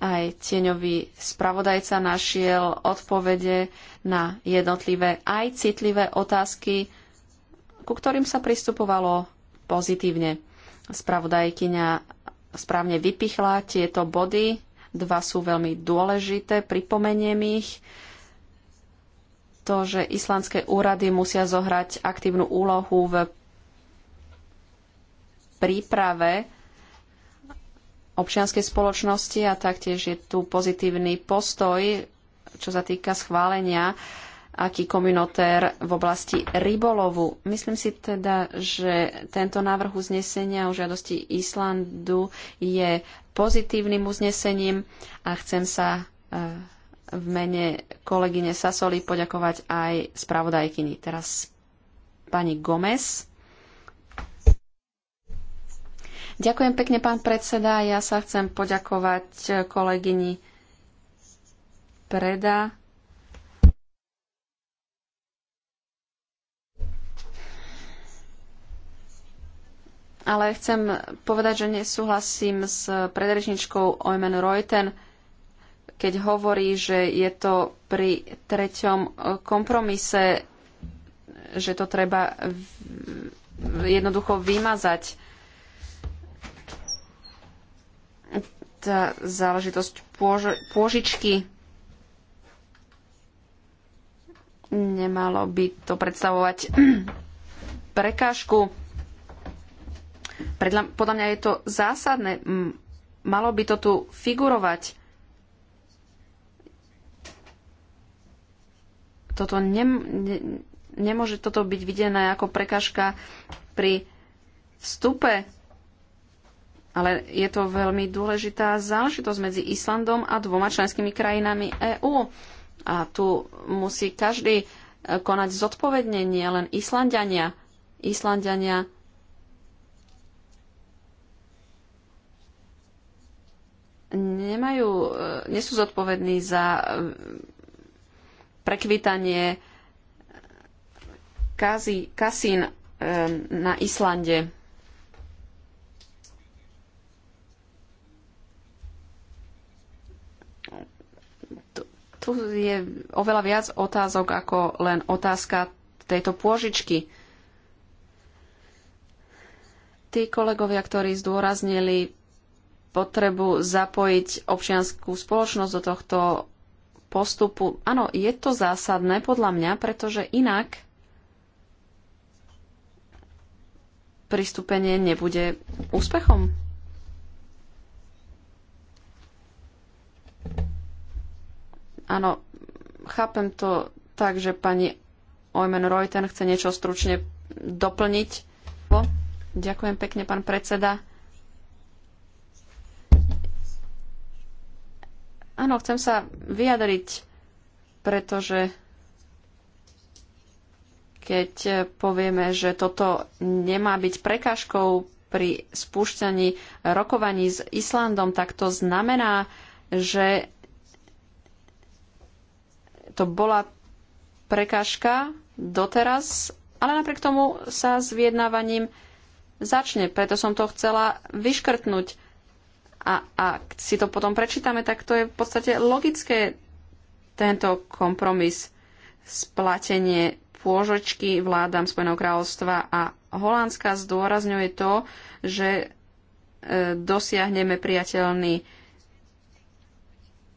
[SPEAKER 4] Aj tieňový spravodajca našiel odpovede na jednotlivé aj citlivé otázky ku ktorým sa pristupovalo pozitívne. Spravodajkyňa správne vypichla tieto body. Dva sú veľmi dôležité, pripomeniem ich. To, že islandské úrady musia zohrať aktívnu úlohu v príprave občianskej spoločnosti a taktiež je tu pozitívny postoj, čo sa týka schválenia uh, aký komunitér v oblasti rybolovu. Myslím si teda, že tento návrh uznesenia o žiadosti Islandu je pozitívnym uznesením a chcem sa e, v mene kolegyne Sasoli poďakovať aj spravodajkyni. Teraz pani Gomez. Ďakujem pekne, pán predseda. Ja sa chcem poďakovať kolegyni Preda ale chcem povedať, že nesúhlasím s predrečničkou Oymen Reuten, keď hovorí, že je to pri treťom kompromise, že to treba jednoducho vymazať. Tá záležitosť pôžičky nemalo by to predstavovať [CLEARS THROAT] prekážku podľa mňa je to zásadné. Malo by to tu figurovať. Toto ne, ne, nemôže toto byť videné ako prekažka pri vstupe, ale je to veľmi dôležitá záležitosť medzi Islandom a dvoma členskými krajinami EÚ. A tu musí každý e, konať zodpovedne, nie len Islandiania. Islandiania nemajú, e, nie sú zodpovední za e, prekvitanie kazí, kasín e, na Islande. Tu je oveľa viac otázok ako len otázka tejto pôžičky. Tí kolegovia, ktorí zdôraznili potrebu zapojiť občianskú spoločnosť do tohto postupu. Áno, je to zásadné podľa mňa, pretože inak pristúpenie nebude úspechom. Áno, chápem to tak, že pani Ojmen Reuten chce niečo stručne doplniť. Ďakujem pekne, pán predseda. Áno, chcem sa vyjadriť, pretože keď povieme, že toto nemá byť prekážkou pri spúšťaní rokovaní s Islandom, tak to znamená, že to bola prekážka doteraz, ale napriek tomu sa s vyjednávaním začne. Preto som to chcela vyškrtnúť. A ak si to potom prečítame, tak to je v podstate logické tento kompromis splatenie pôžočky vládam Spojeného kráľovstva a Holandska zdôrazňuje to, že e, dosiahneme priateľný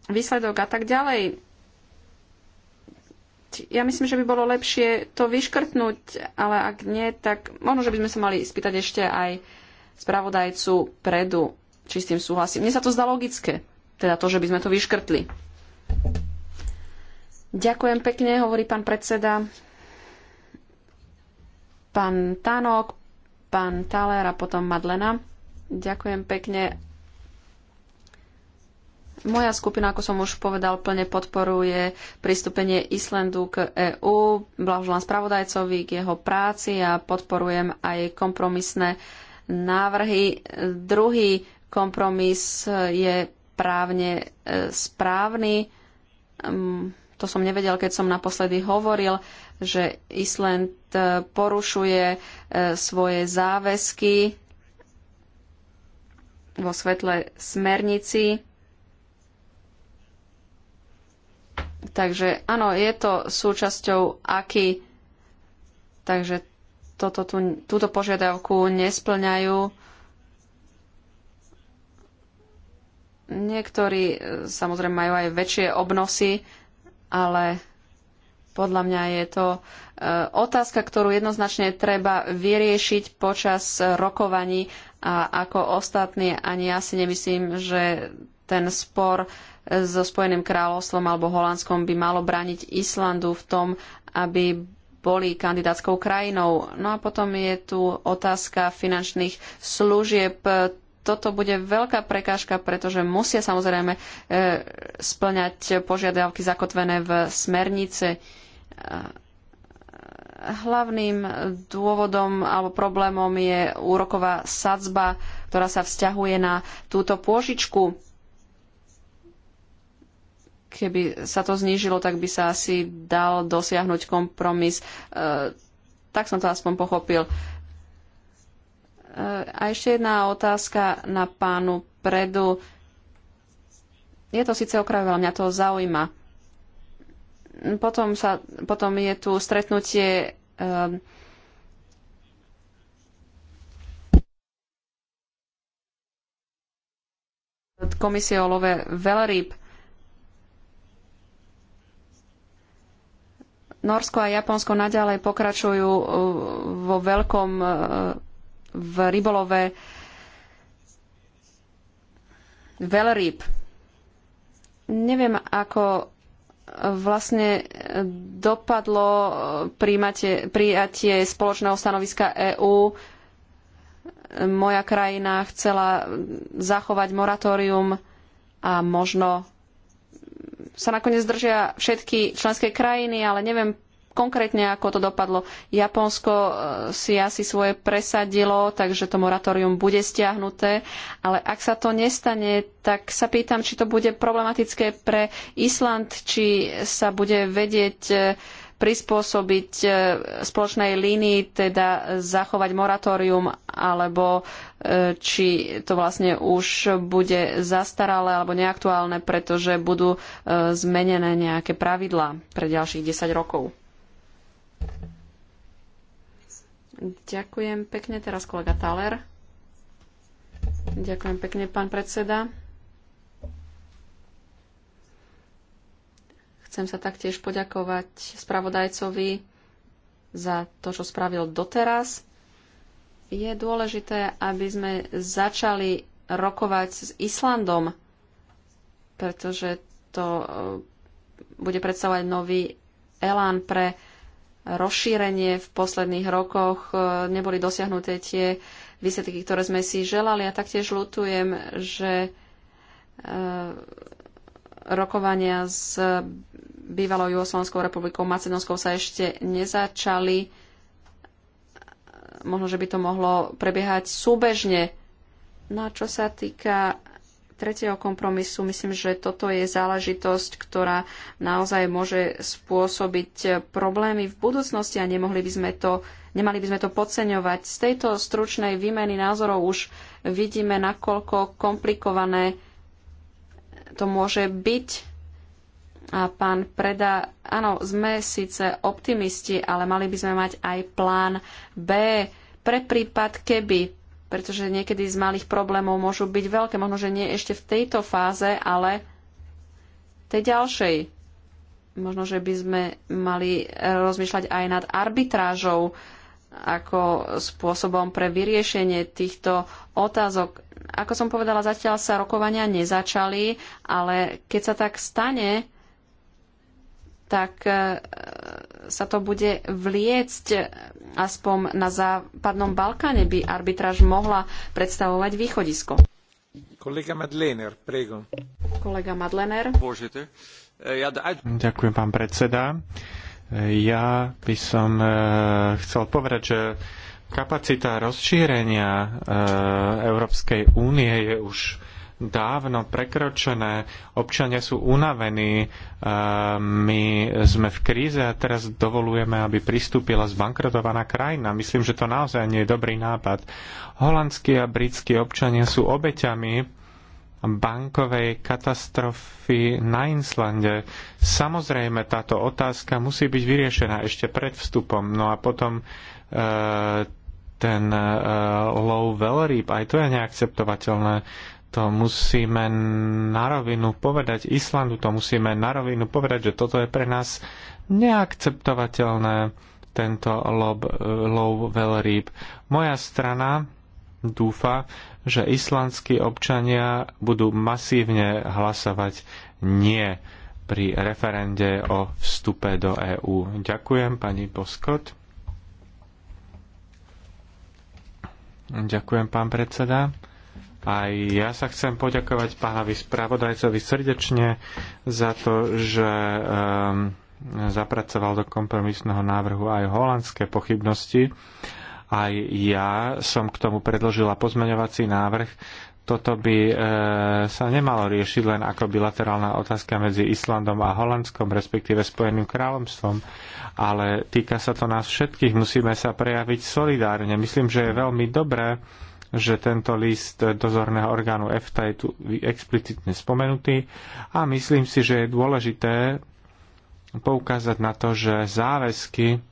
[SPEAKER 4] výsledok a tak ďalej. Ja myslím, že by bolo lepšie to vyškrtnúť, ale ak nie, tak možno, že by sme sa mali spýtať ešte aj spravodajcu predu či s tým súhlasím. Mne sa to zdá logické, teda to, že by sme to vyškrtli. Ďakujem pekne, hovorí pán predseda. Pán Tanok, pán Taler a potom Madlena. Ďakujem pekne. Moja skupina, ako som už povedal, plne podporuje pristúpenie Islandu k EÚ. Blahoželám spravodajcovi k jeho práci a podporujem aj kompromisné návrhy. Druhý Kompromis je právne e, správny. To som nevedel, keď som naposledy hovoril, že Island e, porušuje e, svoje záväzky vo svetle smernici. Takže áno, je to súčasťou aký. Takže toto, tú, túto požiadavku nesplňajú Niektorí e, samozrejme majú aj väčšie obnosy, ale podľa mňa je to e, otázka, ktorú jednoznačne treba vyriešiť počas rokovaní a ako ostatní ani ja si nemyslím, že ten spor e, so Spojeným kráľovstvom alebo Holandskom by malo brániť Islandu v tom, aby boli kandidátskou krajinou. No a potom je tu otázka finančných služieb toto bude veľká prekážka, pretože musia samozrejme e, splňať požiadavky zakotvené v smernice. Hlavným dôvodom alebo problémom je úroková sadzba, ktorá sa vzťahuje na túto pôžičku. Keby sa to znížilo, tak by sa asi dal dosiahnuť kompromis. E, tak som to aspoň pochopil a ešte jedna otázka na pánu Predu. Je to síce okrajové, ale mňa to zaujíma. Potom, sa, potom je tu stretnutie um, komisie o love veľrýb. Norsko a Japonsko naďalej pokračujú eh, vo veľkom eh, v rybolove veľryb. Neviem, ako vlastne dopadlo príjmate, prijatie spoločného stanoviska EÚ. Moja krajina chcela zachovať moratórium a možno sa nakoniec držia všetky členské krajiny, ale neviem konkrétne, ako to dopadlo. Japonsko e, si asi svoje presadilo, takže to moratórium bude stiahnuté, ale ak sa to nestane, tak sa pýtam, či to bude problematické pre Island, či sa bude vedieť e, prispôsobiť e, spoločnej línii, teda zachovať moratórium, alebo či to vlastne už bude zastaralé alebo neaktuálne, pretože budú zmenené nejaké pravidlá pre ďalších 10 rokov. Ďakujem pekne. Teraz kolega Thaler. Ďakujem pekne, pán predseda. Chcem sa taktiež poďakovať spravodajcovi za to, čo spravil doteraz. Je dôležité, aby sme začali rokovať s Islandom, pretože to eh, bude predstavovať nový elán pre rozšírenie v posledných rokoch, e, neboli dosiahnuté tie výsledky, ktoré sme si želali a taktiež ľutujem, že e, rokovania s bývalou Jugoslovanskou republikou Macedonskou sa ešte nezačali. Možno, že by to mohlo prebiehať súbežne. No a čo sa týka tretieho kompromisu. Myslím, že toto je záležitosť, ktorá naozaj môže spôsobiť problémy v budúcnosti a nemohli by sme to, nemali by sme to podceňovať. Z tejto stručnej výmeny názorov už vidíme, nakoľko komplikované to môže byť. A pán Preda, áno, sme síce optimisti, ale mali by sme mať aj plán B pre prípad, keby pretože niekedy z malých problémov môžu byť veľké, možno, že nie ešte v tejto fáze, ale tej ďalšej. Možno, že by sme mali rozmýšľať aj nad arbitrážou ako spôsobom pre vyriešenie týchto otázok. Ako som povedala, zatiaľ sa rokovania nezačali, ale keď sa tak stane, tak sa to bude vliecť aspoň na západnom Balkáne by arbitráž mohla predstavovať východisko.
[SPEAKER 1] Kolega Madlener, prego.
[SPEAKER 4] Kolega Madlener. E,
[SPEAKER 2] Ďakujem, pán predseda. E, ja by som e, chcel povedať, že kapacita rozšírenia Európskej únie je už dávno prekročené, občania sú unavení, e, my sme v kríze a teraz dovolujeme, aby pristúpila zbankrotovaná krajina. Myslím, že to naozaj nie je dobrý nápad. Holandskí a britskí občania sú obeťami bankovej katastrofy na Islande. Samozrejme, táto otázka musí byť vyriešená ešte pred vstupom. No a potom e, ten e, low veľrýb, aj to je neakceptovateľné to musíme na rovinu povedať, Islandu to musíme na rovinu povedať, že toto je pre nás neakceptovateľné, tento lob, eh, lov veľrýb. Moja strana dúfa, že islandskí občania budú masívne hlasovať nie pri referende o vstupe do EÚ. Ďakujem, pani Boskot. Ďakujem, pán predseda. Aj ja sa chcem poďakovať pánovi spravodajcovi srdečne za to, že um, zapracoval do kompromisného návrhu aj holandské pochybnosti. Aj ja som k tomu predložila pozmeňovací návrh. Toto by e, sa nemalo riešiť len ako bilaterálna otázka medzi Islandom a Holandskom, respektíve Spojeným kráľovstvom, ale týka sa to nás všetkých. Musíme sa prejaviť solidárne. Myslím, že je veľmi dobré, že tento list dozorného orgánu EFTA je tu explicitne spomenutý a myslím si, že je dôležité poukázať na to, že záväzky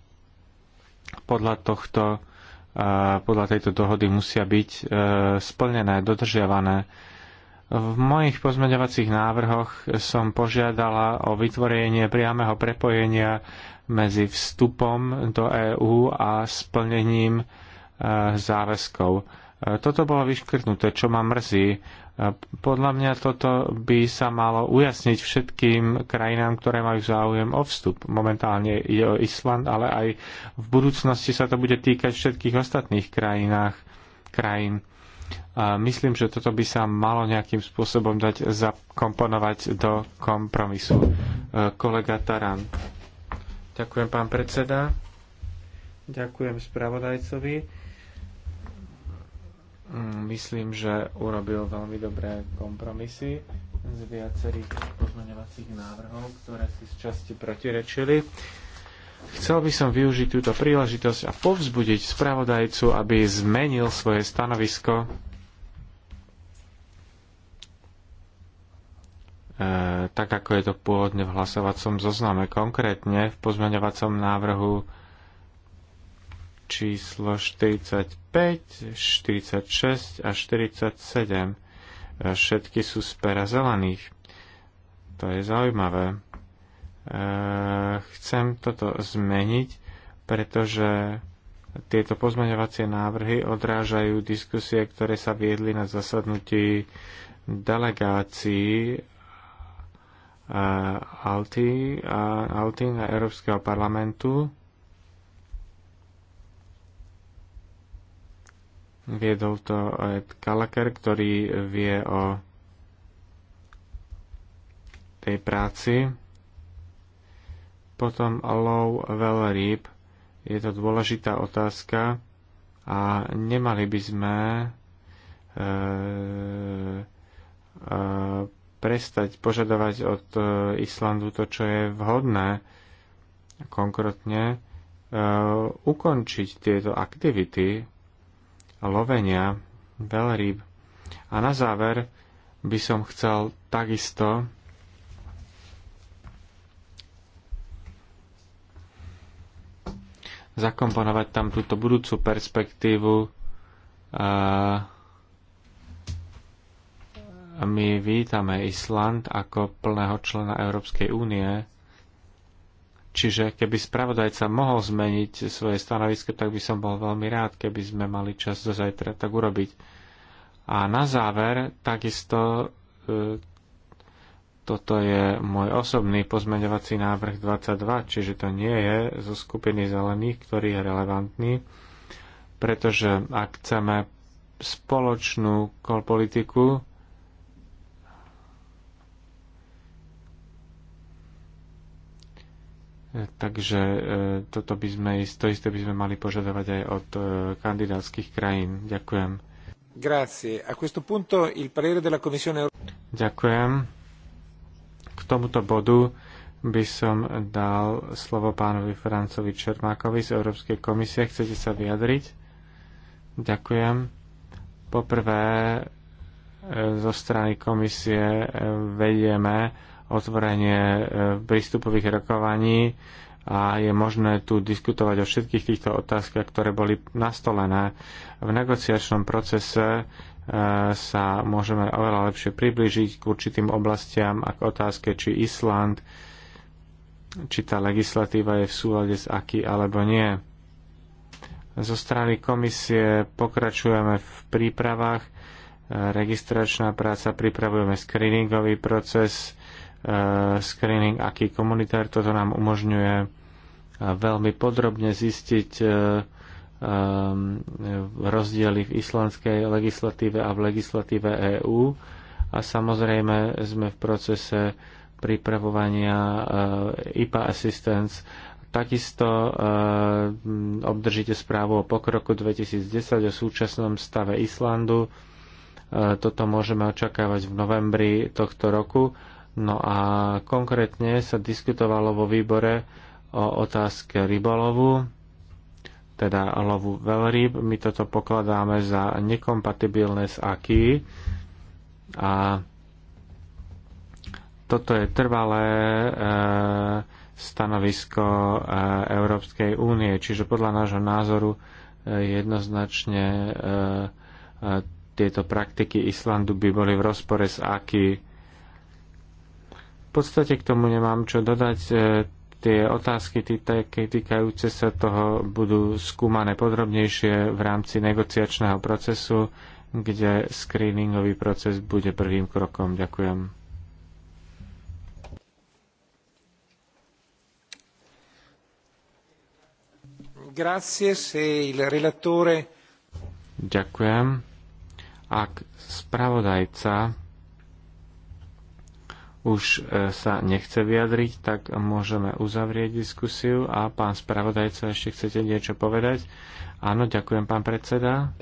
[SPEAKER 2] podľa tohto eh, podľa tejto dohody musia byť eh, splnené, dodržiavané. V mojich pozmeňovacích návrhoch som požiadala o vytvorenie priameho prepojenia medzi vstupom do EÚ a splnením eh, záväzkov toto bolo vyškrtnuté, čo ma mrzí. Podľa mňa toto by sa malo ujasniť všetkým krajinám, ktoré majú záujem o vstup. Momentálne je o Island, ale aj v budúcnosti sa to bude týkať všetkých ostatných krajinách, krajín. A myslím, že toto by sa malo nejakým spôsobom dať zakomponovať do kompromisu. E, kolega Taran. Ďakujem, pán predseda. Ďakujem spravodajcovi Mm, myslím, že urobil veľmi dobré kompromisy z viacerých pozmeňovacích návrhov, ktoré si z časti protirečili. Chcel by som využiť túto príležitosť a povzbudiť spravodajcu, aby zmenil svoje stanovisko e, tak ako je to pôvodne v hlasovacom zozname. Konkrétne v pozmeňovacom návrhu číslo 45, 46 a 47. E, všetky sú z pera zelených. To je zaujímavé. E, chcem toto zmeniť, pretože tieto pozmeňovacie návrhy odrážajú diskusie, ktoré sa viedli na zasadnutí delegácií Alty, Alty na Európskeho parlamentu Viedol to Ed Kalaker, ktorý vie o tej práci. Potom Well Reap. Je to dôležitá otázka a nemali by sme e, e, prestať požadovať od Islandu to, čo je vhodné, konkrétne e, ukončiť tieto aktivity, lovenia veľrýb. A na záver by som chcel takisto zakomponovať tam túto budúcu perspektívu. A my vítame Island ako plného člena Európskej únie Čiže keby spravodajca mohol zmeniť svoje stanovisko, tak by som bol veľmi rád, keby sme mali čas do zajtra tak urobiť. A na záver, takisto e, toto je môj osobný pozmeňovací návrh 22, čiže to nie je zo skupiny zelených, ktorý je relevantný, pretože ak chceme spoločnú politiku, Takže e, toto by sme, to isté by sme mali požadovať aj od e, kandidátskych krajín. Ďakujem.
[SPEAKER 1] Grazie. A questo punto il parere della Commissione
[SPEAKER 2] Ďakujem. K tomuto bodu by som dal slovo pánovi Francovi Čermákovi z Európskej komisie. Chcete sa vyjadriť? Ďakujem. Poprvé, e, zo strany komisie vedieme otvorenie e, prístupových rokovaní a je možné tu diskutovať o všetkých týchto otázkach, ktoré boli nastolené. V negociačnom procese e, sa môžeme oveľa lepšie priblížiť k určitým oblastiam, ako otázke, či Island, či tá legislatíva je v súlade s aký alebo nie. Zo strany komisie pokračujeme v prípravách, e, registračná práca, pripravujeme screeningový proces, Eh, screening, aký komunitár. Toto nám umožňuje eh, veľmi podrobne zistiť eh, rozdiely v islandskej legislatíve a v legislatíve EÚ. A samozrejme sme v procese pripravovania IPA Assistance. Takisto obdržíte správu o pokroku 2010 o súčasnom stave Islandu. Toto môžeme očakávať v novembri tohto roku No a konkrétne sa diskutovalo vo výbore o otázke rybolovu, teda lovu veľryb. My toto pokladáme za nekompatibilné s aký a toto je trvalé e, stanovisko e, Európskej únie, čiže podľa nášho názoru e, jednoznačne e, e, tieto praktiky Islandu by boli v rozpore s aký podstate k tomu nemám čo dodať. E, tie otázky týkajúce sa toho budú skúmané podrobnejšie v rámci negociačného procesu, kde screeningový proces bude prvým krokom. Ďakujem.
[SPEAKER 1] Grazie se il relatore
[SPEAKER 2] Ďakujem. Ak spravodajca už e, sa nechce vyjadriť, tak môžeme uzavrieť diskusiu. A pán spravodajca, ešte chcete niečo povedať? Áno, ďakujem, pán predseda.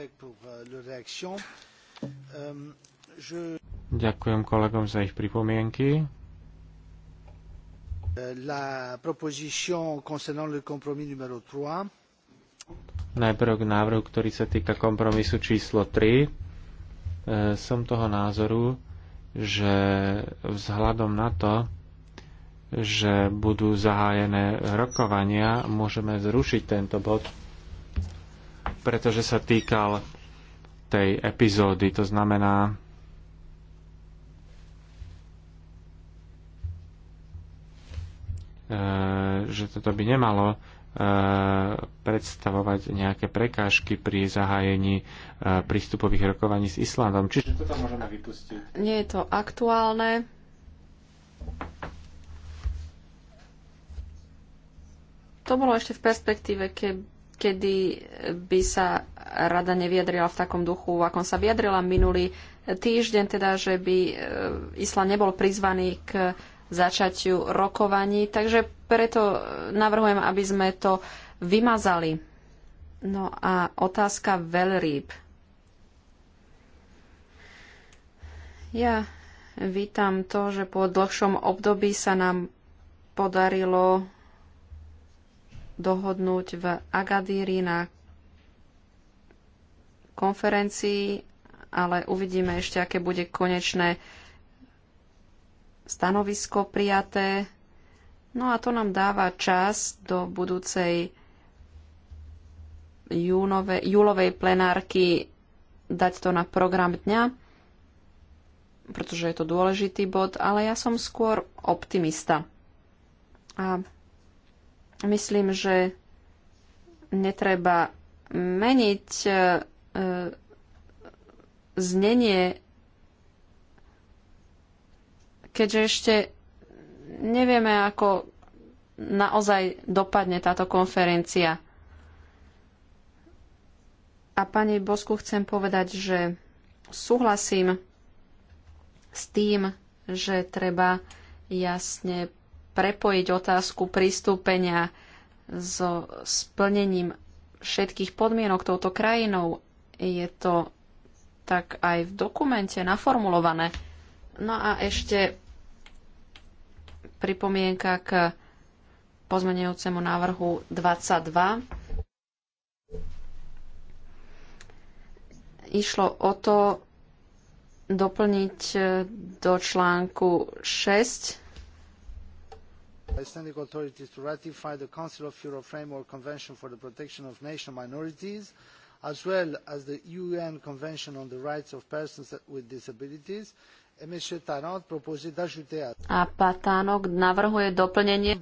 [SPEAKER 2] Ďakujem kolegom za ich pripomienky.
[SPEAKER 1] La proposition concernant le compromis numéro 3.
[SPEAKER 2] Najprv k návrhu, ktorý sa týka kompromisu číslo 3. E, som toho názoru, že vzhľadom na to, že budú zahájené rokovania, môžeme zrušiť tento bod, pretože sa týkal tej epizódy. To znamená, e, že toto by nemalo E, predstavovať nejaké prekážky pri zahájení e, prístupových rokovaní s Islandom. Čiže toto môžeme vypustiť.
[SPEAKER 4] Nie je to aktuálne. To bolo ešte v perspektíve, ke, kedy by sa rada nevyjadrila v takom duchu, akom sa vyjadrila minulý týždeň, teda, že by e, Island nebol prizvaný k začatiu rokovaní, takže preto navrhujem, aby sme to vymazali. No a otázka veľrýb. Ja vítam to, že po dlhšom období sa nám podarilo dohodnúť v Agadíri na konferencii, ale uvidíme ešte, aké bude konečné stanovisko prijaté. No a to nám dáva čas do budúcej júnove, júlovej plenárky dať to na program dňa, pretože je to dôležitý bod, ale ja som skôr optimista. A myslím, že netreba meniť e, e znenie keďže ešte nevieme, ako naozaj dopadne táto konferencia. A pani Bosku chcem povedať, že súhlasím s tým, že treba jasne prepojiť otázku pristúpenia so splnením všetkých podmienok touto krajinou. Je to tak aj v dokumente naformulované. No a ešte pripomienka k pozmenujúcemu návrhu 22. Išlo o to doplniť do článku 6
[SPEAKER 1] authorities to ratify the Council of Europe Framework Convention for the Protection of National Minorities, as well as the UN Convention on the Rights of Persons with Disabilities,
[SPEAKER 4] a Patánok navrhuje doplnenie.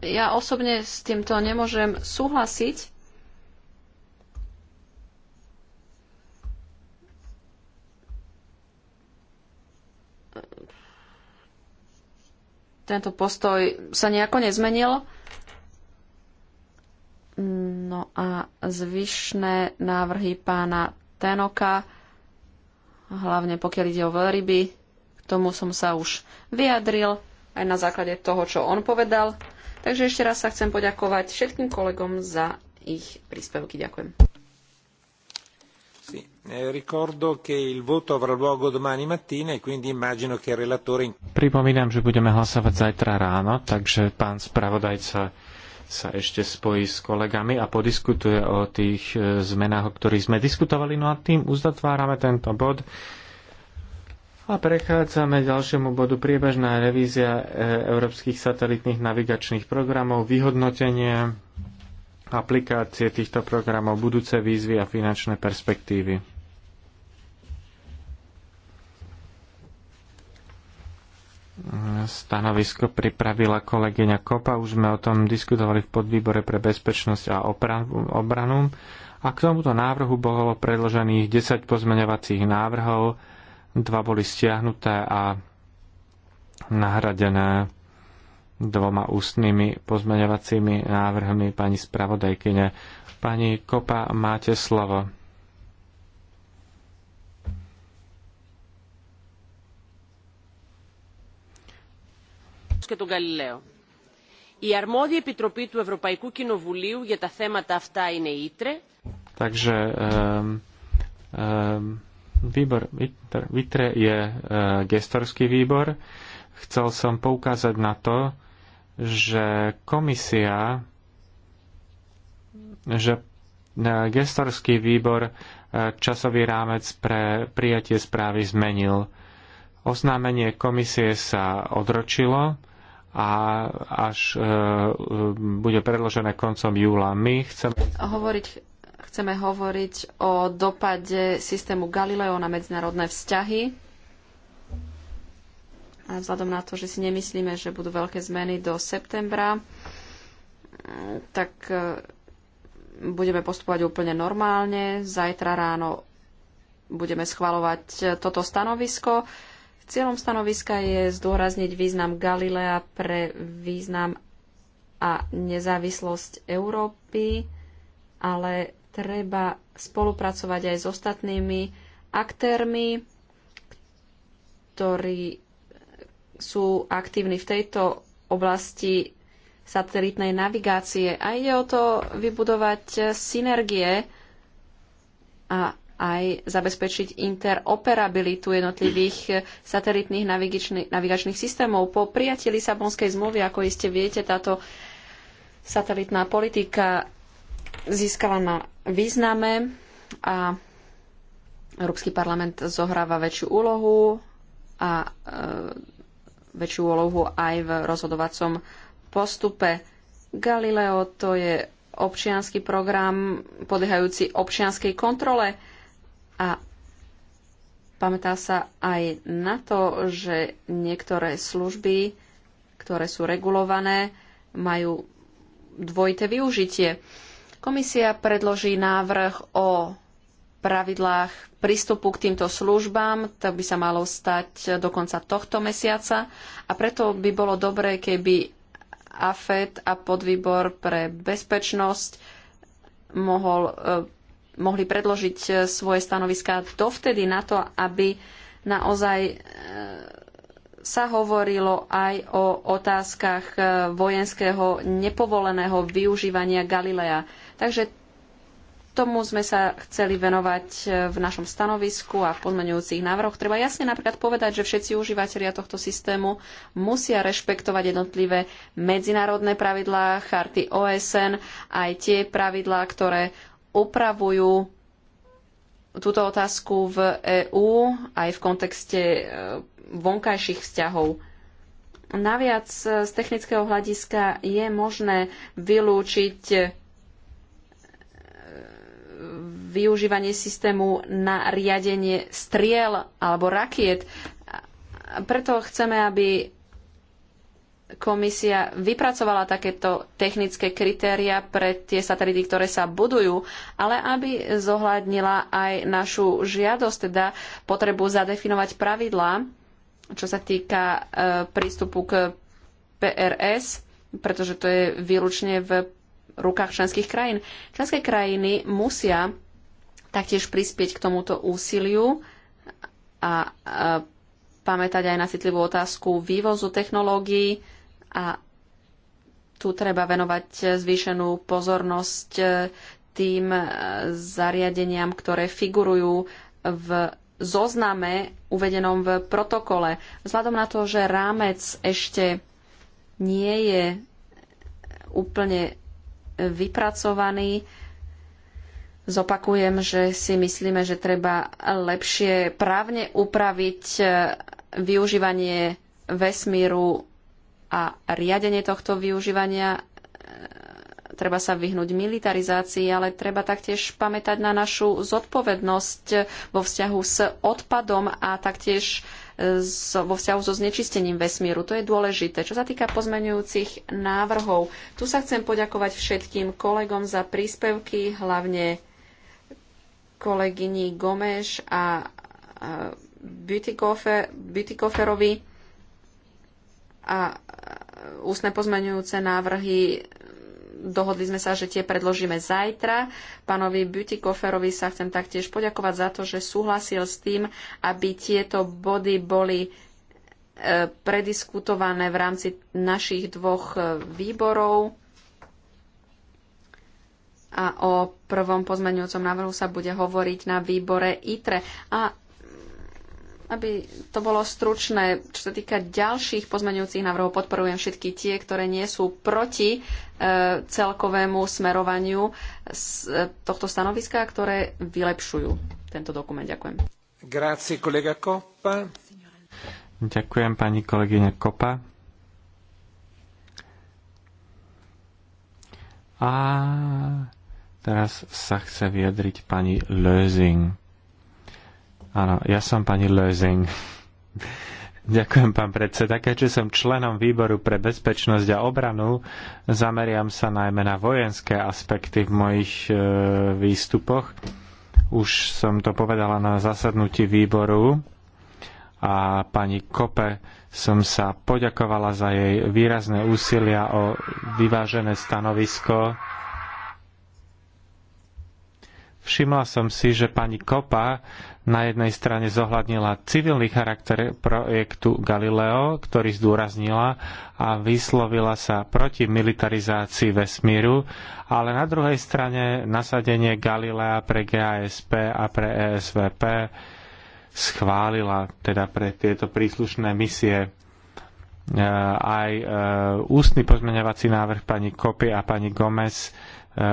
[SPEAKER 1] Ja osobne
[SPEAKER 4] s týmto nemôžem súhlasiť. Tento postoj sa nejako nezmenil No a zvyšné návrhy pána Tenoka, hlavne pokiaľ ide o veľryby, k tomu som sa už vyjadril aj na základe toho, čo on povedal. Takže ešte raz sa chcem poďakovať všetkým kolegom za ich príspevky. Ďakujem.
[SPEAKER 1] Sì, eh, ricordo che il voto avrà luogo domani mattina e quindi immagino che il relatore...
[SPEAKER 2] Pripomínam, že budeme hlasovať zajtra ráno, takže pán spravodajca sa ešte spojí s kolegami a podiskutuje o tých e, zmenách, o ktorých sme diskutovali. No a tým uzatvárame tento bod. A prechádzame k ďalšiemu bodu. Priebežná revízia e, európskych satelitných navigačných programov, vyhodnotenie aplikácie týchto programov, budúce výzvy a finančné perspektívy. Stanovisko pripravila kolegyňa Kopa, už sme o tom diskutovali v podvýbore pre bezpečnosť a obranu. A k tomuto návrhu bolo predložených 10 pozmeňovacích návrhov, dva boli stiahnuté a nahradené dvoma ústnymi pozmeňovacími návrhmi pani spravodajkyne. Pani Kopa, máte slovo.
[SPEAKER 4] και τον Γαλιλαίο. Η αρμόδια επιτροπή του Ευρωπαϊκού Κοινοβουλίου για τα θέματα αυτά είναι η ΙΤΡΕ.
[SPEAKER 2] Takže um, výbor ITRE, je gestorský výbor. Chcel som poukázať na to, že komisia, že e, gestorský výbor e, časový rámec pre prijatie správy zmenil. Oznámenie komisie sa odročilo a až e, e, bude predložené koncom júla. My chceme...
[SPEAKER 4] Hovoriť, chceme hovoriť o dopade systému Galileo na medzinárodné vzťahy. A vzhľadom na to, že si nemyslíme, že budú veľké zmeny do septembra, e, tak budeme postupovať úplne normálne. Zajtra ráno budeme schvalovať toto stanovisko. Cieľom stanoviska je zdôrazniť význam Galilea pre význam a nezávislosť Európy, ale treba spolupracovať aj s ostatnými aktérmi, ktorí sú aktívni v tejto oblasti satelitnej navigácie. A ide o to vybudovať synergie a aj zabezpečiť interoperabilitu jednotlivých eh, satelitných navigačných, navigačných systémov. Po prijatí Lisabonskej zmluvy, ako iste viete, táto satelitná politika získala na význame a Európsky parlament zohráva väčšiu úlohu a e, väčšiu úlohu aj v rozhodovacom postupe. Galileo to je občiansky program podliehajúci občianskej kontrole a pamätá sa aj na to, že niektoré služby, ktoré sú regulované, majú dvojité využitie. Komisia predloží návrh o pravidlách prístupu k týmto službám. To by sa malo stať do konca tohto mesiaca a preto by bolo dobré, keby AFED a podvýbor pre bezpečnosť mohol e, mohli predložiť e, svoje stanoviská dovtedy na to, aby naozaj e, sa hovorilo aj o otázkach e, vojenského nepovoleného využívania Galilea. Takže tomu sme sa chceli venovať v našom stanovisku a v pozmeňujúcich návrhoch. Treba jasne napríklad povedať, že všetci užívateľia tohto systému musia rešpektovať jednotlivé medzinárodné pravidlá, charty OSN, aj tie pravidlá, ktoré upravujú túto otázku v EÚ aj v kontexte e, vonkajších vzťahov. Naviac e, z technického hľadiska je možné vylúčiť e, využívanie systému na riadenie striel alebo rakiet. Preto chceme, aby komisia vypracovala takéto technické kritéria pre tie satelity, ktoré sa budujú, ale aby zohľadnila aj našu žiadosť, teda potrebu zadefinovať pravidlá, čo sa týka e, prístupu k PRS, pretože to je výlučne v rukách členských krajín. Členské krajiny musia taktiež prispieť k tomuto úsiliu a pamätať aj na citlivú otázku vývozu technológií, a tu treba venovať zvýšenú pozornosť e, tým e, zariadeniam, ktoré figurujú v zozname uvedenom v protokole. Vzhľadom na to, že rámec ešte nie je úplne vypracovaný, zopakujem, že si myslíme, že treba lepšie právne upraviť e, využívanie vesmíru a riadenie tohto využívania e, treba sa vyhnúť militarizácii, ale treba taktiež pamätať na našu zodpovednosť vo vzťahu s odpadom a taktiež e, vo vzťahu so znečistením vesmíru. To je dôležité. Čo sa týka pozmenujúcich návrhov, tu sa chcem poďakovať všetkým kolegom za príspevky, hlavne kolegyni Gomeš a Bütikoferovi a e, ústne pozmeňujúce návrhy dohodli sme sa, že tie predložíme zajtra. Pánovi Butikoferovi sa chcem taktiež poďakovať za to, že súhlasil s tým, aby tieto body boli e, prediskutované v rámci našich dvoch e, výborov. A o prvom pozmeňujúcom návrhu sa bude hovoriť na výbore ITRE. A aby to bolo stručné, čo sa týka ďalších pozmeňujúcich návrhov, podporujem všetky tie, ktoré nie sú proti e, celkovému smerovaniu z, e, tohto stanoviska, ktoré vylepšujú tento dokument. Ďakujem.
[SPEAKER 1] Grazie, kolega Kopa.
[SPEAKER 2] Ďakujem, pani kolegyne Kopa. A teraz sa chce vyjadriť pani Lösing. Áno, ja som pani Lezing. Ďakujem, pán predseda. Keďže som členom výboru pre bezpečnosť a obranu, zameriam sa najmä na vojenské aspekty v mojich e, výstupoch. Už som to povedala na zasadnutí výboru a pani Kope som sa poďakovala za jej výrazné úsilia o vyvážené stanovisko. Všimla som si, že pani Kopa na jednej strane zohľadnila civilný charakter projektu Galileo, ktorý zdôraznila a vyslovila sa proti militarizácii vesmíru, ale na druhej strane nasadenie Galilea pre GASP a pre ESVP schválila teda pre tieto príslušné misie e, aj e, ústny pozmeňovací návrh pani Kopy a pani Gomez E,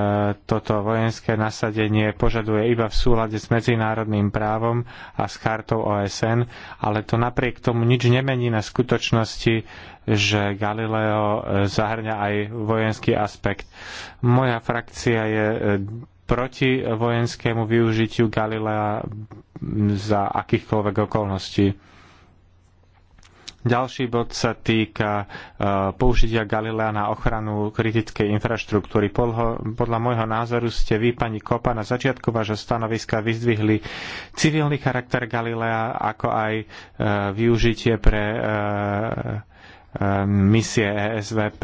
[SPEAKER 2] toto vojenské nasadenie požaduje iba v súlade s medzinárodným právom a s chartou OSN, ale to napriek tomu nič nemení na skutočnosti, že Galileo e, zahrňa aj vojenský aspekt. Moja frakcia je e, proti vojenskému využitiu Galilea za akýchkoľvek okolností. Ďalší bod sa týka e, použitia Galilea na ochranu kritickej infraštruktúry. Podľa môjho názoru ste vy, pani Kopa, na začiatku vášho stanoviska vyzdvihli civilný charakter Galilea, ako aj e, využitie pre e, misie ESVP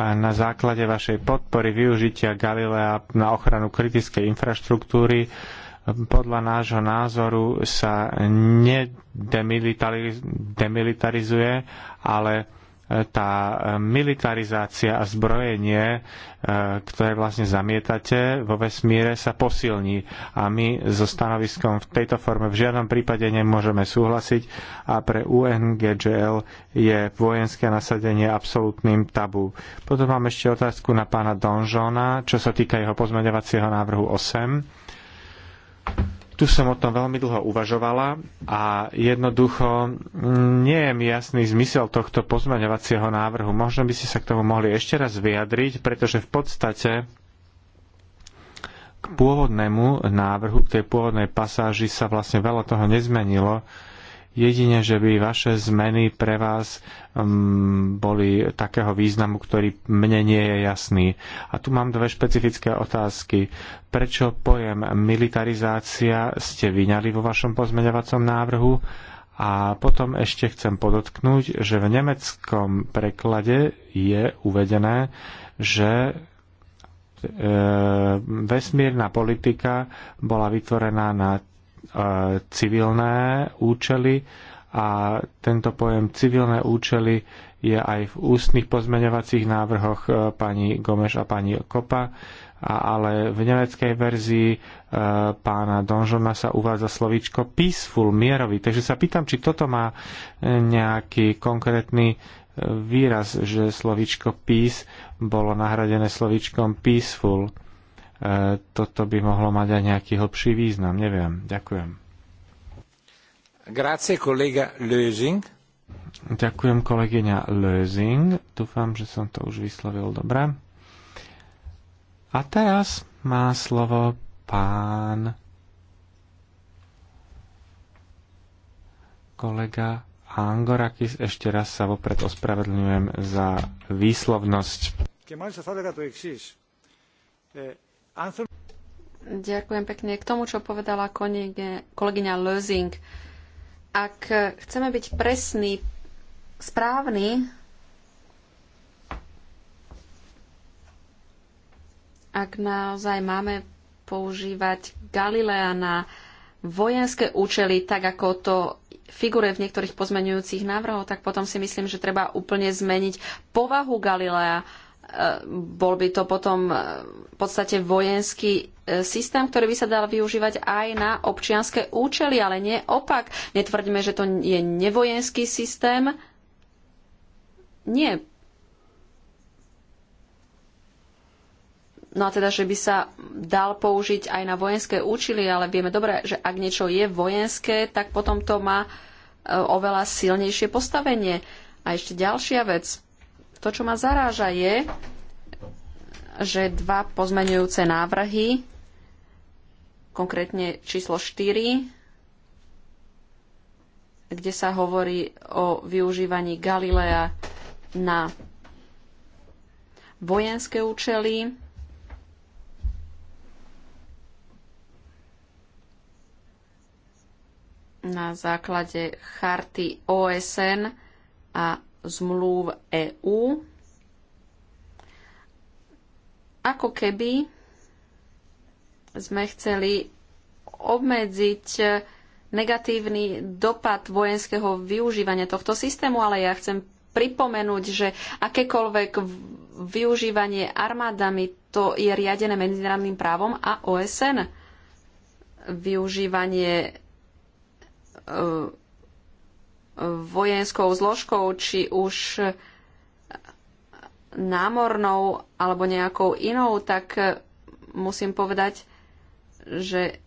[SPEAKER 2] A na základe vašej podpory využitia Galilea na ochranu kritickej infraštruktúry podľa nášho názoru sa nedemilitarizuje, ale e, tá militarizácia a zbrojenie, e, ktoré vlastne zamietate vo vesmíre, sa posilní. A my so stanoviskom v tejto forme v žiadnom prípade nemôžeme súhlasiť a pre UNGGL je vojenské nasadenie absolútnym tabu. Potom mám ešte otázku na pána Donžona, čo sa týka jeho pozmeňovacieho návrhu 8 tu som o tom veľmi dlho uvažovala a jednoducho nie je mi jasný zmysel tohto pozmaňovacieho návrhu. Možno by ste sa k tomu mohli ešte raz vyjadriť, pretože v podstate k pôvodnému návrhu, k tej pôvodnej pasáži sa vlastne veľa toho nezmenilo jedine, že by vaše zmeny pre vás um, boli takého významu, ktorý mne nie je jasný. A tu mám dve špecifické otázky. Prečo pojem militarizácia ste vyňali vo vašom pozmeňovacom návrhu? A potom ešte chcem podotknúť, že v nemeckom preklade je uvedené, že e, vesmírna politika bola vytvorená na civilné účely a tento pojem civilné účely je aj v ústnych pozmeňovacích návrhoch e, pani Gomeš a pani Kopa, a, ale v nemeckej verzii e, pána Donžona sa uvádza slovíčko peaceful, mierový. Takže sa pýtam, či toto má e, nejaký konkrétny výraz, že slovíčko peace bolo nahradené slovíčkom peaceful. E, toto by mohlo mať aj nejaký hlbší význam. Neviem. Ďakujem.
[SPEAKER 1] Grazie, kolega Lösing.
[SPEAKER 2] Ďakujem, kolegyňa Lösing. Dúfam, že som to už vyslovil dobre. A teraz má slovo pán kolega Angorakis. Ešte raz sa vopred ospravedlňujem za výslovnosť.
[SPEAKER 1] Και
[SPEAKER 4] Ďakujem pekne. K tomu, čo povedala kolegyňa Lozing, ak chceme byť presní, správny. ak naozaj máme používať Galilea na vojenské účely, tak ako to figure v niektorých pozmenujúcich návrhoch, tak potom si myslím, že treba úplne zmeniť povahu Galilea bol by to potom e, v podstate vojenský e, systém, ktorý by sa dal využívať aj na občianské účely, ale nie opak. Netvrdíme, že to je nevojenský systém. Nie. No a teda, že by sa dal použiť aj na vojenské účely, ale vieme dobre, že ak niečo je vojenské, tak potom to má e, oveľa silnejšie postavenie. A ešte ďalšia vec to, čo ma zaráža, je, že dva pozmenujúce návrhy, konkrétne číslo 4, kde sa hovorí o využívaní Galilea na vojenské účely, na základe charty OSN a zmluv EÚ, ako keby sme chceli obmedziť negatívny dopad vojenského využívania tohto systému, ale ja chcem pripomenúť, že akékoľvek využívanie armádami to je riadené medzinárodným právom a OSN. Využívanie e, vojenskou zložkou, či už námornou alebo nejakou inou, tak musím povedať, že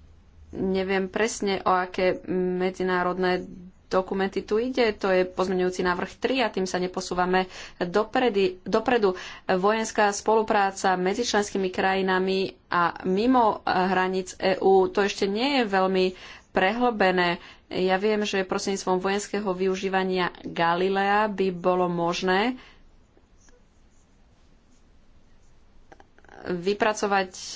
[SPEAKER 4] neviem presne, o aké medzinárodné dokumenty tu ide. To je pozmeňujúci návrh 3 a tým sa neposúvame dopredy, dopredu. Vojenská spolupráca medzi členskými krajinami a mimo hranic EÚ, to ešte nie je veľmi prehlbené. Ja viem, že prostredníctvom vojenského využívania Galilea by bolo možné vypracovať e,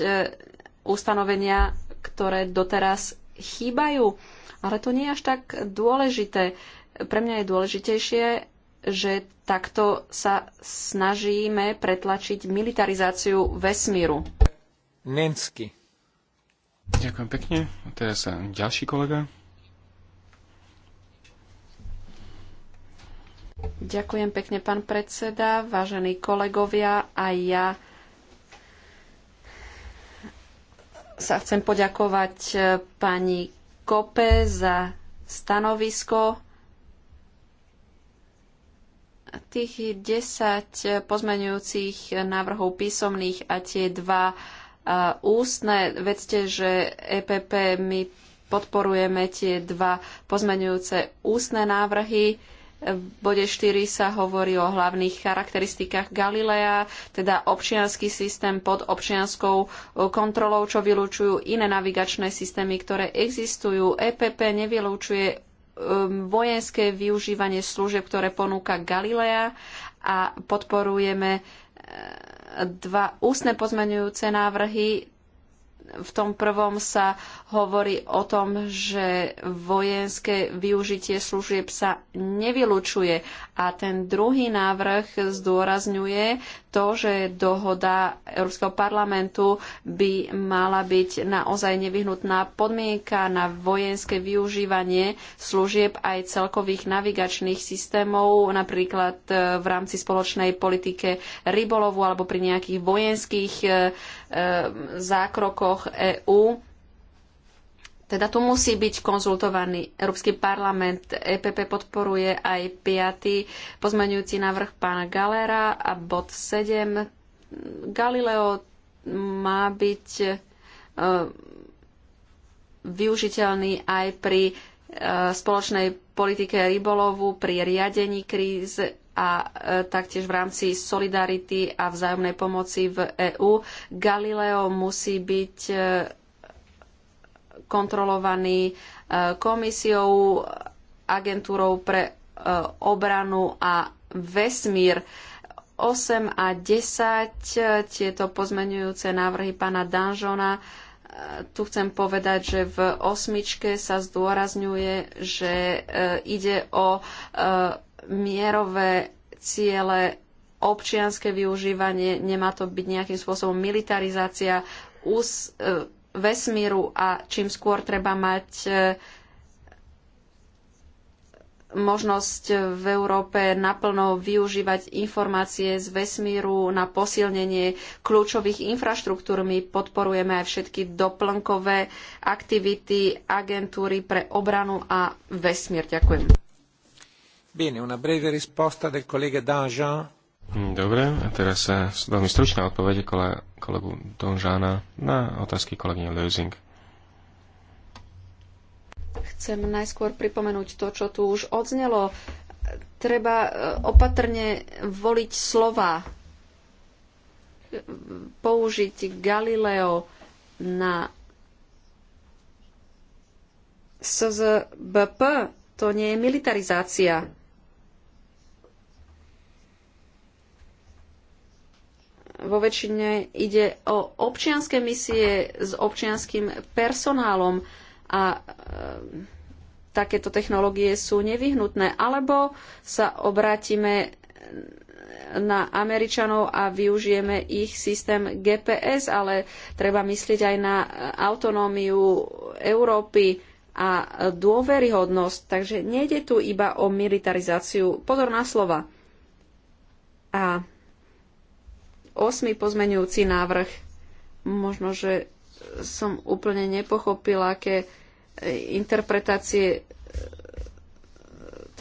[SPEAKER 4] ustanovenia, ktoré doteraz chýbajú. Ale to nie je až tak dôležité. Pre mňa je dôležitejšie, že takto sa snažíme pretlačiť militarizáciu vesmíru.
[SPEAKER 3] Nensky. Ďakujem pekne. A teraz ďalší kolega.
[SPEAKER 4] Ďakujem pekne, pán predseda, vážení kolegovia a ja sa chcem poďakovať eh, pani Kope za stanovisko. Tých 10 pozmenujúcich návrhov písomných a tie dva ústne. Vedzte, že EPP my podporujeme tie dva pozmenujúce ústne návrhy. V bode 4 sa hovorí o hlavných charakteristikách Galilea, teda občiansky systém pod občianskou e, kontrolou, čo vylúčujú iné navigačné systémy, ktoré existujú. EPP nevylúčuje e, vojenské využívanie služieb, ktoré ponúka Galilea a podporujeme e, dva ústne pozmenujúce návrhy. V tom prvom sa hovorí o tom, že vojenské využitie služieb sa nevylučuje a ten druhý návrh zdôrazňuje, to, že dohoda Európskeho parlamentu by mala byť naozaj nevyhnutná podmienka na vojenské využívanie služieb aj celkových navigačných systémov, napríklad e, v rámci spoločnej politike rybolovu alebo pri nejakých vojenských e, e, zákrokoch EÚ teda tu musí byť konzultovaný. Európsky parlament EPP podporuje aj 5. pozmeňujúci návrh pána Galera a bod 7. Galileo má byť e, využiteľný aj pri e, spoločnej politike rybolovu, pri riadení kríz a e, taktiež v rámci solidarity a vzájomnej pomoci v EÚ. Galileo musí byť e, kontrolovaní e, komisiou, agentúrou pre e, obranu a vesmír. 8 a 10, e, tieto pozmenujúce návrhy pána Danžona, tu chcem povedať, že v osmičke sa zdôrazňuje, že ide o mierové ciele, občianske využívanie, nemá to byť nejakým spôsobom militarizácia, vesmíru a čím skôr treba mať e, možnosť v Európe naplno využívať informácie z vesmíru na posilnenie kľúčových infraštruktúr. My podporujeme aj všetky doplnkové aktivity agentúry pre obranu a vesmír. Ďakujem.
[SPEAKER 1] Bene, una breve risposta del collega
[SPEAKER 3] Hm, dobre, a teraz veľmi stručná odpoveď kole, kolegu Donžána na otázky kolegyne Leusing.
[SPEAKER 4] Chcem najskôr pripomenúť to, čo tu už odznelo. Treba e, opatrne voliť slova, použiť Galileo na SZBP, to nie je militarizácia vo väčšine ide o občianské misie s občianským personálom a e, takéto technológie sú nevyhnutné. Alebo sa obrátime na Američanov a využijeme ich systém GPS, ale treba myslieť aj na autonómiu Európy a dôveryhodnosť. Takže nejde tu iba o militarizáciu. Pozor na slova. A Osmi pozmenujúci návrh. Možno, že som úplne nepochopila, aké e, interpretácie e,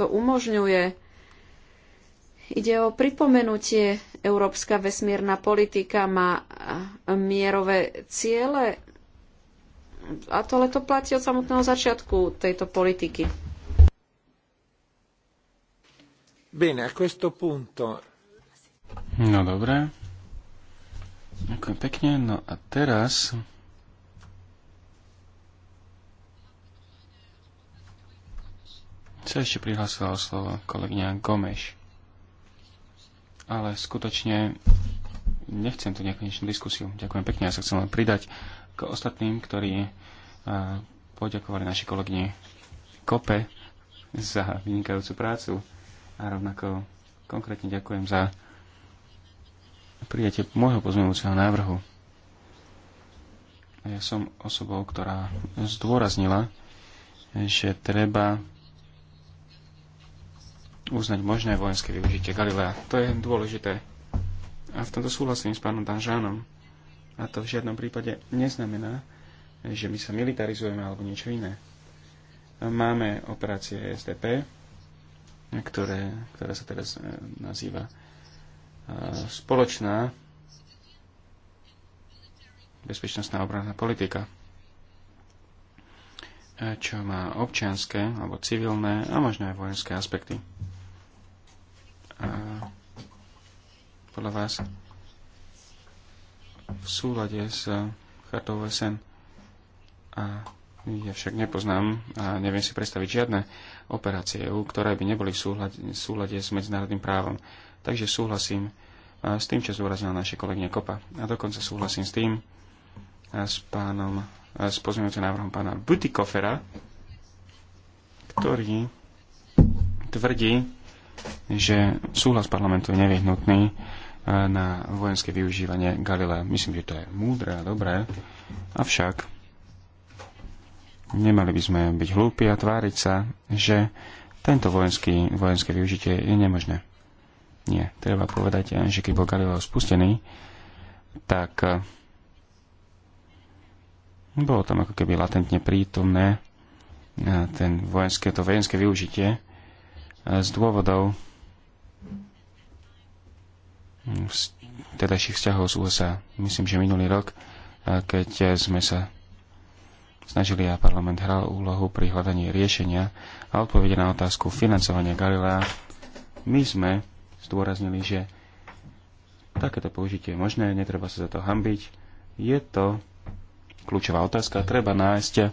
[SPEAKER 4] to umožňuje. Ide o pripomenutie. Európska vesmírna politika má e, mierové ciele. A to ale to platí od samotného začiatku tejto politiky. Bene, a questo
[SPEAKER 1] punto...
[SPEAKER 3] No dobre. Ďakujem pekne. No a teraz sa ešte prihlásila o slovo kolegyňa Gomeš. Ale skutočne nechcem tu nekonečnú diskusiu. Ďakujem pekne. Ja sa chcem len pridať k ostatným, ktorí poďakovali naši kolegyne Kope za vynikajúcu prácu a rovnako konkrétne ďakujem za prijatie môjho pozmeňujúceho návrhu. Ja som osobou, ktorá zdôraznila, že treba uznať možné vojenské využitie Galilea. To je dôležité. A v tomto súhlasím s pánom Danžánom. A to v žiadnom prípade neznamená, že my sa militarizujeme alebo niečo iné. Máme operácie SDP, ktoré, ktoré sa teraz eh, nazýva spoločná bezpečnostná obranná politika, čo má občianské alebo civilné a možno aj vojenské aspekty. A podľa vás v súlade s chartou OSN a ja však nepoznám a neviem si predstaviť žiadne operácie EU, ktoré by neboli v súlade, v súlade s medzinárodným právom. Takže súhlasím s tým, čo zúraznila naše kolegyňa Kopa. A dokonca súhlasím s tým, s pánom, s pozmeňujúcim návrhom pána Butikofera, ktorý tvrdí, že súhlas parlamentu je nevyhnutný na vojenské využívanie Galilea. Myslím, že to je múdre a dobré, avšak nemali by sme byť hlúpi a tváriť sa, že tento vojenský, vojenské využitie je nemožné. Nie, treba povedať, eh, že keď bol Galileo spustený, tak eh, bolo tam ako keby latentne prítomné eh, ten vojenské, to vojenské využitie z dôvodov hm, tedajších vzťahov z USA. Myslím, že minulý rok, keď sme sa snažili a parlament hral úlohu pri hľadaní riešenia a odpovede na otázku financovania Galilea, my sme zdôraznili, že takéto použitie je možné, netreba sa za to hambiť. Je to kľúčová otázka, treba nájsť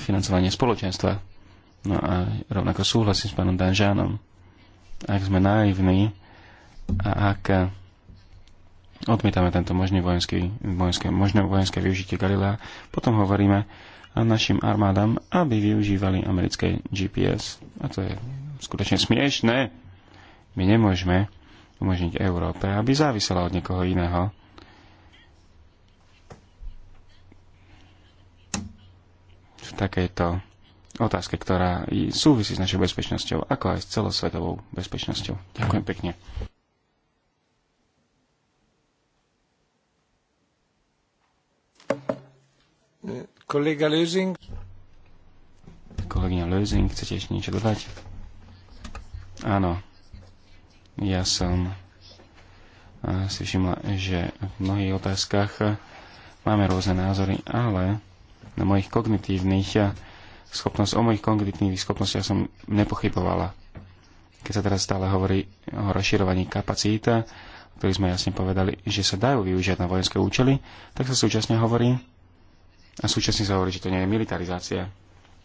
[SPEAKER 3] financovanie spoločenstva. No a rovnako súhlasím s pánom Danžánom. Ak sme naivní a ak odmietame tento možný vojenský, vojenské, možné vojenské využitie Galilea, potom hovoríme našim armádam, aby využívali americké GPS. A to je skutočne smiešné. My nemôžeme umožniť Európe, aby závisela od niekoho iného. V takejto otázke, ktorá súvisí s našou bezpečnosťou, ako aj s celosvetovou bezpečnosťou. Ďakujem pekne.
[SPEAKER 1] Kolega Lösing.
[SPEAKER 3] Kolegyňa Lösing, chcete ešte niečo dodať? Áno. Ja som si všimla, že v mnohých otázkach máme rôzne názory, ale na mojich kognitívnych schopnosť, o mojich kognitívnych schopnostiach som nepochybovala. Keď sa teraz stále hovorí o rozširovaní kapacít, ktorý sme jasne povedali, že sa dajú využiať na vojenské účely, tak sa súčasne hovorí, a súčasne sa hovorí, že to nie je militarizácia.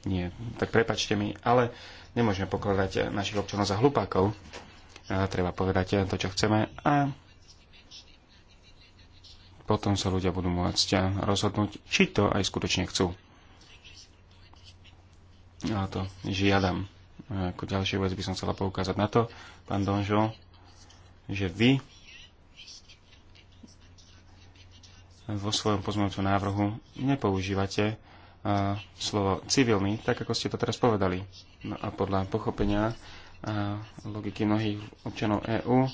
[SPEAKER 3] Nie, tak prepačte mi, ale nemôžeme pokladať našich občanov za hlupákov treba povedať to, čo chceme a potom sa ľudia budú môcť rozhodnúť, či to aj skutočne chcú. A to žiadam. A ako ďalšia vec by som chcela poukázať na to, pán Donžo, že vy vo svojom pozmeňujúcom návrhu nepoužívate slovo civilný, tak ako ste to teraz povedali. No a podľa pochopenia logiky mnohých občanov EÚ.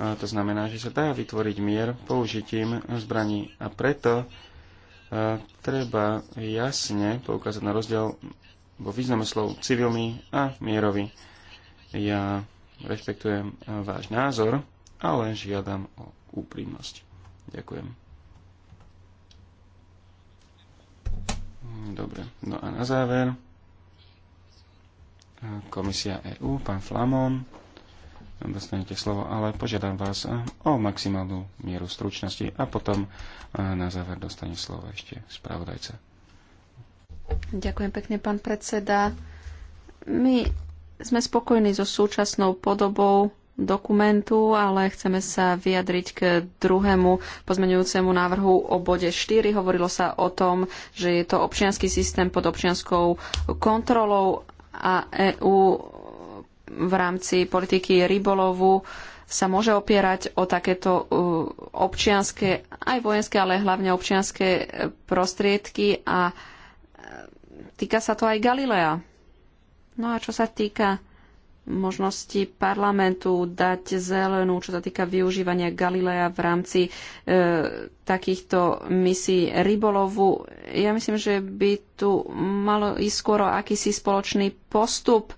[SPEAKER 3] To znamená, že sa dá vytvoriť mier použitím zbraní a preto e, treba jasne poukázať na rozdiel vo význame slov civilný a mierový. Ja rešpektujem váš názor, ale žiadam o úprimnosť. Ďakujem. Dobre, no a na záver. Komisia EÚ, pán Flamon. Dostanete slovo, ale požiadam vás eh, o maximálnu mieru stručnosti a potom eh, na záver dostane slovo ešte spravodajca.
[SPEAKER 4] Ďakujem pekne, pán predseda. My sme spokojní so súčasnou podobou dokumentu, ale chceme sa vyjadriť k druhému pozmeňujúcemu návrhu o bode 4. Hovorilo sa o tom, že je to občianský systém pod občianskou kontrolou a EÚ v rámci politiky rybolovu sa môže opierať o takéto uh, občianské, aj vojenské, ale hlavne občianské uh, prostriedky a uh, týka sa to aj Galilea. No a čo sa týka možnosti parlamentu dať zelenú, čo sa týka využívania Galilea v rámci e, takýchto misí rybolovu. Ja myslím, že by tu malo ísť skôr akýsi spoločný postup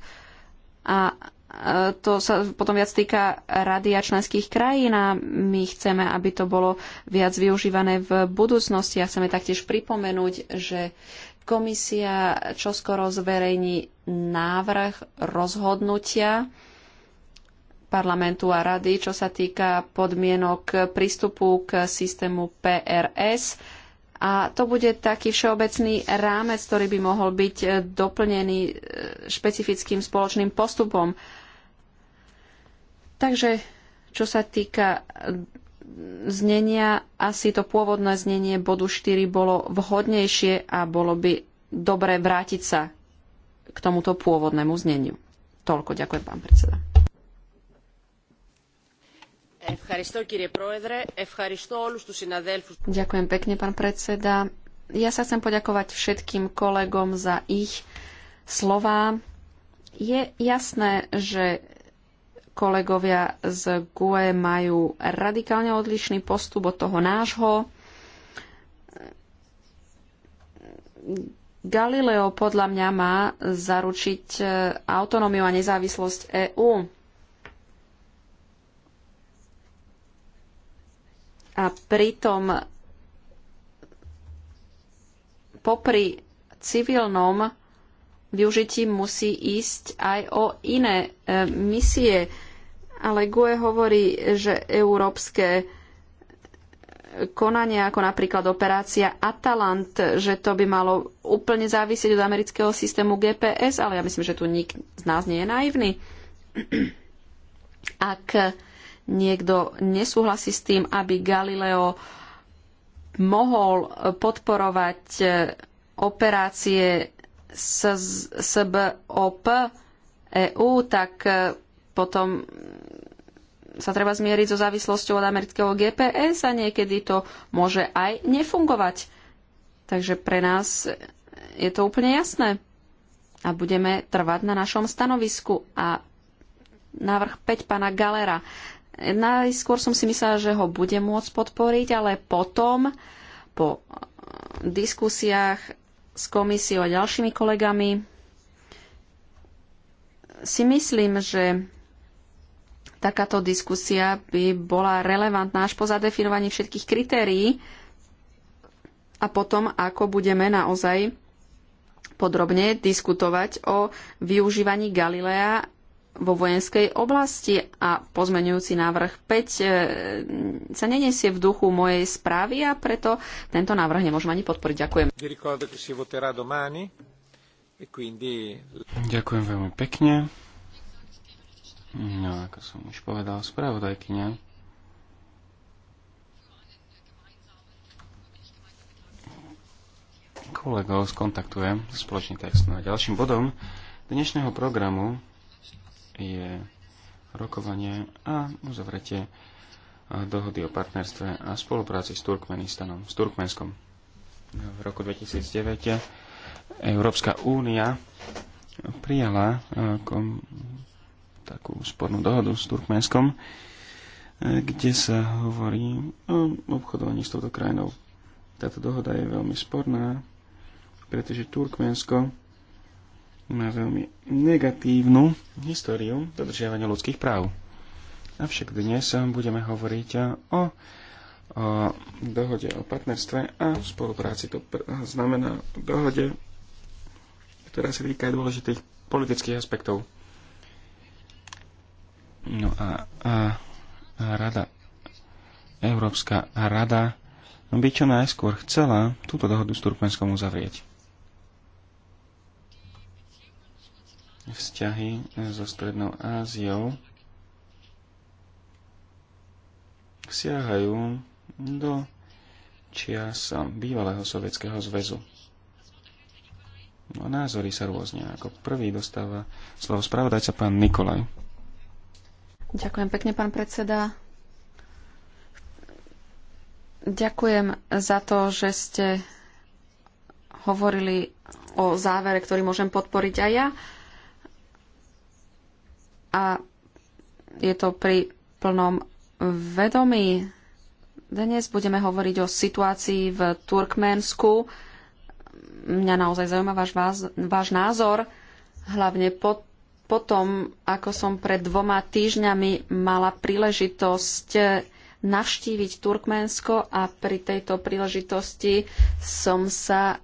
[SPEAKER 4] a e, to sa potom viac týka rady a členských krajín a my chceme, aby to bolo viac využívané v budúcnosti a chceme taktiež pripomenúť, že Komisia čoskoro zverejní návrh rozhodnutia parlamentu a rady, čo sa týka podmienok prístupu k systému PRS. A to bude taký všeobecný rámec, ktorý by mohol byť doplnený e, špecifickým spoločným postupom. Takže čo sa týka znenia asi to pôvodné znenie bodu 4 bolo vhodnejšie a bolo by dobre vrátiť sa k tomuto pôvodnému zneniu. Toľko, ďakujem pán predseda. Ďakujem pekne, pán predseda. Ja sa chcem poďakovať všetkým kolegom za ich slová. Je jasné, že Kolegovia z GUE majú radikálne odlišný postup od toho nášho. Galileo podľa mňa má zaručiť e, autonómiu a nezávislosť EÚ. A pritom popri civilnom využití musí ísť aj o iné e, misie ale GUE hovorí, že európske konania, ako napríklad operácia Atalant, že to by malo úplne závisieť od amerického systému GPS, ale ja myslím, že tu nik z nás nie je naivný. Ak niekto nesúhlasí s tým, aby Galileo mohol podporovať e, operácie SBOP EU, tak e, potom sa treba zmieriť so závislosťou od amerického GPS a niekedy to môže aj nefungovať. Takže pre nás je to úplne jasné. A budeme trvať na našom stanovisku. A návrh 5 pána Galera. Najskôr som si myslela, že ho bude môcť podporiť, ale potom po diskusiách s komisiou a ďalšími kolegami si myslím, že takáto diskusia by bola relevantná až po zadefinovaní všetkých kritérií a potom, ako budeme naozaj podrobne diskutovať o využívaní Galilea vo vojenskej oblasti a pozmenujúci návrh 5 e, sa nenesie v duchu mojej správy a preto tento návrh nemôžem ani podporiť. Ďakujem.
[SPEAKER 3] Ďakujem veľmi pekne. No, ako som už povedal, spravodajkyňa kolegov skontaktujem spoločný text. No a ďalším bodom dnešného programu je rokovanie a uzavretie dohody o partnerstve a spolupráci s Turkmenistanom, s Turkmenskom. V roku 2009 Európska únia prijala eh, takú spornú dohodu s Turkmenskom, e, kde sa hovorí o obchodovaní s touto krajinou. Táto dohoda je veľmi sporná, pretože Turkmensko má veľmi negatívnu históriu dodržiavania ľudských práv. Avšak dnes budeme hovoriť o, o dohode o partnerstve a spolupráci. To znamená dohode, ktorá sa týka dôležitých politických aspektov. No a, a, a rada, Európska rada by čo najskôr chcela túto dohodu s Turkmenskom uzavrieť. Vzťahy so Strednou Áziou siahajú do čias bývalého Sovietskeho zväzu. No, názory sa rôzne. Ako prvý dostáva slovo spravodajca pán Nikolaj.
[SPEAKER 4] Ďakujem pekne, pán predseda. Ďakujem za to, že ste hovorili o závere, ktorý môžem podporiť aj ja. A je to pri plnom vedomí. Dnes budeme hovoriť o situácii v Turkmensku. Mňa naozaj zaujíma váš, váš názor, hlavne pod potom, ako som pred dvoma týždňami mala príležitosť navštíviť Turkmensko a pri tejto príležitosti som sa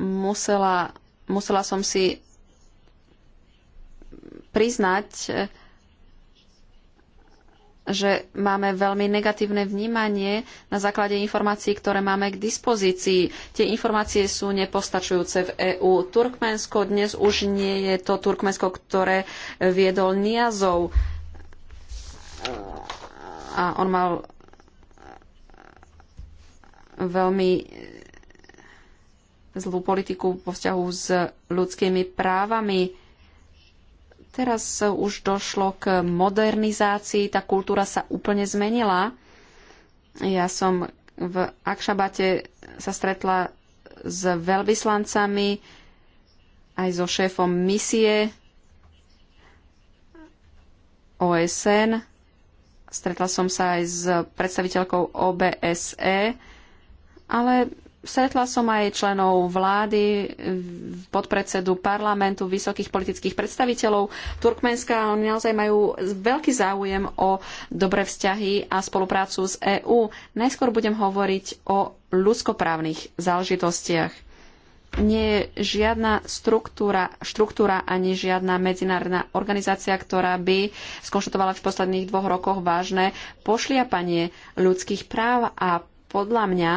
[SPEAKER 4] musela, musela som si priznať, že máme veľmi negatívne vnímanie na základe informácií, ktoré máme k dispozícii. Tie informácie sú nepostačujúce v EÚ. Turkmensko dnes už nie je to Turkmensko, ktoré viedol Niazov. A on mal veľmi zlú politiku vo vzťahu s ľudskými právami Teraz už došlo k modernizácii, tá kultúra sa úplne zmenila. Ja som v Akšabate sa stretla s veľvyslancami, aj so šéfom misie OSN. Stretla som sa aj s predstaviteľkou OBSE, ale Stretla som aj členov vlády, podpredsedu parlamentu, vysokých politických predstaviteľov Turkmenska. Oni naozaj majú veľký záujem o dobré vzťahy a spoluprácu s EÚ. Najskôr budem hovoriť o ľudskoprávnych záležitostiach. Nie je žiadna štruktúra, štruktúra ani žiadna medzinárodná organizácia, ktorá by skonštatovala v posledných dvoch rokoch vážne pošliapanie ľudských práv a podľa mňa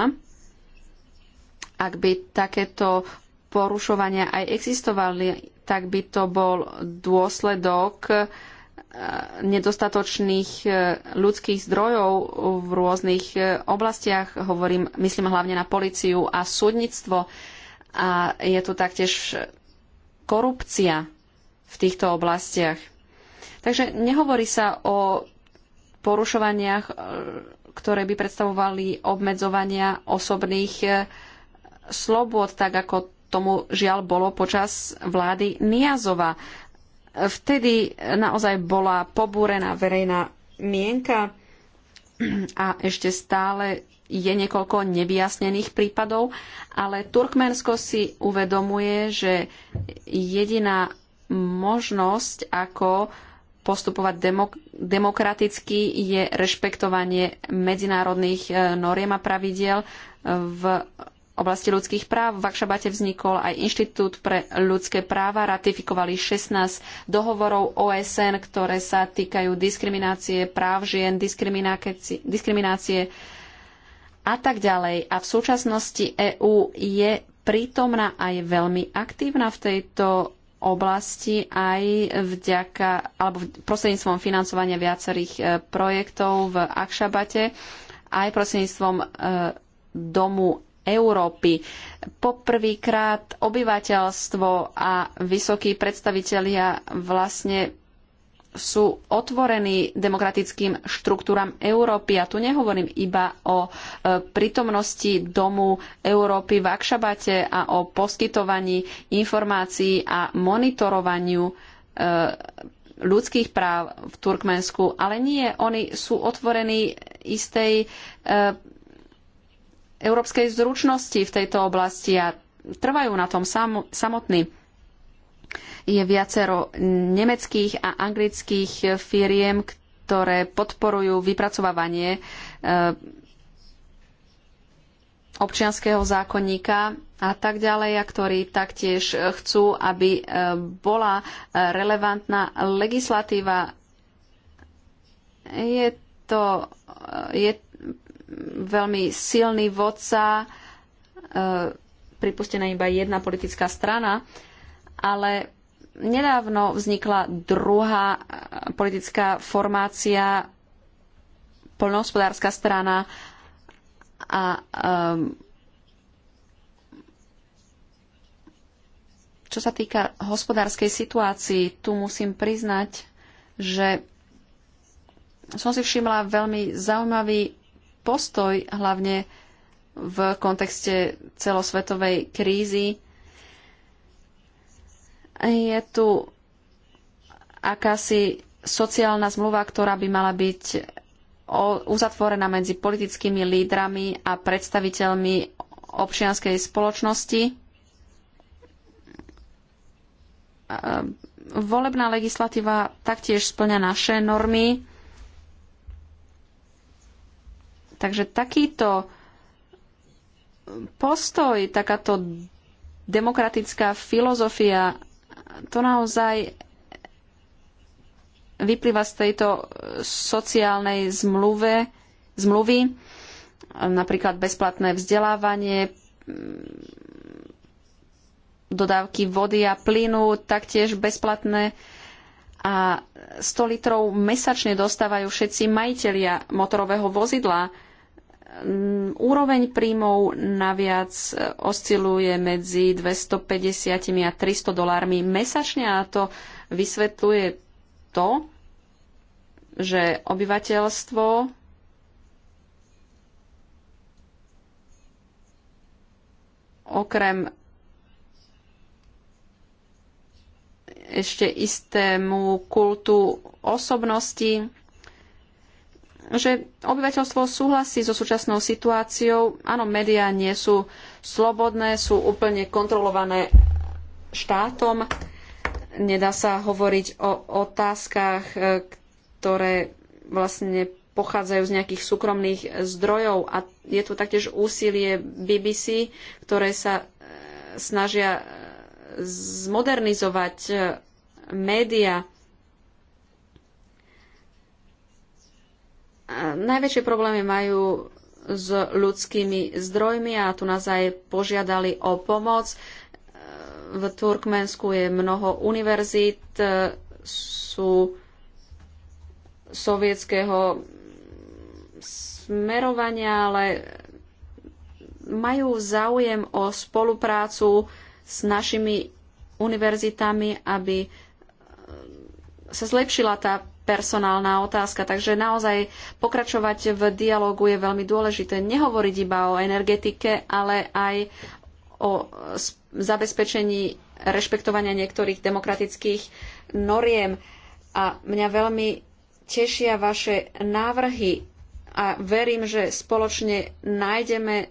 [SPEAKER 4] ak by takéto porušovania aj existovali, tak by to bol dôsledok eh, nedostatočných eh, ľudských zdrojov v rôznych eh, oblastiach. Hovorím, myslím hlavne na policiu a súdnictvo. A je tu taktiež korupcia v týchto oblastiach. Takže nehovorí sa o porušovaniach, ktoré by predstavovali obmedzovania osobných slobod, tak ako tomu žiaľ bolo počas vlády Niazova. Vtedy naozaj bola pobúrená verejná mienka a ešte stále je niekoľko nevyjasnených prípadov, ale Turkmensko si uvedomuje, že jediná možnosť, ako postupovať demok- demokraticky, je rešpektovanie medzinárodných eh, noriem a pravidiel v oblasti ľudských práv. V Akšabate vznikol aj Inštitút pre ľudské práva. Ratifikovali 16 dohovorov OSN, ktoré sa týkajú diskriminácie práv žien, diskriminácie, a tak ďalej. A v súčasnosti EÚ je prítomná aj veľmi aktívna v tejto oblasti aj vďaka alebo prostredníctvom financovania viacerých e, projektov v Akšabate aj prostredníctvom e, domu Európy. Poprvýkrát obyvateľstvo a vysokí predstavitelia vlastne sú otvorení demokratickým štruktúram Európy. A tu nehovorím iba o e, prítomnosti Domu Európy v Akšabate a o poskytovaní informácií a monitorovaniu e, ľudských práv v Turkmensku, ale nie, oni sú otvorení istej e, európskej zručnosti v tejto oblasti a trvajú na tom sam, samotní. Je viacero nemeckých a anglických firiem, ktoré podporujú vypracovávanie e, občianskeho zákonníka a tak ďalej, a ktorí taktiež chcú, aby e, bola e, relevantná legislatíva. Je to, je veľmi silný vodca, e, pripustená iba jedna politická strana, ale nedávno vznikla druhá politická formácia, poľnohospodárska strana a um, čo sa týka hospodárskej situácii, tu musím priznať, že som si všimla veľmi zaujímavý postoj, hlavne v kontexte celosvetovej krízy. Je tu akási sociálna zmluva, ktorá by mala byť uzatvorená medzi politickými lídrami a predstaviteľmi občianskej spoločnosti. Ehm, volebná legislatíva taktiež splňa naše normy Takže takýto postoj, takáto demokratická filozofia, to naozaj vyplýva z tejto sociálnej zmluve, zmluvy, napríklad bezplatné vzdelávanie, dodávky vody a plynu, taktiež bezplatné a 100 litrov mesačne dostávajú všetci majitelia motorového vozidla Mm, úroveň príjmov naviac eh, osciluje medzi 250 a 300 dolármi mesačne a to vysvetľuje to, že obyvateľstvo okrem ešte istému kultu osobnosti že obyvateľstvo súhlasí so súčasnou situáciou. Áno, médiá nie sú slobodné, sú úplne kontrolované štátom. Nedá sa hovoriť o otázkach, e, ktoré vlastne pochádzajú z nejakých súkromných zdrojov. A je tu taktiež úsilie BBC, ktoré sa e, snažia e, zmodernizovať médiá najväčšie problémy majú s ľudskými zdrojmi a tu nás aj požiadali o pomoc. E, v Turkmensku je mnoho univerzít, e, sú sovietského smerovania, ale majú záujem o spoluprácu s našimi univerzitami, aby sa zlepšila tá personálna otázka. Takže naozaj pokračovať v dialogu je veľmi dôležité. Nehovoriť iba o energetike, ale aj o zabezpečení rešpektovania niektorých demokratických noriem. A mňa veľmi tešia vaše návrhy a verím, že spoločne nájdeme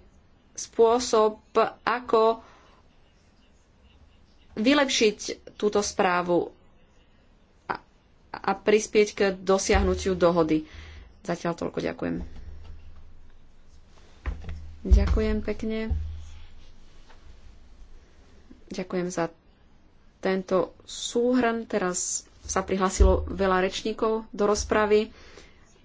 [SPEAKER 4] spôsob, ako vylepšiť túto správu a prispieť k dosiahnutiu dohody. Zatiaľ toľko ďakujem. Ďakujem pekne. Ďakujem za tento súhrn. Teraz sa prihlasilo veľa rečníkov do rozpravy,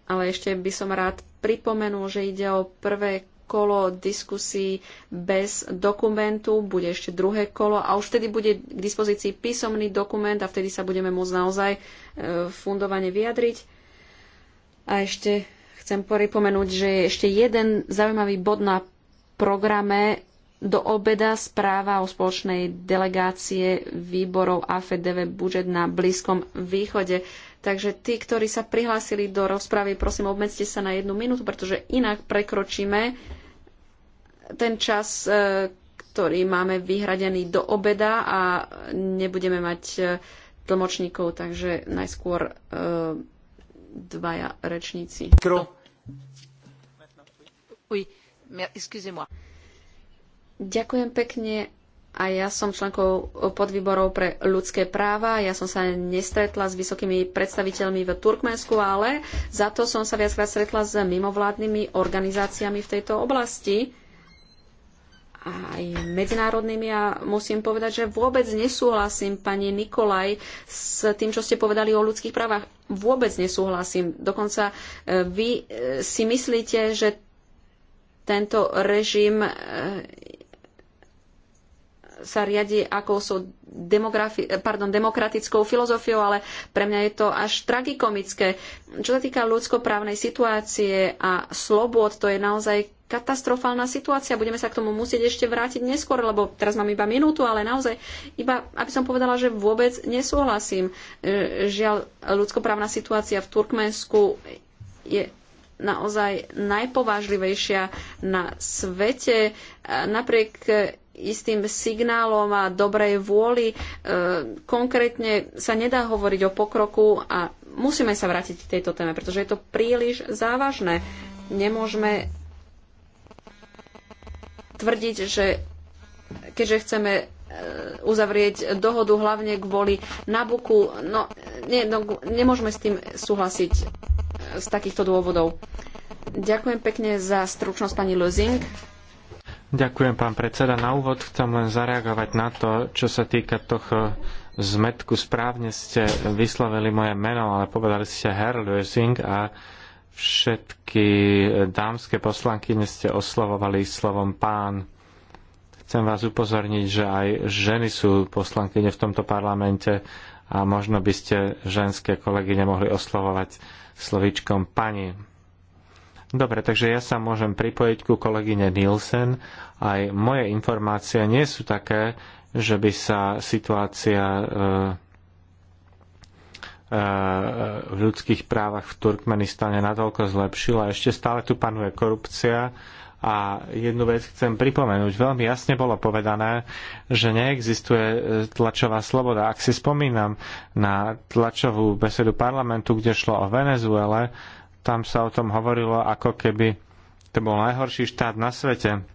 [SPEAKER 4] ale ešte by som rád pripomenul, že ide o prvé kolo diskusí bez dokumentu, bude ešte druhé kolo a už vtedy bude k dispozícii písomný dokument a vtedy sa budeme môcť naozaj e, fundovane vyjadriť. A ešte chcem pripomenúť, že je ešte jeden zaujímavý bod na programe do obeda správa o spoločnej delegácie výborov AFDV e budžet na Blízkom východe. Takže tí, ktorí sa prihlásili do rozpravy, prosím, obmedzte sa na jednu minútu, pretože inak prekročíme ten čas, e, ktorý máme vyhradený do obeda a nebudeme mať e, tlmočníkov, takže najskôr e, dvaja rečníci. Kro. Ďakujem pekne. A ja som členkou podvýborov pre ľudské práva. Ja som sa nestretla s vysokými predstaviteľmi v Turkmensku, ale za to som sa viackrát stretla s mimovládnymi organizáciami v tejto oblasti aj medzinárodnými a musím povedať, že vôbec nesúhlasím, pani Nikolaj, s tým, čo ste povedali o ľudských právach. Vôbec nesúhlasím. Dokonca e, vy e, si myslíte, že tento režim e, sa riadi ako sú pardon, demokratickou filozofiou, ale pre mňa je to až tragikomické. Čo sa týka ľudskoprávnej situácie a slobod, to je naozaj katastrofálna situácia. Budeme sa k tomu musieť ešte vrátiť neskôr, lebo teraz mám iba minútu, ale naozaj iba, aby som povedala, že vôbec nesúhlasím. E, žiaľ, ľudskoprávna situácia v Turkmensku je naozaj najpovážlivejšia na svete. E, napriek istým signálom a dobrej vôli. E, konkrétne sa nedá hovoriť o pokroku a musíme sa vrátiť k tejto téme, pretože je to príliš závažné. Nemôžeme tvrdiť, že keďže chceme e, uzavrieť dohodu hlavne kvôli Nabuku, no, ne, no nemôžeme s tým súhlasiť e, z takýchto dôvodov. Ďakujem pekne za stručnosť pani Lozing.
[SPEAKER 2] Ďakujem, pán predseda. Na úvod chcem len zareagovať na to, čo sa týka toho zmetku. Správne ste vyslovili moje meno, ale povedali ste Herr Lösing a všetky eh, dámske poslanky ste oslovovali slovom pán. Chcem vás upozorniť, že aj ženy sú poslankyne v tomto parlamente a možno by ste ženské kolegy nemohli oslovovať slovíčkom pani. Dobre, takže ja sa môžem pripojiť ku kolegyne Nielsen. Aj moje informácie nie sú také, že by sa situácia e, v ľudských právach v Turkmenistane natoľko zlepšila. Ešte stále tu panuje korupcia a jednu vec chcem pripomenúť. Veľmi jasne bolo povedané, že neexistuje eh, tlačová sloboda. Ak si spomínam na tlačovú besedu parlamentu, kde šlo o Venezuele, tam sa o tom hovorilo, ako keby to bol najhorší štát na svete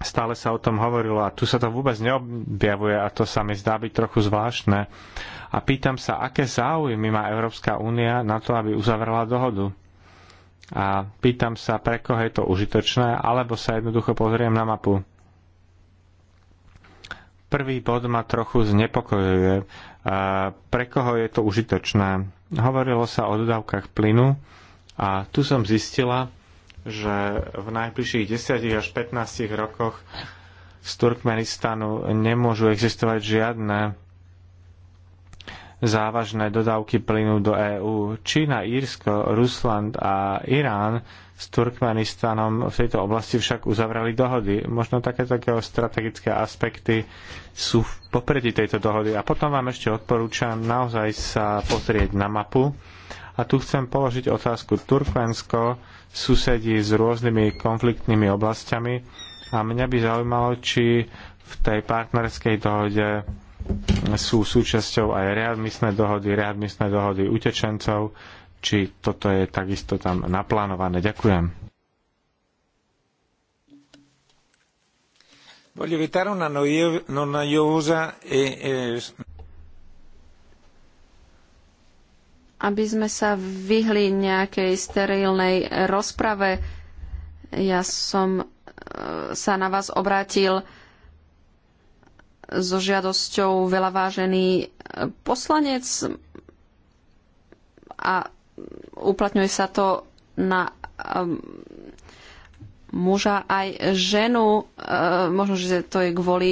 [SPEAKER 2] Stále sa o tom hovorilo a tu sa to vôbec neobjavuje a to sa mi zdá byť trochu zvláštne. A pýtam sa, aké záujmy má Európska únia na to, aby uzavrela dohodu. A pýtam sa, pre koho je to užitočné, alebo sa jednoducho pozriem na mapu. Prvý bod ma trochu znepokojuje. Pre koho je to užitočné? Hovorilo sa o dodávkach plynu a tu som zistila, že v najbližších 10 až 15 rokoch z Turkmenistanu nemôžu existovať žiadne závažné dodávky plynu do EÚ. Čína, Írsko, Rusland a Irán s Turkmenistanom v tejto oblasti však uzavreli dohody. Možno také takého strategické aspekty sú v popredí tejto dohody. A potom vám ešte odporúčam naozaj sa pozrieť na mapu. A tu chcem položiť otázku. Turkmensko susedí s rôznymi konfliktnými oblastiami a mňa by zaujímalo, či v tej partnerskej dohode sú súčasťou aj readmisné dohody, readmisné dohody utečencov, či toto je takisto tam naplánované. Ďakujem.
[SPEAKER 1] Voglio evitare una noiosa e, e
[SPEAKER 4] aby sme sa vyhli nejakej sterilnej rozprave. Ja som e, sa na vás obrátil so žiadosťou veľa vážený e, poslanec a uplatňuje sa to na e, muža aj ženu. Možno, že to je kvôli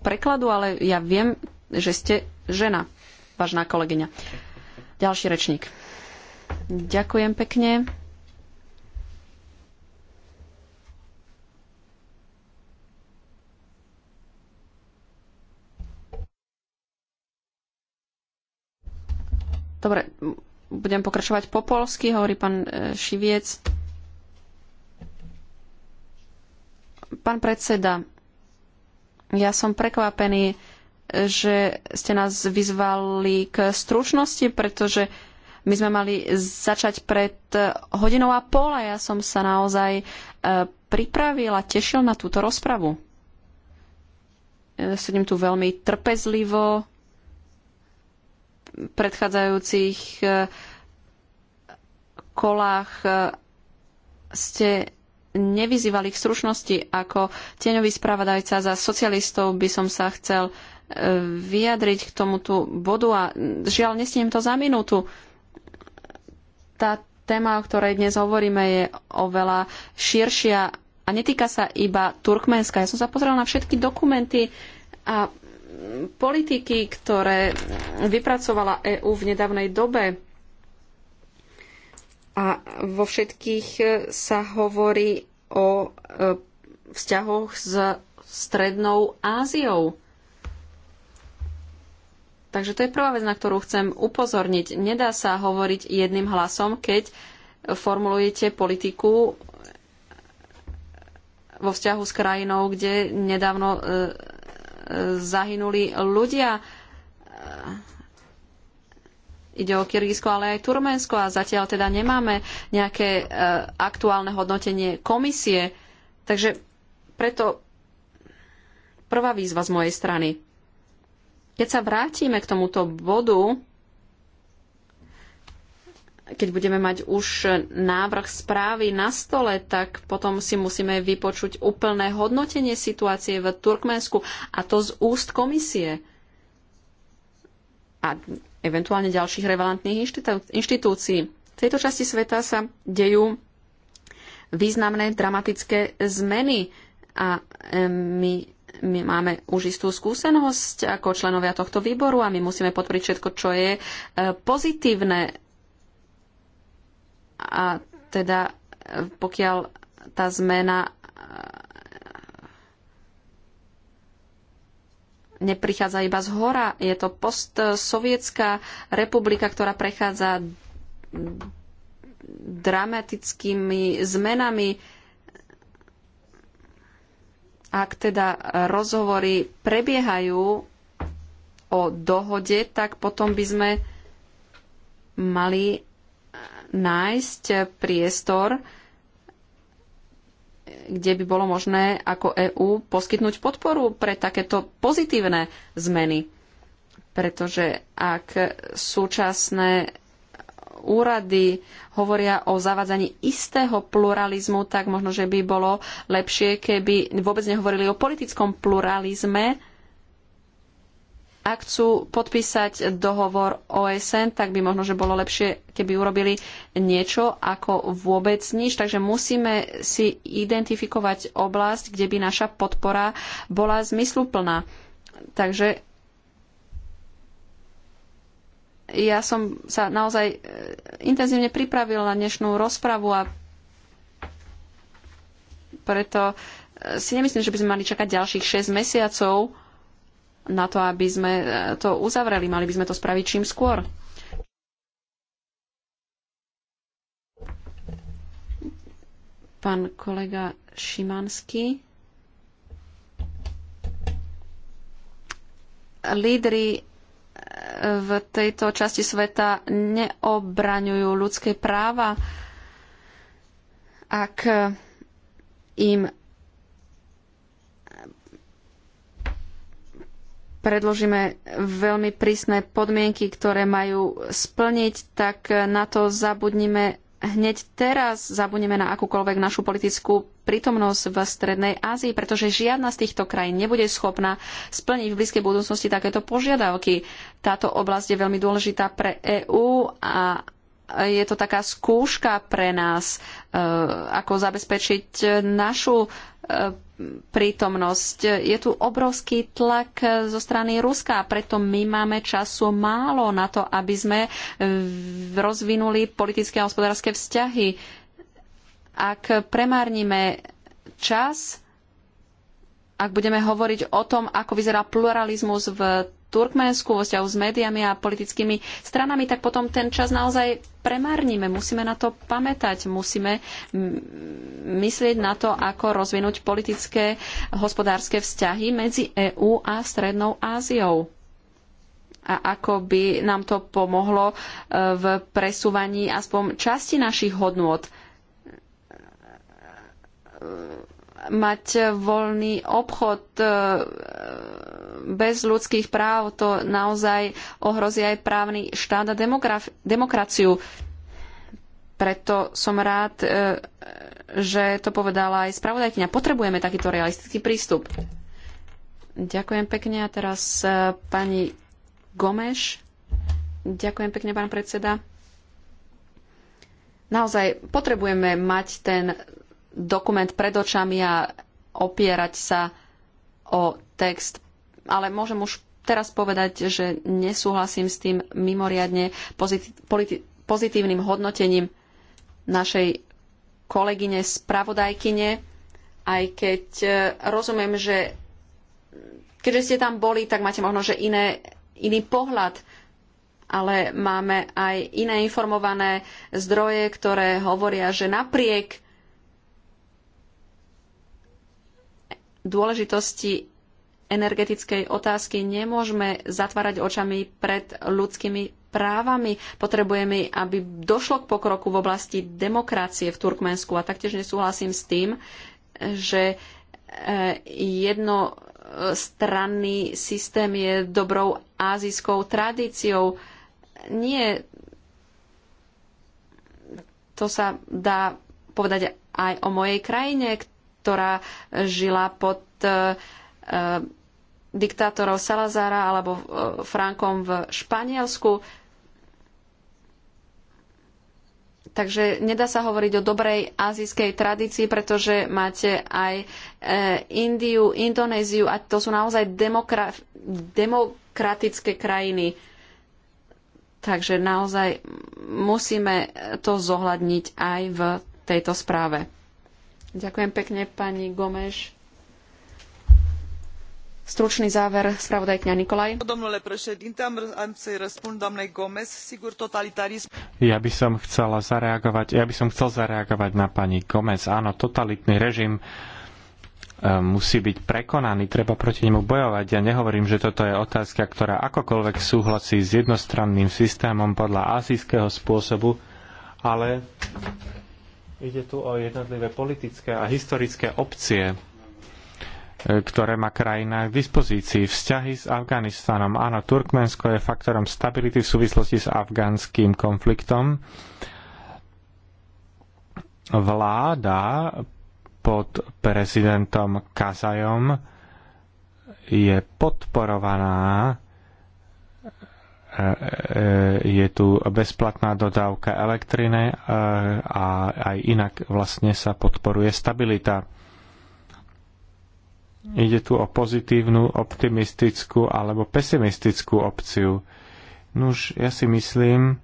[SPEAKER 4] prekladu, ale ja viem, že ste žena, vážna kolegyňa. Ďalší rečník. Ďakujem pekne. Dobre, budem pokračovať po polsky, hovorí pán e, Šiviec. Pán predseda, ja som prekvapený, že ste nás vyzvali k stručnosti, pretože my sme mali začať pred hodinou a pol a ja som sa naozaj e, pripravil a tešil na túto rozpravu. Ja e, sedím tu veľmi trpezlivo. V predchádzajúcich e, kolách ste nevyzývali k stručnosti. Ako tieňový spravodajca za socialistov by som sa chcel uh, vyjadriť k tomuto bodu a žiaľ nesním to za minútu. Tá téma, o ktorej dnes hovoríme, je oveľa širšia a netýka sa iba Turkmenska. Ja som sa pozrela na všetky dokumenty a politiky, ktoré vypracovala EÚ v nedávnej dobe. A vo všetkých sa hovorí o e, vzťahoch s Strednou Áziou. Takže to je prvá vec, na ktorú chcem upozorniť. Nedá sa hovoriť jedným hlasom, keď formulujete politiku vo vzťahu s krajinou, kde nedávno e, e, zahynuli ľudia. E, ide o Kyrgyzsko, ale aj Turmensko a zatiaľ teda nemáme nejaké aktuálne hodnotenie komisie. Takže preto prvá výzva z mojej strany. Keď sa vrátime k tomuto bodu, keď budeme mať už návrh správy na stole, tak potom si musíme vypočuť úplné hodnotenie situácie v Turkmensku a to z úst komisie a eventuálne ďalších relevantných inštitúcií. V tejto časti sveta sa dejú významné dramatické zmeny a my my máme už istú skúsenosť ako členovia tohto výboru a my musíme podporiť všetko, čo je e, pozitívne. A teda e, pokiaľ tá zmena e, neprichádza iba z hora, je to postsovietská republika, ktorá prechádza dramatickými zmenami ak teda rozhovory prebiehajú o dohode, tak potom by sme mali nájsť priestor, kde by bolo možné ako EÚ poskytnúť podporu pre takéto pozitívne zmeny. Pretože ak súčasné úrady hovoria o zavádzaní istého pluralizmu, tak možno, že by bolo lepšie, keby vôbec nehovorili o politickom pluralizme. Ak chcú podpísať dohovor OSN, tak by možno, že bolo lepšie, keby urobili niečo ako vôbec nič. Takže musíme si identifikovať oblasť, kde by naša podpora bola zmysluplná. Takže ja som sa naozaj intenzívne pripravil na dnešnú rozpravu a preto e, si nemyslím, že by sme mali čakať ďalších 6 mesiacov na to, aby sme e, to uzavreli. Mali by sme to spraviť čím skôr. Pán kolega Šimanský. Lídry v tejto časti sveta neobraňujú ľudské práva, ak im predložíme veľmi prísne podmienky, ktoré majú splniť, tak na to zabudnime hneď teraz zabudneme na akúkoľvek našu politickú prítomnosť v Strednej Ázii, pretože žiadna z týchto krajín nebude schopná splniť v blízkej budúcnosti takéto požiadavky. Táto oblasť je veľmi dôležitá pre EÚ a je to taká skúška pre nás, e, ako zabezpečiť našu e, prítomnosť. Je tu obrovský tlak zo strany Ruska, preto my máme času málo na to, aby sme e, rozvinuli politické a hospodárske vzťahy. Ak premárnime čas, ak budeme hovoriť o tom, ako vyzerá pluralizmus v Turkmensku, vo vzťahu s médiami a politickými stranami, tak potom ten čas naozaj premárnime. Musíme na to pamätať, musíme myslieť na to, ako rozvinúť politické hospodárske vzťahy medzi EÚ a Strednou Áziou a ako by nám to pomohlo e, v presúvaní aspoň časti našich hodnôt e, mať voľný obchod, e, bez ľudských práv to naozaj ohrozí aj právny štát a demokraciu. Preto som rád, e, že to povedala aj spravodajkyňa. Potrebujeme takýto realistický prístup. Ďakujem pekne. A teraz e, pani Gomeš. Ďakujem pekne, pán predseda. Naozaj potrebujeme mať ten dokument pred očami a opierať sa o text ale môžem už teraz povedať, že nesúhlasím s tým mimoriadne pozitívnym hodnotením našej kolegyne spravodajkyne, aj keď e, rozumiem, že keďže ste tam boli, tak máte možno, že iné, iný pohľad, ale máme aj iné informované zdroje, ktoré hovoria, že napriek dôležitosti energetickej otázky nemôžeme zatvárať očami pred ľudskými právami. Potrebujeme, aby došlo k pokroku v oblasti demokracie v Turkmensku. A taktiež nesúhlasím s tým, že eh, jednostranný eh, systém je dobrou azijskou tradíciou. Nie, to sa dá povedať aj o mojej krajine, ktorá žila pod eh, diktátorov Salazara alebo e, Frankom v Španielsku. Takže nedá sa hovoriť o dobrej azijskej tradícii, pretože máte aj e, Indiu, Indonéziu a to sú naozaj demokra- demokratické krajiny. Takže naozaj musíme to zohľadniť aj v tejto správe. Ďakujem pekne pani Gomeš. Stručný záver, spravodajkňa Nikolaj.
[SPEAKER 2] Ja by som chcela zareagovať, ja by som chcel zareagovať na pani Gomez. Áno, totalitný režim e, musí byť prekonaný, treba proti nemu bojovať. Ja nehovorím, že toto je otázka, ktorá akokoľvek súhlasí s jednostranným systémom podľa asijského spôsobu, ale ide tu o jednotlivé politické a historické opcie ktoré má krajina k dispozícii. Vzťahy s Afganistanom. Áno, Turkmensko je faktorom stability v súvislosti s afgánským konfliktom. Vláda pod prezidentom Kazajom je podporovaná je tu bezplatná dodávka elektriny e, a aj inak vlastne sa podporuje stabilita Ide tu o pozitívnu, optimistickú alebo pesimistickú opciu. Nuž, ja si myslím,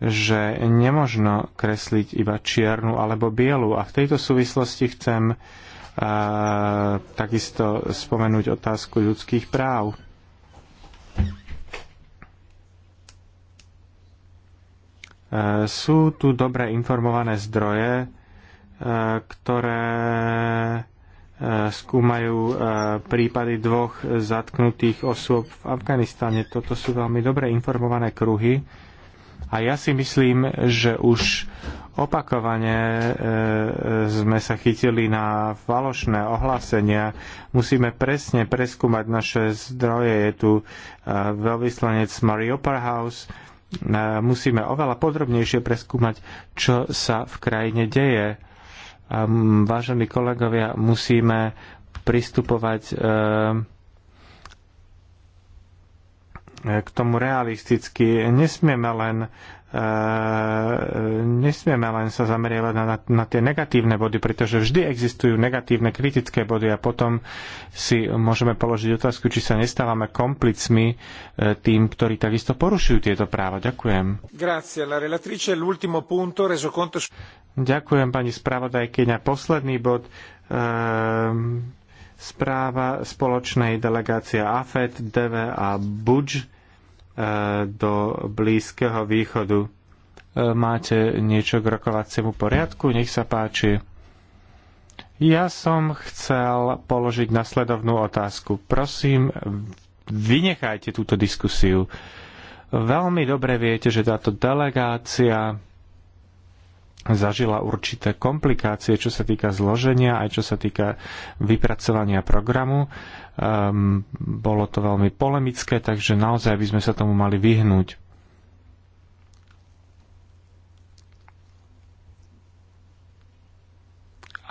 [SPEAKER 2] že nemožno kresliť iba čiernu alebo bielu. A v tejto súvislosti chcem uh, takisto spomenúť otázku ľudských práv. Uh, sú tu dobre informované zdroje, uh, ktoré skúmajú e, prípady dvoch zatknutých osôb v Afganistane. Toto sú veľmi dobre informované kruhy a ja si myslím, že už opakovane e, sme sa chytili na falošné ohlásenia. Musíme presne preskúmať naše zdroje. Je tu e, veľvyslanec Marie Opera House, musíme oveľa podrobnejšie preskúmať, čo sa v krajine deje vážení kolegovia, musíme pristupovať e, e, k tomu realisticky. Nesmieme len E, nesmieme len sa zameriavať na, na, na tie negatívne body, pretože vždy existujú negatívne kritické body a potom si môžeme položiť otázku, či sa nestávame komplicmi e, tým, ktorí takisto porušujú tieto práva. Ďakujem.
[SPEAKER 1] Grazie, la relatrice, l'ultimo punto,
[SPEAKER 2] Ďakujem pani spravodajkyňa. Posledný bod. E, správa spoločnej delegácie Afed, DV a BUDŽ E, do Blízkeho východu. E, máte niečo k rokovaciemu poriadku? Nech sa páči. Ja som chcel položiť nasledovnú otázku. Prosím, vynechajte túto diskusiu. Veľmi dobre viete, že táto delegácia zažila určité komplikácie, čo sa týka zloženia, aj čo sa týka vypracovania programu. Um, bolo to veľmi polemické, takže naozaj by sme sa tomu mali vyhnúť.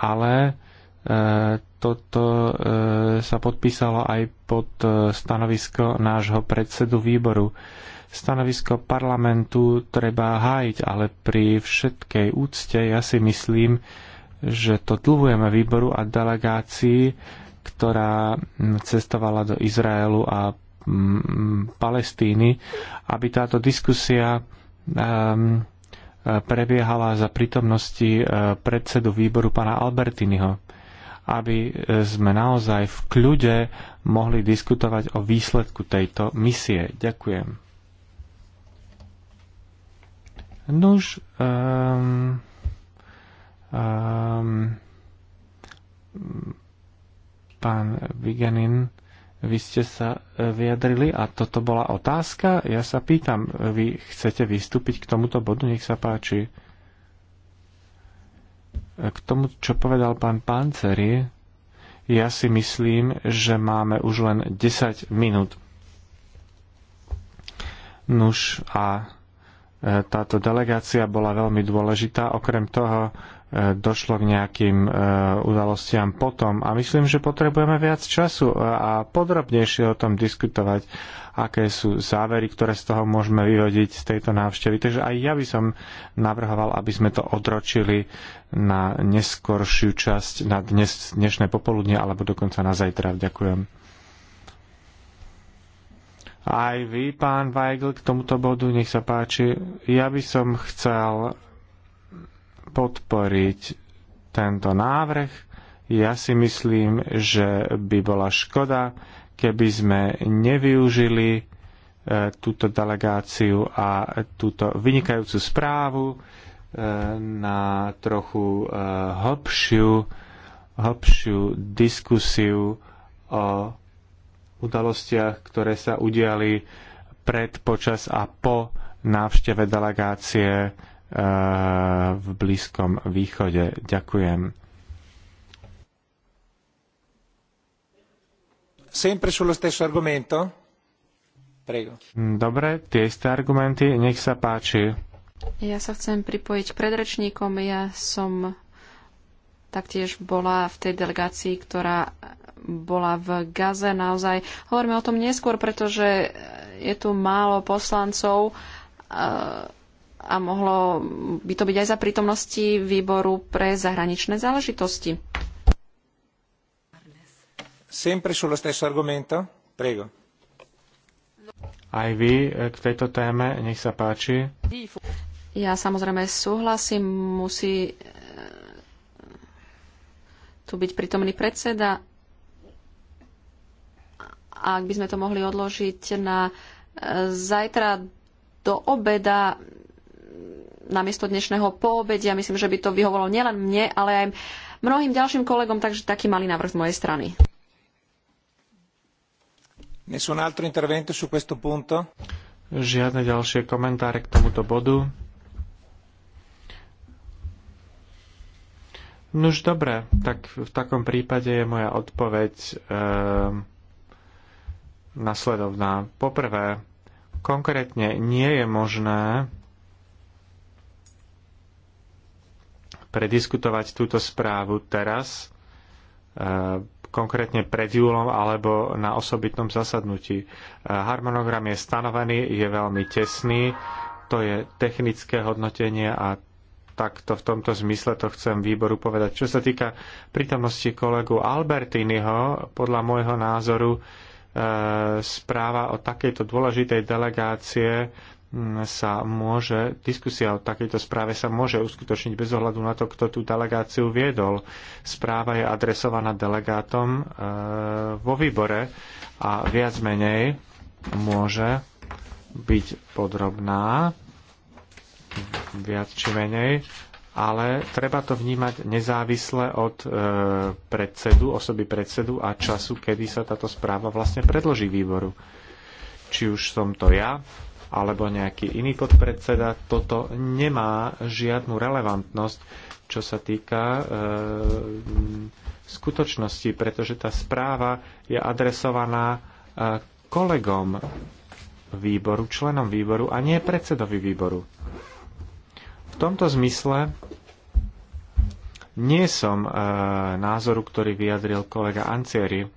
[SPEAKER 2] Ale e, toto e, sa podpísalo aj pod e, stanovisko nášho predsedu výboru stanovisko parlamentu treba hájiť, ale pri všetkej úcte ja si myslím, že to dlhujeme výboru a delegácii, ktorá mm, cestovala do Izraelu a mm, Palestíny, aby táto diskusia um, prebiehala za prítomnosti e, predsedu výboru pana Albertiniho, aby e, sme naozaj v kľude mohli diskutovať o výsledku tejto misie. Ďakujem. Nuž, um, um, pán Viganin, vy ste sa e, vyjadrili a toto bola otázka. Ja sa pýtam, vy chcete vystúpiť k tomuto bodu? Nech sa páči. E, k tomu, čo povedal pán Panceri, ja si myslím, že máme už len 10 minút. Nuž a táto delegácia bola veľmi dôležitá. Okrem toho e, došlo k nejakým e, udalostiam potom a myslím, že potrebujeme viac času e, a podrobnejšie o tom diskutovať, aké sú závery, ktoré z toho môžeme vyhodiť z tejto návštevy. Takže aj ja by som navrhoval, aby sme to odročili na neskoršiu časť, na dnes, dnešné popoludne alebo dokonca na zajtra. Ďakujem aj vy, pán Weigl, k tomuto bodu. Nech sa páči. Ja by som chcel podporiť tento návrh. Ja si myslím, že by bola škoda, keby sme nevyužili e, túto delegáciu a túto vynikajúcu správu e, na trochu e, hlbšiu, hlbšiu diskusiu o udalostiach, ktoré sa udiali pred, počas a po návšteve delegácie eh, v Blízkom východe. Ďakujem.
[SPEAKER 1] Sempre sullo stesso argomento? Prego.
[SPEAKER 2] Dobre, tie isté argumenty, nech sa páči.
[SPEAKER 4] Ja sa chcem pripojiť k predrečníkom. Ja som taktiež bola v tej delegácii, ktorá bola v Gaze. Naozaj hovoríme o tom neskôr, pretože je tu málo poslancov e, a mohlo by to byť aj za prítomnosti výboru pre zahraničné záležitosti.
[SPEAKER 1] Sempre sullo stesso argomento? Prego.
[SPEAKER 2] Aj vy e, k tejto téme, nech sa páči.
[SPEAKER 4] Ja samozrejme súhlasím, musí e, tu byť prítomný predseda a ak by sme to mohli odložiť na e, zajtra do obeda, namiesto dnešného poobedia, myslím, že by to vyhovalo nielen mne, ale aj mnohým ďalším kolegom, takže taký malý návrh z mojej strany.
[SPEAKER 2] Žiadne ďalšie komentáre k tomuto bodu. Nuž dobre, tak v takom prípade je moja odpoveď. Ehm nasledovná. Poprvé, konkrétne nie je možné prediskutovať túto správu teraz, e, konkrétne pred júlom alebo na osobitnom zasadnutí. E, harmonogram je stanovený, je veľmi tesný, to je technické hodnotenie a takto v tomto zmysle to chcem výboru povedať. Čo sa týka prítomnosti kolegu Albertiniho, podľa môjho názoru, správa o takejto dôležitej delegácie mm, sa môže, diskusia o takejto správe sa môže uskutočniť bez ohľadu na to, kto tú delegáciu viedol. Správa je adresovaná delegátom e, vo výbore a viac menej môže byť podrobná, viac či menej, ale treba to vnímať nezávisle od e, predsedu, osoby predsedu a času, kedy sa táto správa vlastne predloží výboru. Či už som to ja, alebo nejaký iný podpredseda, toto nemá žiadnu relevantnosť, čo sa týka e, skutočnosti, pretože tá správa je adresovaná e, kolegom výboru, členom výboru a nie predsedovi výboru. V tomto zmysle nie som e, názoru, ktorý vyjadril kolega Ancieri.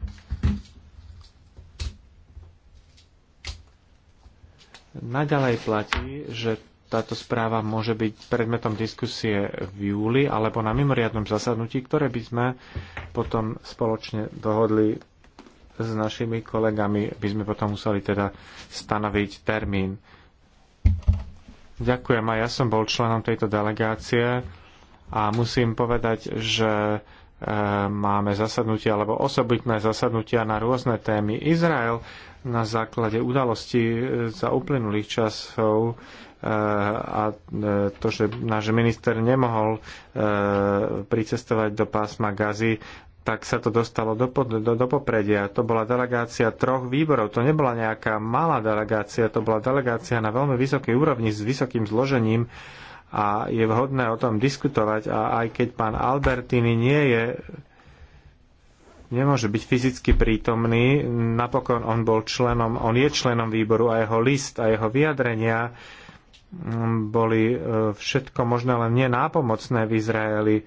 [SPEAKER 2] Naďalej platí, že táto správa môže byť predmetom diskusie v júli alebo na mimoriadnom zasadnutí, ktoré by sme potom spoločne dohodli s našimi kolegami, by sme potom museli teda stanoviť termín. Ďakujem, a ja som bol členom tejto delegácie a musím povedať, že e, máme zasadnutia alebo osobitné zasadnutia na rôzne témy. Izrael na základe udalostí e, za uplynulých časov e, a to, že náš minister nemohol pricestovať do pásma Gazy, tak sa to dostalo do, do, do popredia. To bola delegácia troch výborov. To nebola nejaká malá delegácia, to bola delegácia na veľmi vysokej úrovni s vysokým zložením a je vhodné o tom diskutovať. A aj keď pán Albertini nie je nemôže byť fyzicky prítomný. Napokon on bol členom, on je členom výboru a jeho list a jeho vyjadrenia mm, boli e, všetko možné len nenápomocné v Izraeli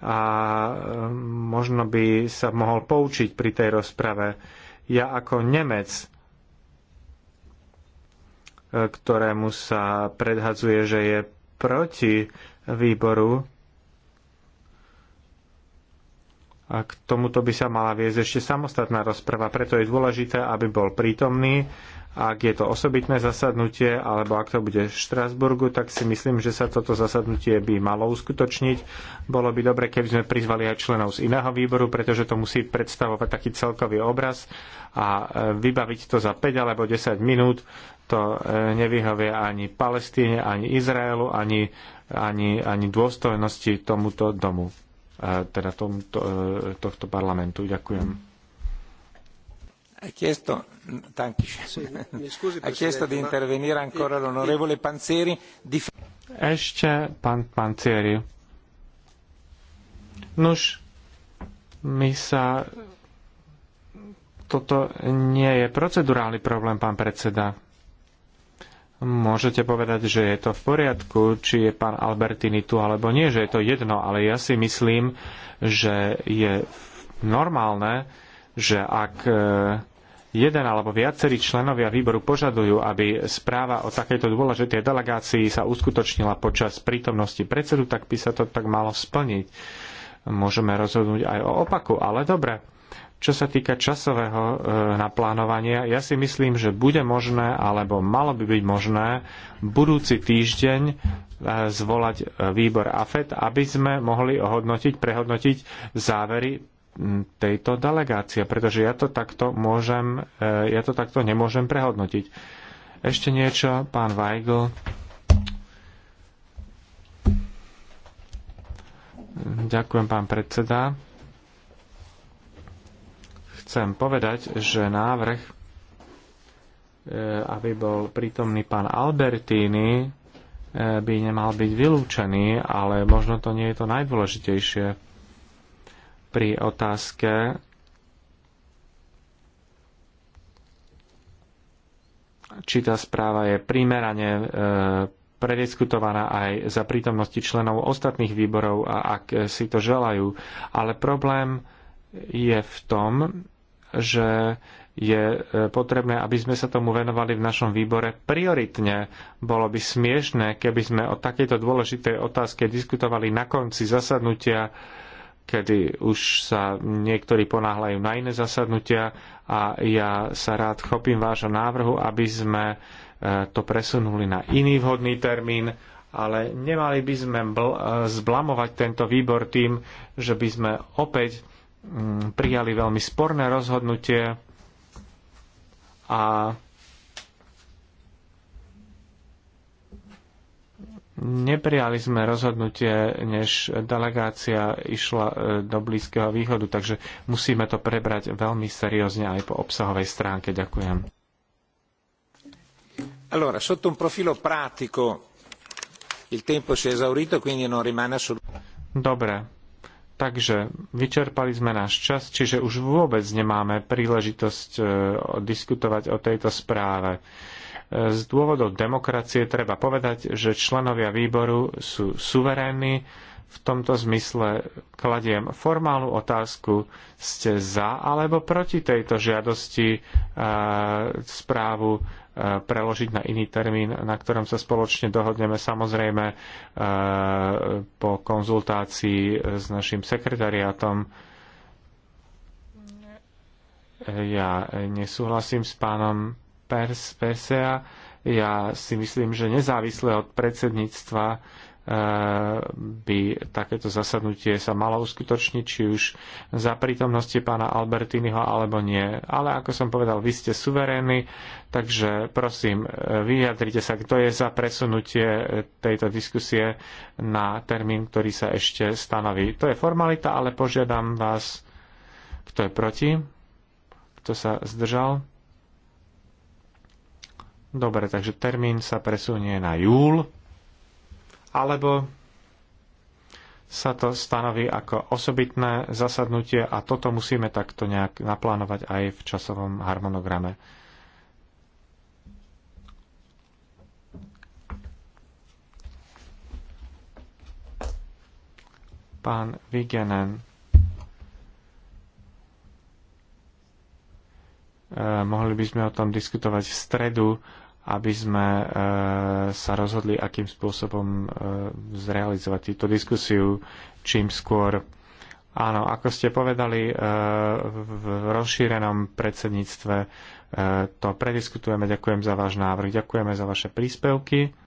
[SPEAKER 2] a e, možno by sa mohol poučiť pri tej rozprave. Ja ako Nemec, e, ktorému sa predhadzuje, že je proti výboru, a k tomuto by sa mala viesť ešte samostatná rozprava. Preto je dôležité, aby bol prítomný ak je to osobitné zasadnutie, alebo ak to bude v Štrasburgu, tak si myslím, že sa toto zasadnutie by malo uskutočniť. Bolo by dobre, keby sme prizvali aj členov z iného výboru, pretože to musí predstavovať taký celkový obraz a e, vybaviť to za 5 alebo 10 minút to e, nevyhovie ani Palestíne, ani Izraelu, ani, ani, ani dôstojnosti tomuto domu, e, teda tomuto, tohto parlamentu. Ďakujem.
[SPEAKER 1] Ha chiesto, sì, scusi, ha chiesto di intervenire ancora l'onorevole Panzeri. Di...
[SPEAKER 2] Ešte pán Panzeri. Nuž, my sa... Toto nie je procedurálny problém, pán predseda. Môžete povedať, že je to v poriadku, či je pán Albertini tu alebo nie, že je to jedno, ale ja si myslím, že je normálne, že ak eh, jeden alebo viacerí členovia výboru požadujú, aby správa o takejto dôležitej delegácii sa uskutočnila počas prítomnosti predsedu, tak by sa to tak malo splniť. Môžeme rozhodnúť aj o opaku, ale dobre. Čo sa týka časového e, naplánovania, ja si myslím, že bude možné, alebo malo by byť možné, budúci týždeň e, zvolať e, výbor AFED, aby sme mohli ohodnotiť, prehodnotiť závery tejto delegácie, pretože ja to takto, môžem, e, ja to takto nemôžem prehodnotiť. Ešte niečo, pán Weigl. Ďakujem, pán predseda. Chcem povedať, že návrh, e, aby bol prítomný pán Albertini, e, by nemal byť vylúčený, ale možno to nie je to najdôležitejšie pri otázke či tá správa je primerane e, prediskutovaná aj za prítomnosti členov ostatných výborov a ak si to želajú. Ale problém je v tom, že je e, potrebné, aby sme sa tomu venovali v našom výbore prioritne. Bolo by smiešné, keby sme o takejto dôležitej otázke diskutovali na konci zasadnutia kedy už sa niektorí ponáhľajú na iné zasadnutia a ja sa rád chopím vášho návrhu, aby sme e, to presunuli na iný vhodný termín, ale nemali by sme e, zblamovať tento výbor tým, že by sme opäť mm, prijali veľmi sporné rozhodnutie a Neprijali sme rozhodnutie, než delegácia išla e, do Blízkeho východu, takže musíme to prebrať veľmi seriózne aj po obsahovej stránke. Ďakujem.
[SPEAKER 1] Allora, sotto un profilo pratico il tempo si è esaurito, quindi non rimane solo...
[SPEAKER 2] Dobre, Takže vyčerpali sme náš čas, čiže už vôbec nemáme príležitosť e, diskutovať o tejto správe. Z dôvodov demokracie treba povedať, že členovia výboru sú suverénni. V tomto zmysle kladiem formálnu otázku, ste za alebo proti tejto žiadosti e, správu e, preložiť na iný termín, na ktorom sa spoločne dohodneme samozrejme e, po konzultácii s našim sekretariátom. Ja nesúhlasím s pánom Pers, Persea. Ja si myslím, že nezávisle od predsedníctva eh, by takéto zasadnutie sa malo uskutočniť, či už za prítomnosti pána Albertiniho alebo nie. Ale ako som povedal, vy ste suverénni, takže prosím, eh, vyjadrite sa, kto je za presunutie eh, tejto diskusie na termín, ktorý sa ešte stanoví. To je formalita, ale požiadam vás, kto je proti, kto sa zdržal. Dobre, takže termín sa presunie na júl, alebo sa to stanoví ako osobitné zasadnutie a toto musíme takto nejak naplánovať aj v časovom harmonograme. Pán Vigenen, eh, mohli by sme o tom diskutovať v stredu aby sme e, sa rozhodli, akým spôsobom e, zrealizovať túto diskusiu čím skôr. Áno, ako ste povedali, e, v rozšírenom predsedníctve to prediskutujeme. Ďakujem za váš návrh, ďakujeme za vaše príspevky.